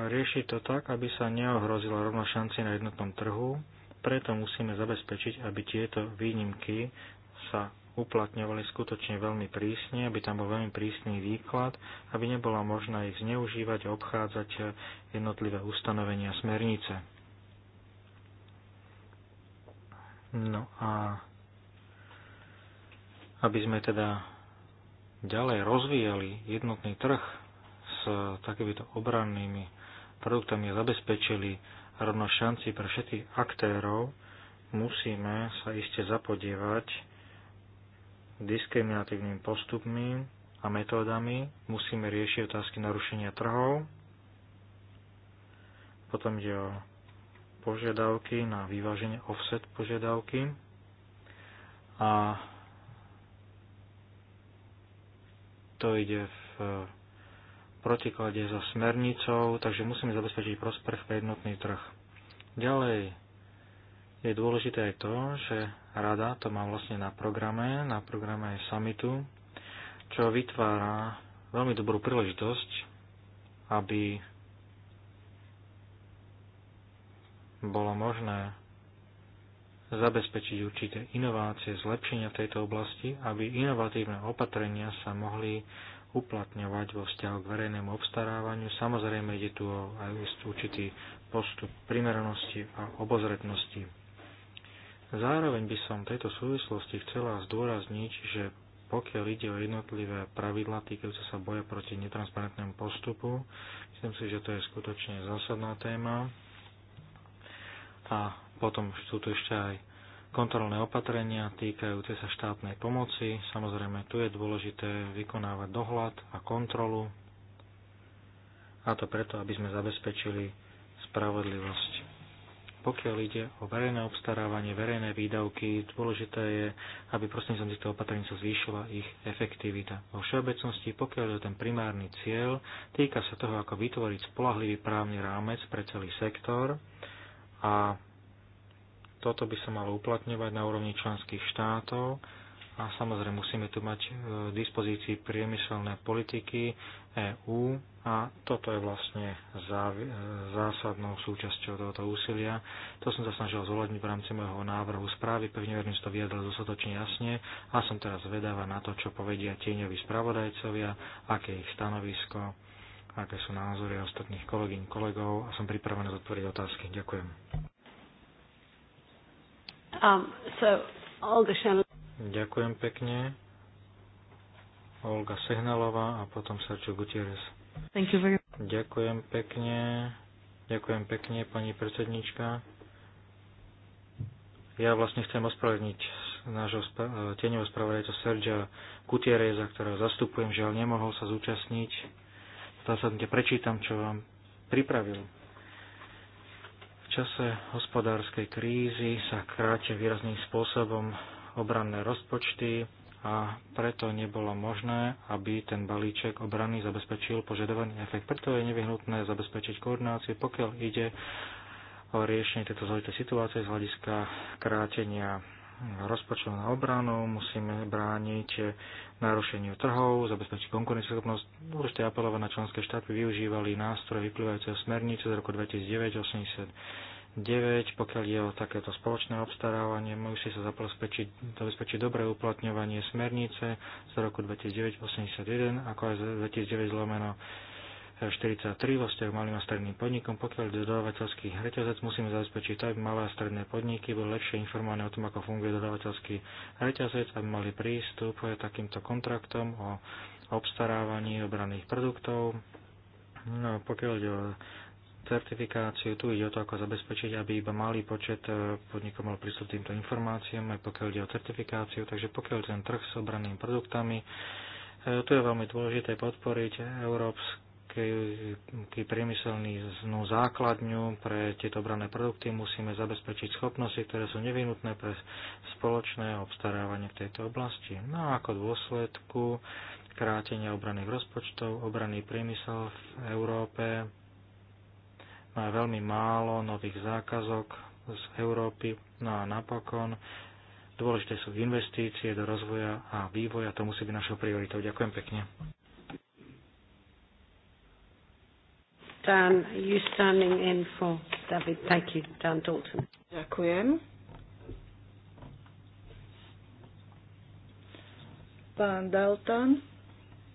riešiť to tak, aby sa neohrozila rovno šanci na jednotnom trhu. Preto musíme zabezpečiť, aby tieto výnimky sa uplatňovali skutočne veľmi prísne, aby tam bol veľmi prísny výklad, aby nebola možná ich zneužívať a obchádzať jednotlivé ustanovenia smernice. No a aby sme teda ďalej rozvíjali jednotný trh s takýmito obrannými produktami a zabezpečili rovno šanci pre všetkých aktérov, musíme sa iste zapodievať diskriminatívnym postupmi a metódami, musíme riešiť otázky narušenia trhov, potom ide o požiadavky na vyváženie offset požiadavky a to ide v e, protiklade so smernicou, takže musíme zabezpečiť prospech pre jednotný trh. Ďalej je dôležité aj to, že rada to má vlastne na programe, na programe summitu, čo vytvára veľmi dobrú príležitosť, aby bolo možné zabezpečiť určité inovácie, zlepšenia v tejto oblasti, aby inovatívne opatrenia sa mohli uplatňovať vo vzťahu k verejnému obstarávaniu. Samozrejme ide tu o aj určitý postup primeranosti a obozretnosti. Zároveň by som v tejto súvislosti chcela zdôrazniť, že pokiaľ ide o jednotlivé pravidla týkajúce sa boja proti netransparentnému postupu, myslím si, že to je skutočne zásadná téma a potom sú tu ešte aj kontrolné opatrenia týkajúce sa štátnej pomoci. Samozrejme, tu je dôležité vykonávať dohľad a kontrolu. A to preto, aby sme zabezpečili spravodlivosť. Pokiaľ ide o verejné obstarávanie, verejné výdavky, dôležité je, aby prostredníctvom týchto opatrení sa zvýšila ich efektivita. Vo všeobecnosti, pokiaľ je ten primárny cieľ, týka sa toho, ako vytvoriť spolahlivý právny rámec pre celý sektor a toto by sa malo uplatňovať na úrovni členských štátov a samozrejme musíme tu mať e, v dispozícii priemyselné politiky EÚ a toto je vlastne e, zásadnou súčasťou tohoto úsilia. To som sa snažil zohľadniť v rámci môjho návrhu správy, pevne verím, že to vyjadril dostatočne jasne a som teraz vedáva na to, čo povedia tieňoví spravodajcovia, aké je ich stanovisko, aké sú názory ostatných kolegyň, kolegov a som pripravený zodpovedať otázky. Ďakujem. Um, so, Olga Ďakujem pekne. Olga Sehnalová a potom Sarčo Gutierrez. Thank you very... Ďakujem pekne. Ďakujem pekne, pani predsednička. Ja vlastne chcem ospravedniť nášho e, tieňového spravodajca Sergia Gutierreza, ktorého zastupujem, žiaľ nemohol sa zúčastniť. Zasadnite prečítam, čo vám pripravil čase hospodárskej krízy sa krátia výrazným spôsobom obranné rozpočty a preto nebolo možné, aby ten balíček obrany zabezpečil požadovaný efekt. Preto je nevyhnutné zabezpečiť koordináciu, pokiaľ ide o riešenie tejto zložitej situácie z hľadiska krátenia rozpočtov na obranu, musíme brániť narušeniu trhov, zabezpečiť konkurenceschopnosť. Určite apelovať na členské štáty využívali nástroje vyplývajúceho smernice z roku 2009-89, pokiaľ je o takéto spoločné obstarávanie, musí sa zabezpečiť, zabezpečiť dobré uplatňovanie smernice z roku 2009-81, ako aj z 2009 zlomeno 43 vo vzťahu malým a stredným podnikom. Pokiaľ dodávateľský reťazec musíme zabezpečiť, aby malé a stredné podniky boli lepšie informované o tom, ako funguje dodávateľský reťazec, aby mali prístup k takýmto kontraktom o obstarávaní obraných produktov. No, pokiaľ ide o certifikáciu, tu ide o to, ako zabezpečiť, aby iba malý počet e, podnikov mal prístup týmto informáciám, aj pokiaľ ide o certifikáciu, takže pokiaľ ten trh s obranými produktami, e, tu je veľmi dôležité podporiť európsky priemyselný no, základňu pre tieto obrané produkty, musíme zabezpečiť schopnosti, ktoré sú nevyhnutné pre spoločné obstarávanie v tejto oblasti. No a ako dôsledku krátenia obranných rozpočtov, obranný priemysel v Európe má veľmi málo nových zákazok z Európy. No a napokon dôležité sú investície do rozvoja a vývoja, to musí byť našou prioritou. Ďakujem pekne. Dan, you standing in for David. Thank you, Dan Dalton. Ďakujem. Pán Dalton,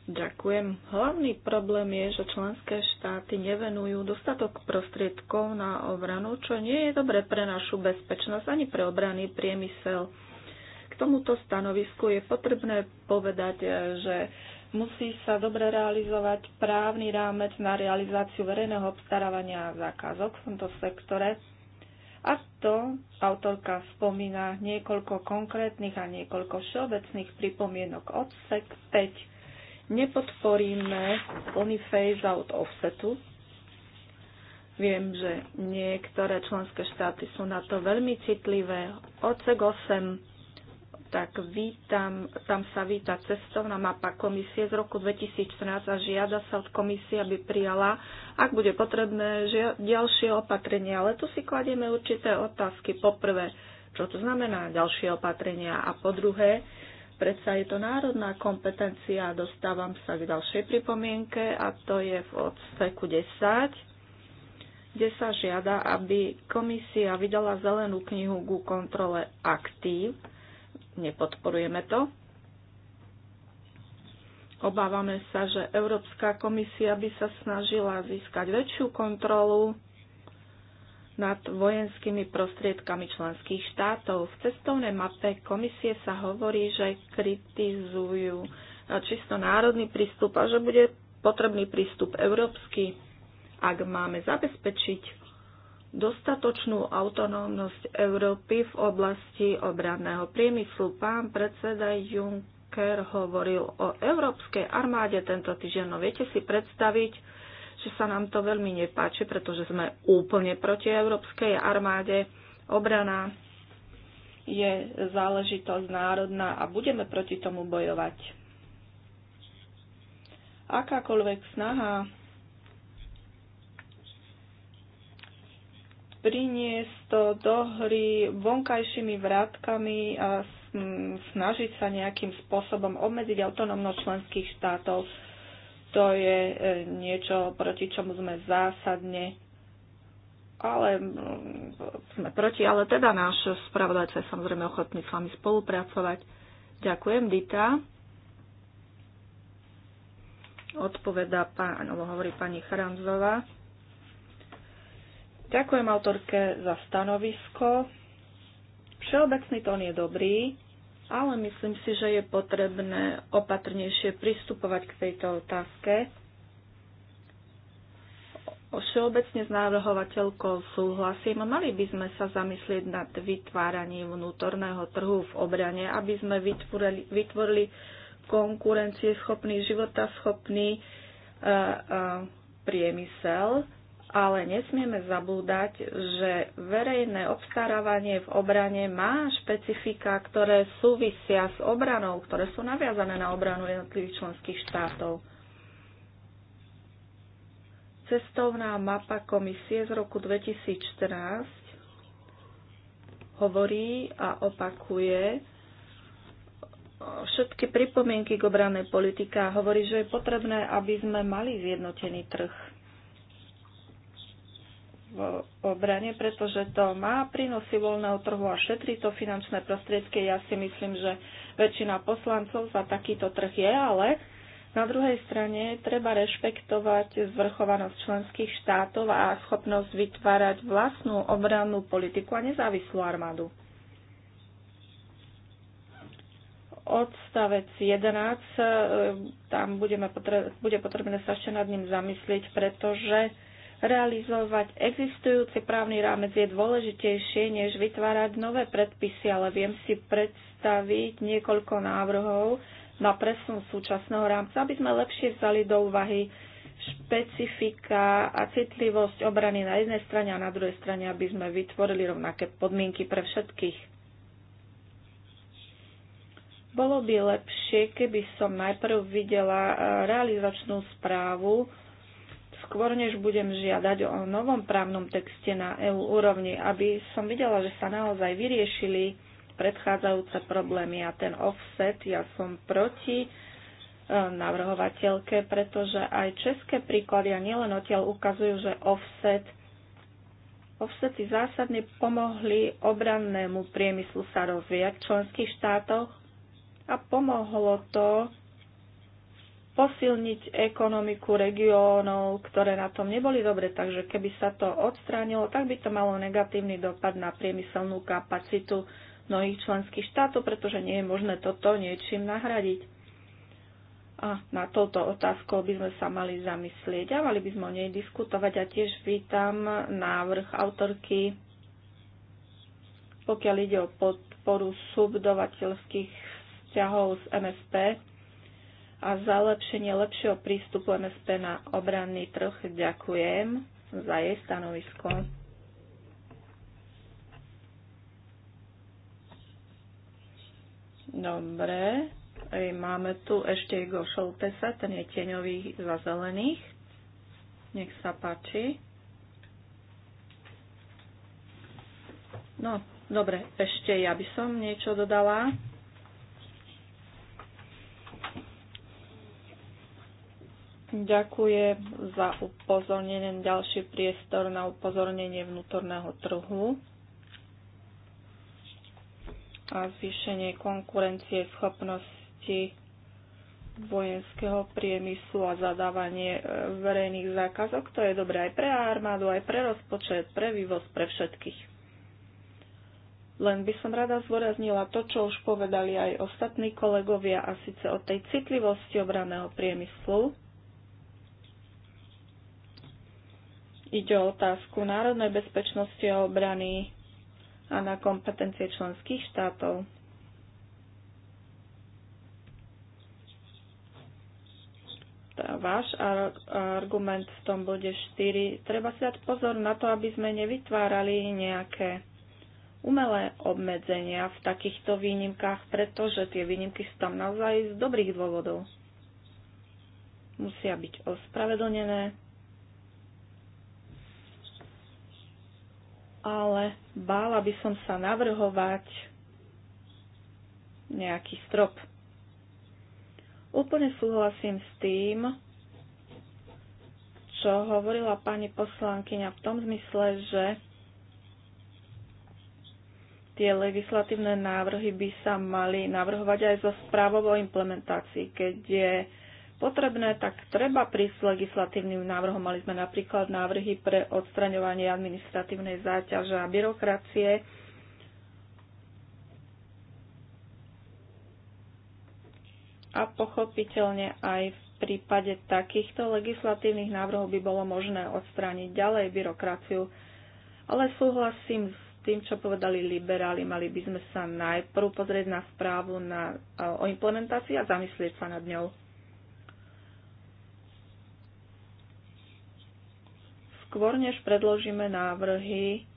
ďakujem. Hlavný problém je, že členské štáty nevenujú dostatok prostriedkov na obranu, čo nie je dobre pre našu bezpečnosť ani pre obranný priemysel. K tomuto stanovisku je potrebné povedať, že Musí sa dobre realizovať právny rámec na realizáciu verejného obstarávania a zákazok v tomto sektore. A to autorka spomína niekoľko konkrétnych a niekoľko všeobecných pripomienok. Odsek 5. Nepodporíme plný phase-out offsetu, Viem, že niektoré členské štáty sú na to veľmi citlivé. Ocek 8 tak vítam, tam sa víta cestovná mapa komisie z roku 2014 a žiada sa od komisie, aby prijala, ak bude potrebné, ďalšie opatrenia. Ale tu si kladieme určité otázky. Poprvé, čo to znamená ďalšie opatrenia? A po druhé, predsa je to národná kompetencia. Dostávam sa k ďalšej pripomienke a to je v odseku 10 kde sa žiada, aby komisia vydala zelenú knihu ku kontrole aktív nepodporujeme to. Obávame sa, že Európska komisia by sa snažila získať väčšiu kontrolu nad vojenskými prostriedkami členských štátov. V cestovnej mape komisie sa hovorí, že kritizujú čisto národný prístup a že bude potrebný prístup európsky, ak máme zabezpečiť dostatočnú autonómnosť Európy v oblasti obranného priemyslu. Pán predseda Juncker hovoril o Európskej armáde tento týždeň. No viete si predstaviť, že sa nám to veľmi nepáči, pretože sme úplne proti Európskej armáde. Obrana je záležitosť národná a budeme proti tomu bojovať. Akákoľvek snaha priniesť to do hry vonkajšími vrátkami a snažiť sa nejakým spôsobom obmedziť autonómnosť členských štátov. To je e, niečo, proti čomu sme zásadne ale mm, sme proti, ale teda náš spravodajca je samozrejme ochotný s vami spolupracovať. Ďakujem, Dita. Odpovedá pán, hovorí pani Charanzová. Ďakujem autorke za stanovisko. Všeobecný tón je dobrý, ale myslím si, že je potrebné opatrnejšie pristupovať k tejto otázke. Všeobecne s návrhovateľkou súhlasím. Mali by sme sa zamyslieť nad vytváraním vnútorného trhu v obrane, aby sme vytvorili, vytvorili konkurencieschopný, životaschopný uh, uh, priemysel, ale nesmieme zabúdať, že verejné obstarávanie v obrane má špecifika, ktoré súvisia s obranou, ktoré sú naviazané na obranu jednotlivých členských štátov. Cestovná mapa komisie z roku 2014 hovorí a opakuje všetky pripomienky k obrannej politike a hovorí, že je potrebné, aby sme mali zjednotený trh v obrane, pretože to má prínosy voľného trhu a šetrí to finančné prostriedky. Ja si myslím, že väčšina poslancov za takýto trh je, ale na druhej strane treba rešpektovať zvrchovanosť členských štátov a schopnosť vytvárať vlastnú obrannú politiku a nezávislú armádu. odstavec 11, e, tam budeme potre- bude potrebné sa ešte nad ním zamyslieť, pretože Realizovať existujúci právny rámec je dôležitejšie, než vytvárať nové predpisy, ale viem si predstaviť niekoľko návrhov na presun súčasného rámca, aby sme lepšie vzali do úvahy špecifika a citlivosť obrany na jednej strane a na druhej strane, aby sme vytvorili rovnaké podmienky pre všetkých. Bolo by lepšie, keby som najprv videla eh, realizačnú správu, skôr než budem žiadať o novom právnom texte na EU úrovni, aby som videla, že sa naozaj vyriešili predchádzajúce problémy a ten offset, ja som proti e, navrhovateľke, pretože aj české príklady a nielen odtiaľ ukazujú, že offset Offsety zásadne pomohli obrannému priemyslu sa rozvíjať v členských štátoch a pomohlo to posilniť ekonomiku regiónov, ktoré na tom neboli dobre, takže keby sa to odstránilo, tak by to malo negatívny dopad na priemyselnú kapacitu mnohých členských štátov, pretože nie je možné toto niečím nahradiť. A na touto otázkou by sme sa mali zamyslieť a mali by sme o nej diskutovať. A tiež vítam návrh autorky, pokiaľ ide o podporu subdovateľských vzťahov z MSP, a zalepšenie lepšieho prístupu MSP na obranný trh. Ďakujem za jej stanovisko. Dobre, máme tu ešte Igo Šoltesa, ten je tieňový za zelených. Nech sa páči. No, dobre, ešte ja by som niečo dodala. Ďakujem za upozornenie, ďalší priestor na upozornenie vnútorného trhu a zvýšenie konkurencie schopnosti vojenského priemyslu a zadávanie e, verejných zákazok. To je dobré aj pre armádu, aj pre rozpočet, pre vývoz, pre všetkých. Len by som rada zvoraznila to, čo už povedali aj ostatní kolegovia, a síce o tej citlivosti obraného priemyslu. Ide o otázku národnej bezpečnosti a obrany a na kompetencie členských štátov. Tá váš argument v tom bode 4. Treba si dať pozor na to, aby sme nevytvárali nejaké umelé obmedzenia v takýchto výnimkách, pretože tie výnimky sú tam naozaj z dobrých dôvodov. Musia byť ospravedlnené, ale bála by som sa navrhovať nejaký strop. Úplne súhlasím s tým, čo hovorila pani poslankyňa v tom zmysle, že tie legislatívne návrhy by sa mali navrhovať aj zo správovou o implementácii, keď je potrebné, tak treba prísť s legislatívnym návrhom. Mali sme napríklad návrhy pre odstraňovanie administratívnej záťaže a byrokracie. A pochopiteľne aj v prípade takýchto legislatívnych návrhov by bolo možné odstrániť ďalej byrokraciu. Ale súhlasím s tým, čo povedali liberáli, mali by sme sa najprv pozrieť na správu na, o implementácii a zamyslieť sa nad ňou. skôr než predložíme návrhy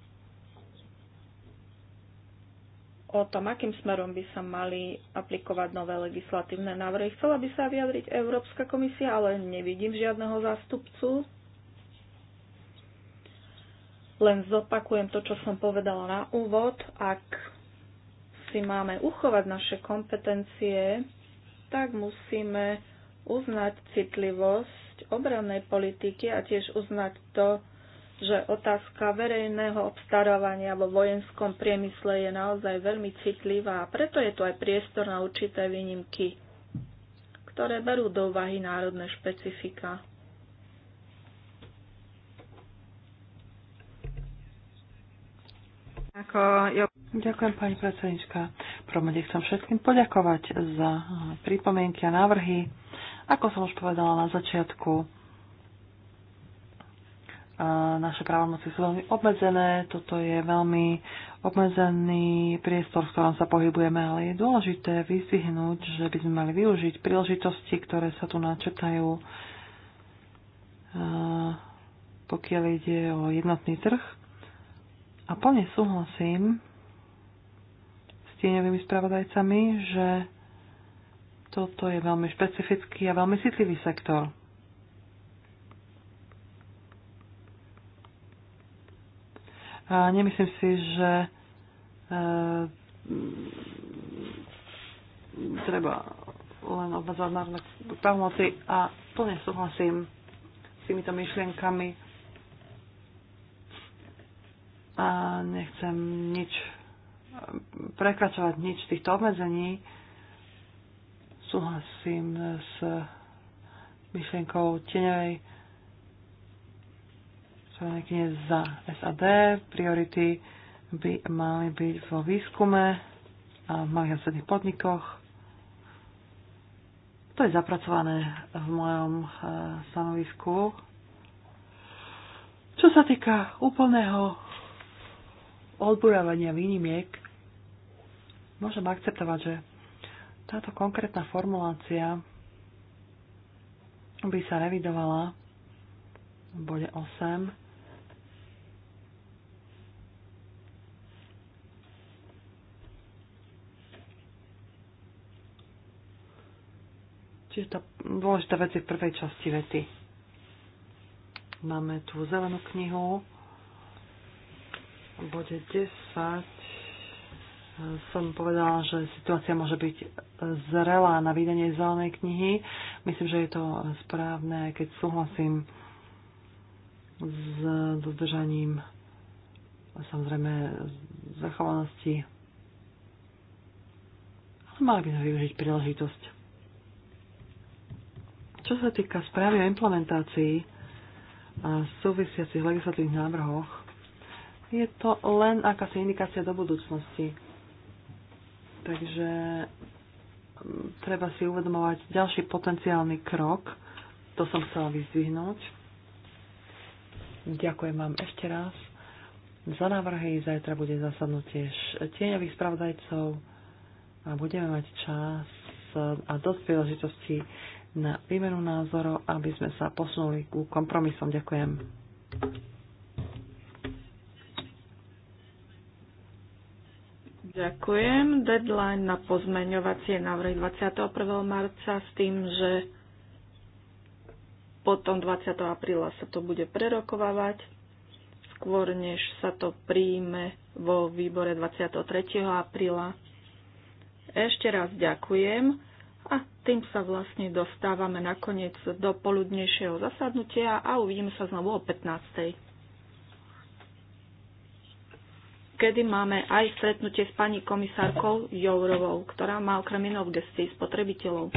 o tom, akým smerom by sa mali aplikovať nové legislatívne návrhy. Chcela by sa vyjadriť Európska komisia, ale nevidím žiadneho zástupcu. Len zopakujem to, čo som povedala na úvod. Ak si máme uchovať naše kompetencie, tak musíme uznať citlivosť oblasť obrannej politiky a tiež uznať to, že otázka verejného obstarávania vo vojenskom priemysle je naozaj veľmi citlivá a preto je tu aj priestor na určité výnimky, ktoré berú do úvahy národné špecifika. Ako, jo. Ďakujem, pani predsednička. Promede chcem všetkým poďakovať za pripomienky a návrhy ako som už povedala na začiatku, naše právomoci sú veľmi obmedzené, toto je veľmi obmedzený priestor, v ktorom sa pohybujeme, ale je dôležité vyzvihnúť, že by sme mali využiť príležitosti, ktoré sa tu načetajú, pokiaľ ide o jednotný trh. A plne súhlasím s tieňovými spravodajcami, že toto je veľmi špecifický a veľmi citlivý sektor. A nemyslím si, že e, treba len obmedzovať národné pravomoci a plne súhlasím s týmito myšlienkami a nechcem nič prekračovať nič z týchto obmedzení. Súhlasím s myšlienkou tieňovej knihy za SAD. Priority by mali byť vo výskume a v malých a stredných podnikoch. To je zapracované v mojom eh, stanovisku. Čo sa týka úplného odburávania výnimiek, môžem akceptovať, že táto konkrétna formulácia by sa revidovala v bode 8. Čiže tá dôležitá vec je v prvej časti vety. Máme tu zelenú knihu. V bode 10 som povedala, že situácia môže byť zrelá na vydanie zelenej knihy. Myslím, že je to správne, keď súhlasím s dodržaním samozrejme zachovanosti. Ale mali by sme využiť príležitosť. Čo sa týka správy o implementácii a súvisiacich legislatívnych návrhoch, je to len akási indikácia do budúcnosti Takže mm, treba si uvedomovať ďalší potenciálny krok. To som chcela vyzvihnúť. Ďakujem vám ešte raz za návrhy. Zajtra bude zasadnutie tieňových spravodajcov a budeme mať čas eh, a dosť príležitosti na výmenu názorov, aby sme sa posunuli ku kompromisom. Ďakujem. Ďakujem. Deadline na pozmeňovacie návrhy 21. marca s tým, že potom 20. apríla sa to bude prerokovávať, skôr než sa to príjme vo výbore 23. apríla. Ešte raz ďakujem a tým sa vlastne dostávame nakoniec do poludnejšieho zasadnutia a uvidíme sa znovu o 15. kedy máme aj stretnutie s pani komisárkou Jourovou, ktorá má okrem iného v gestii spotrebiteľov.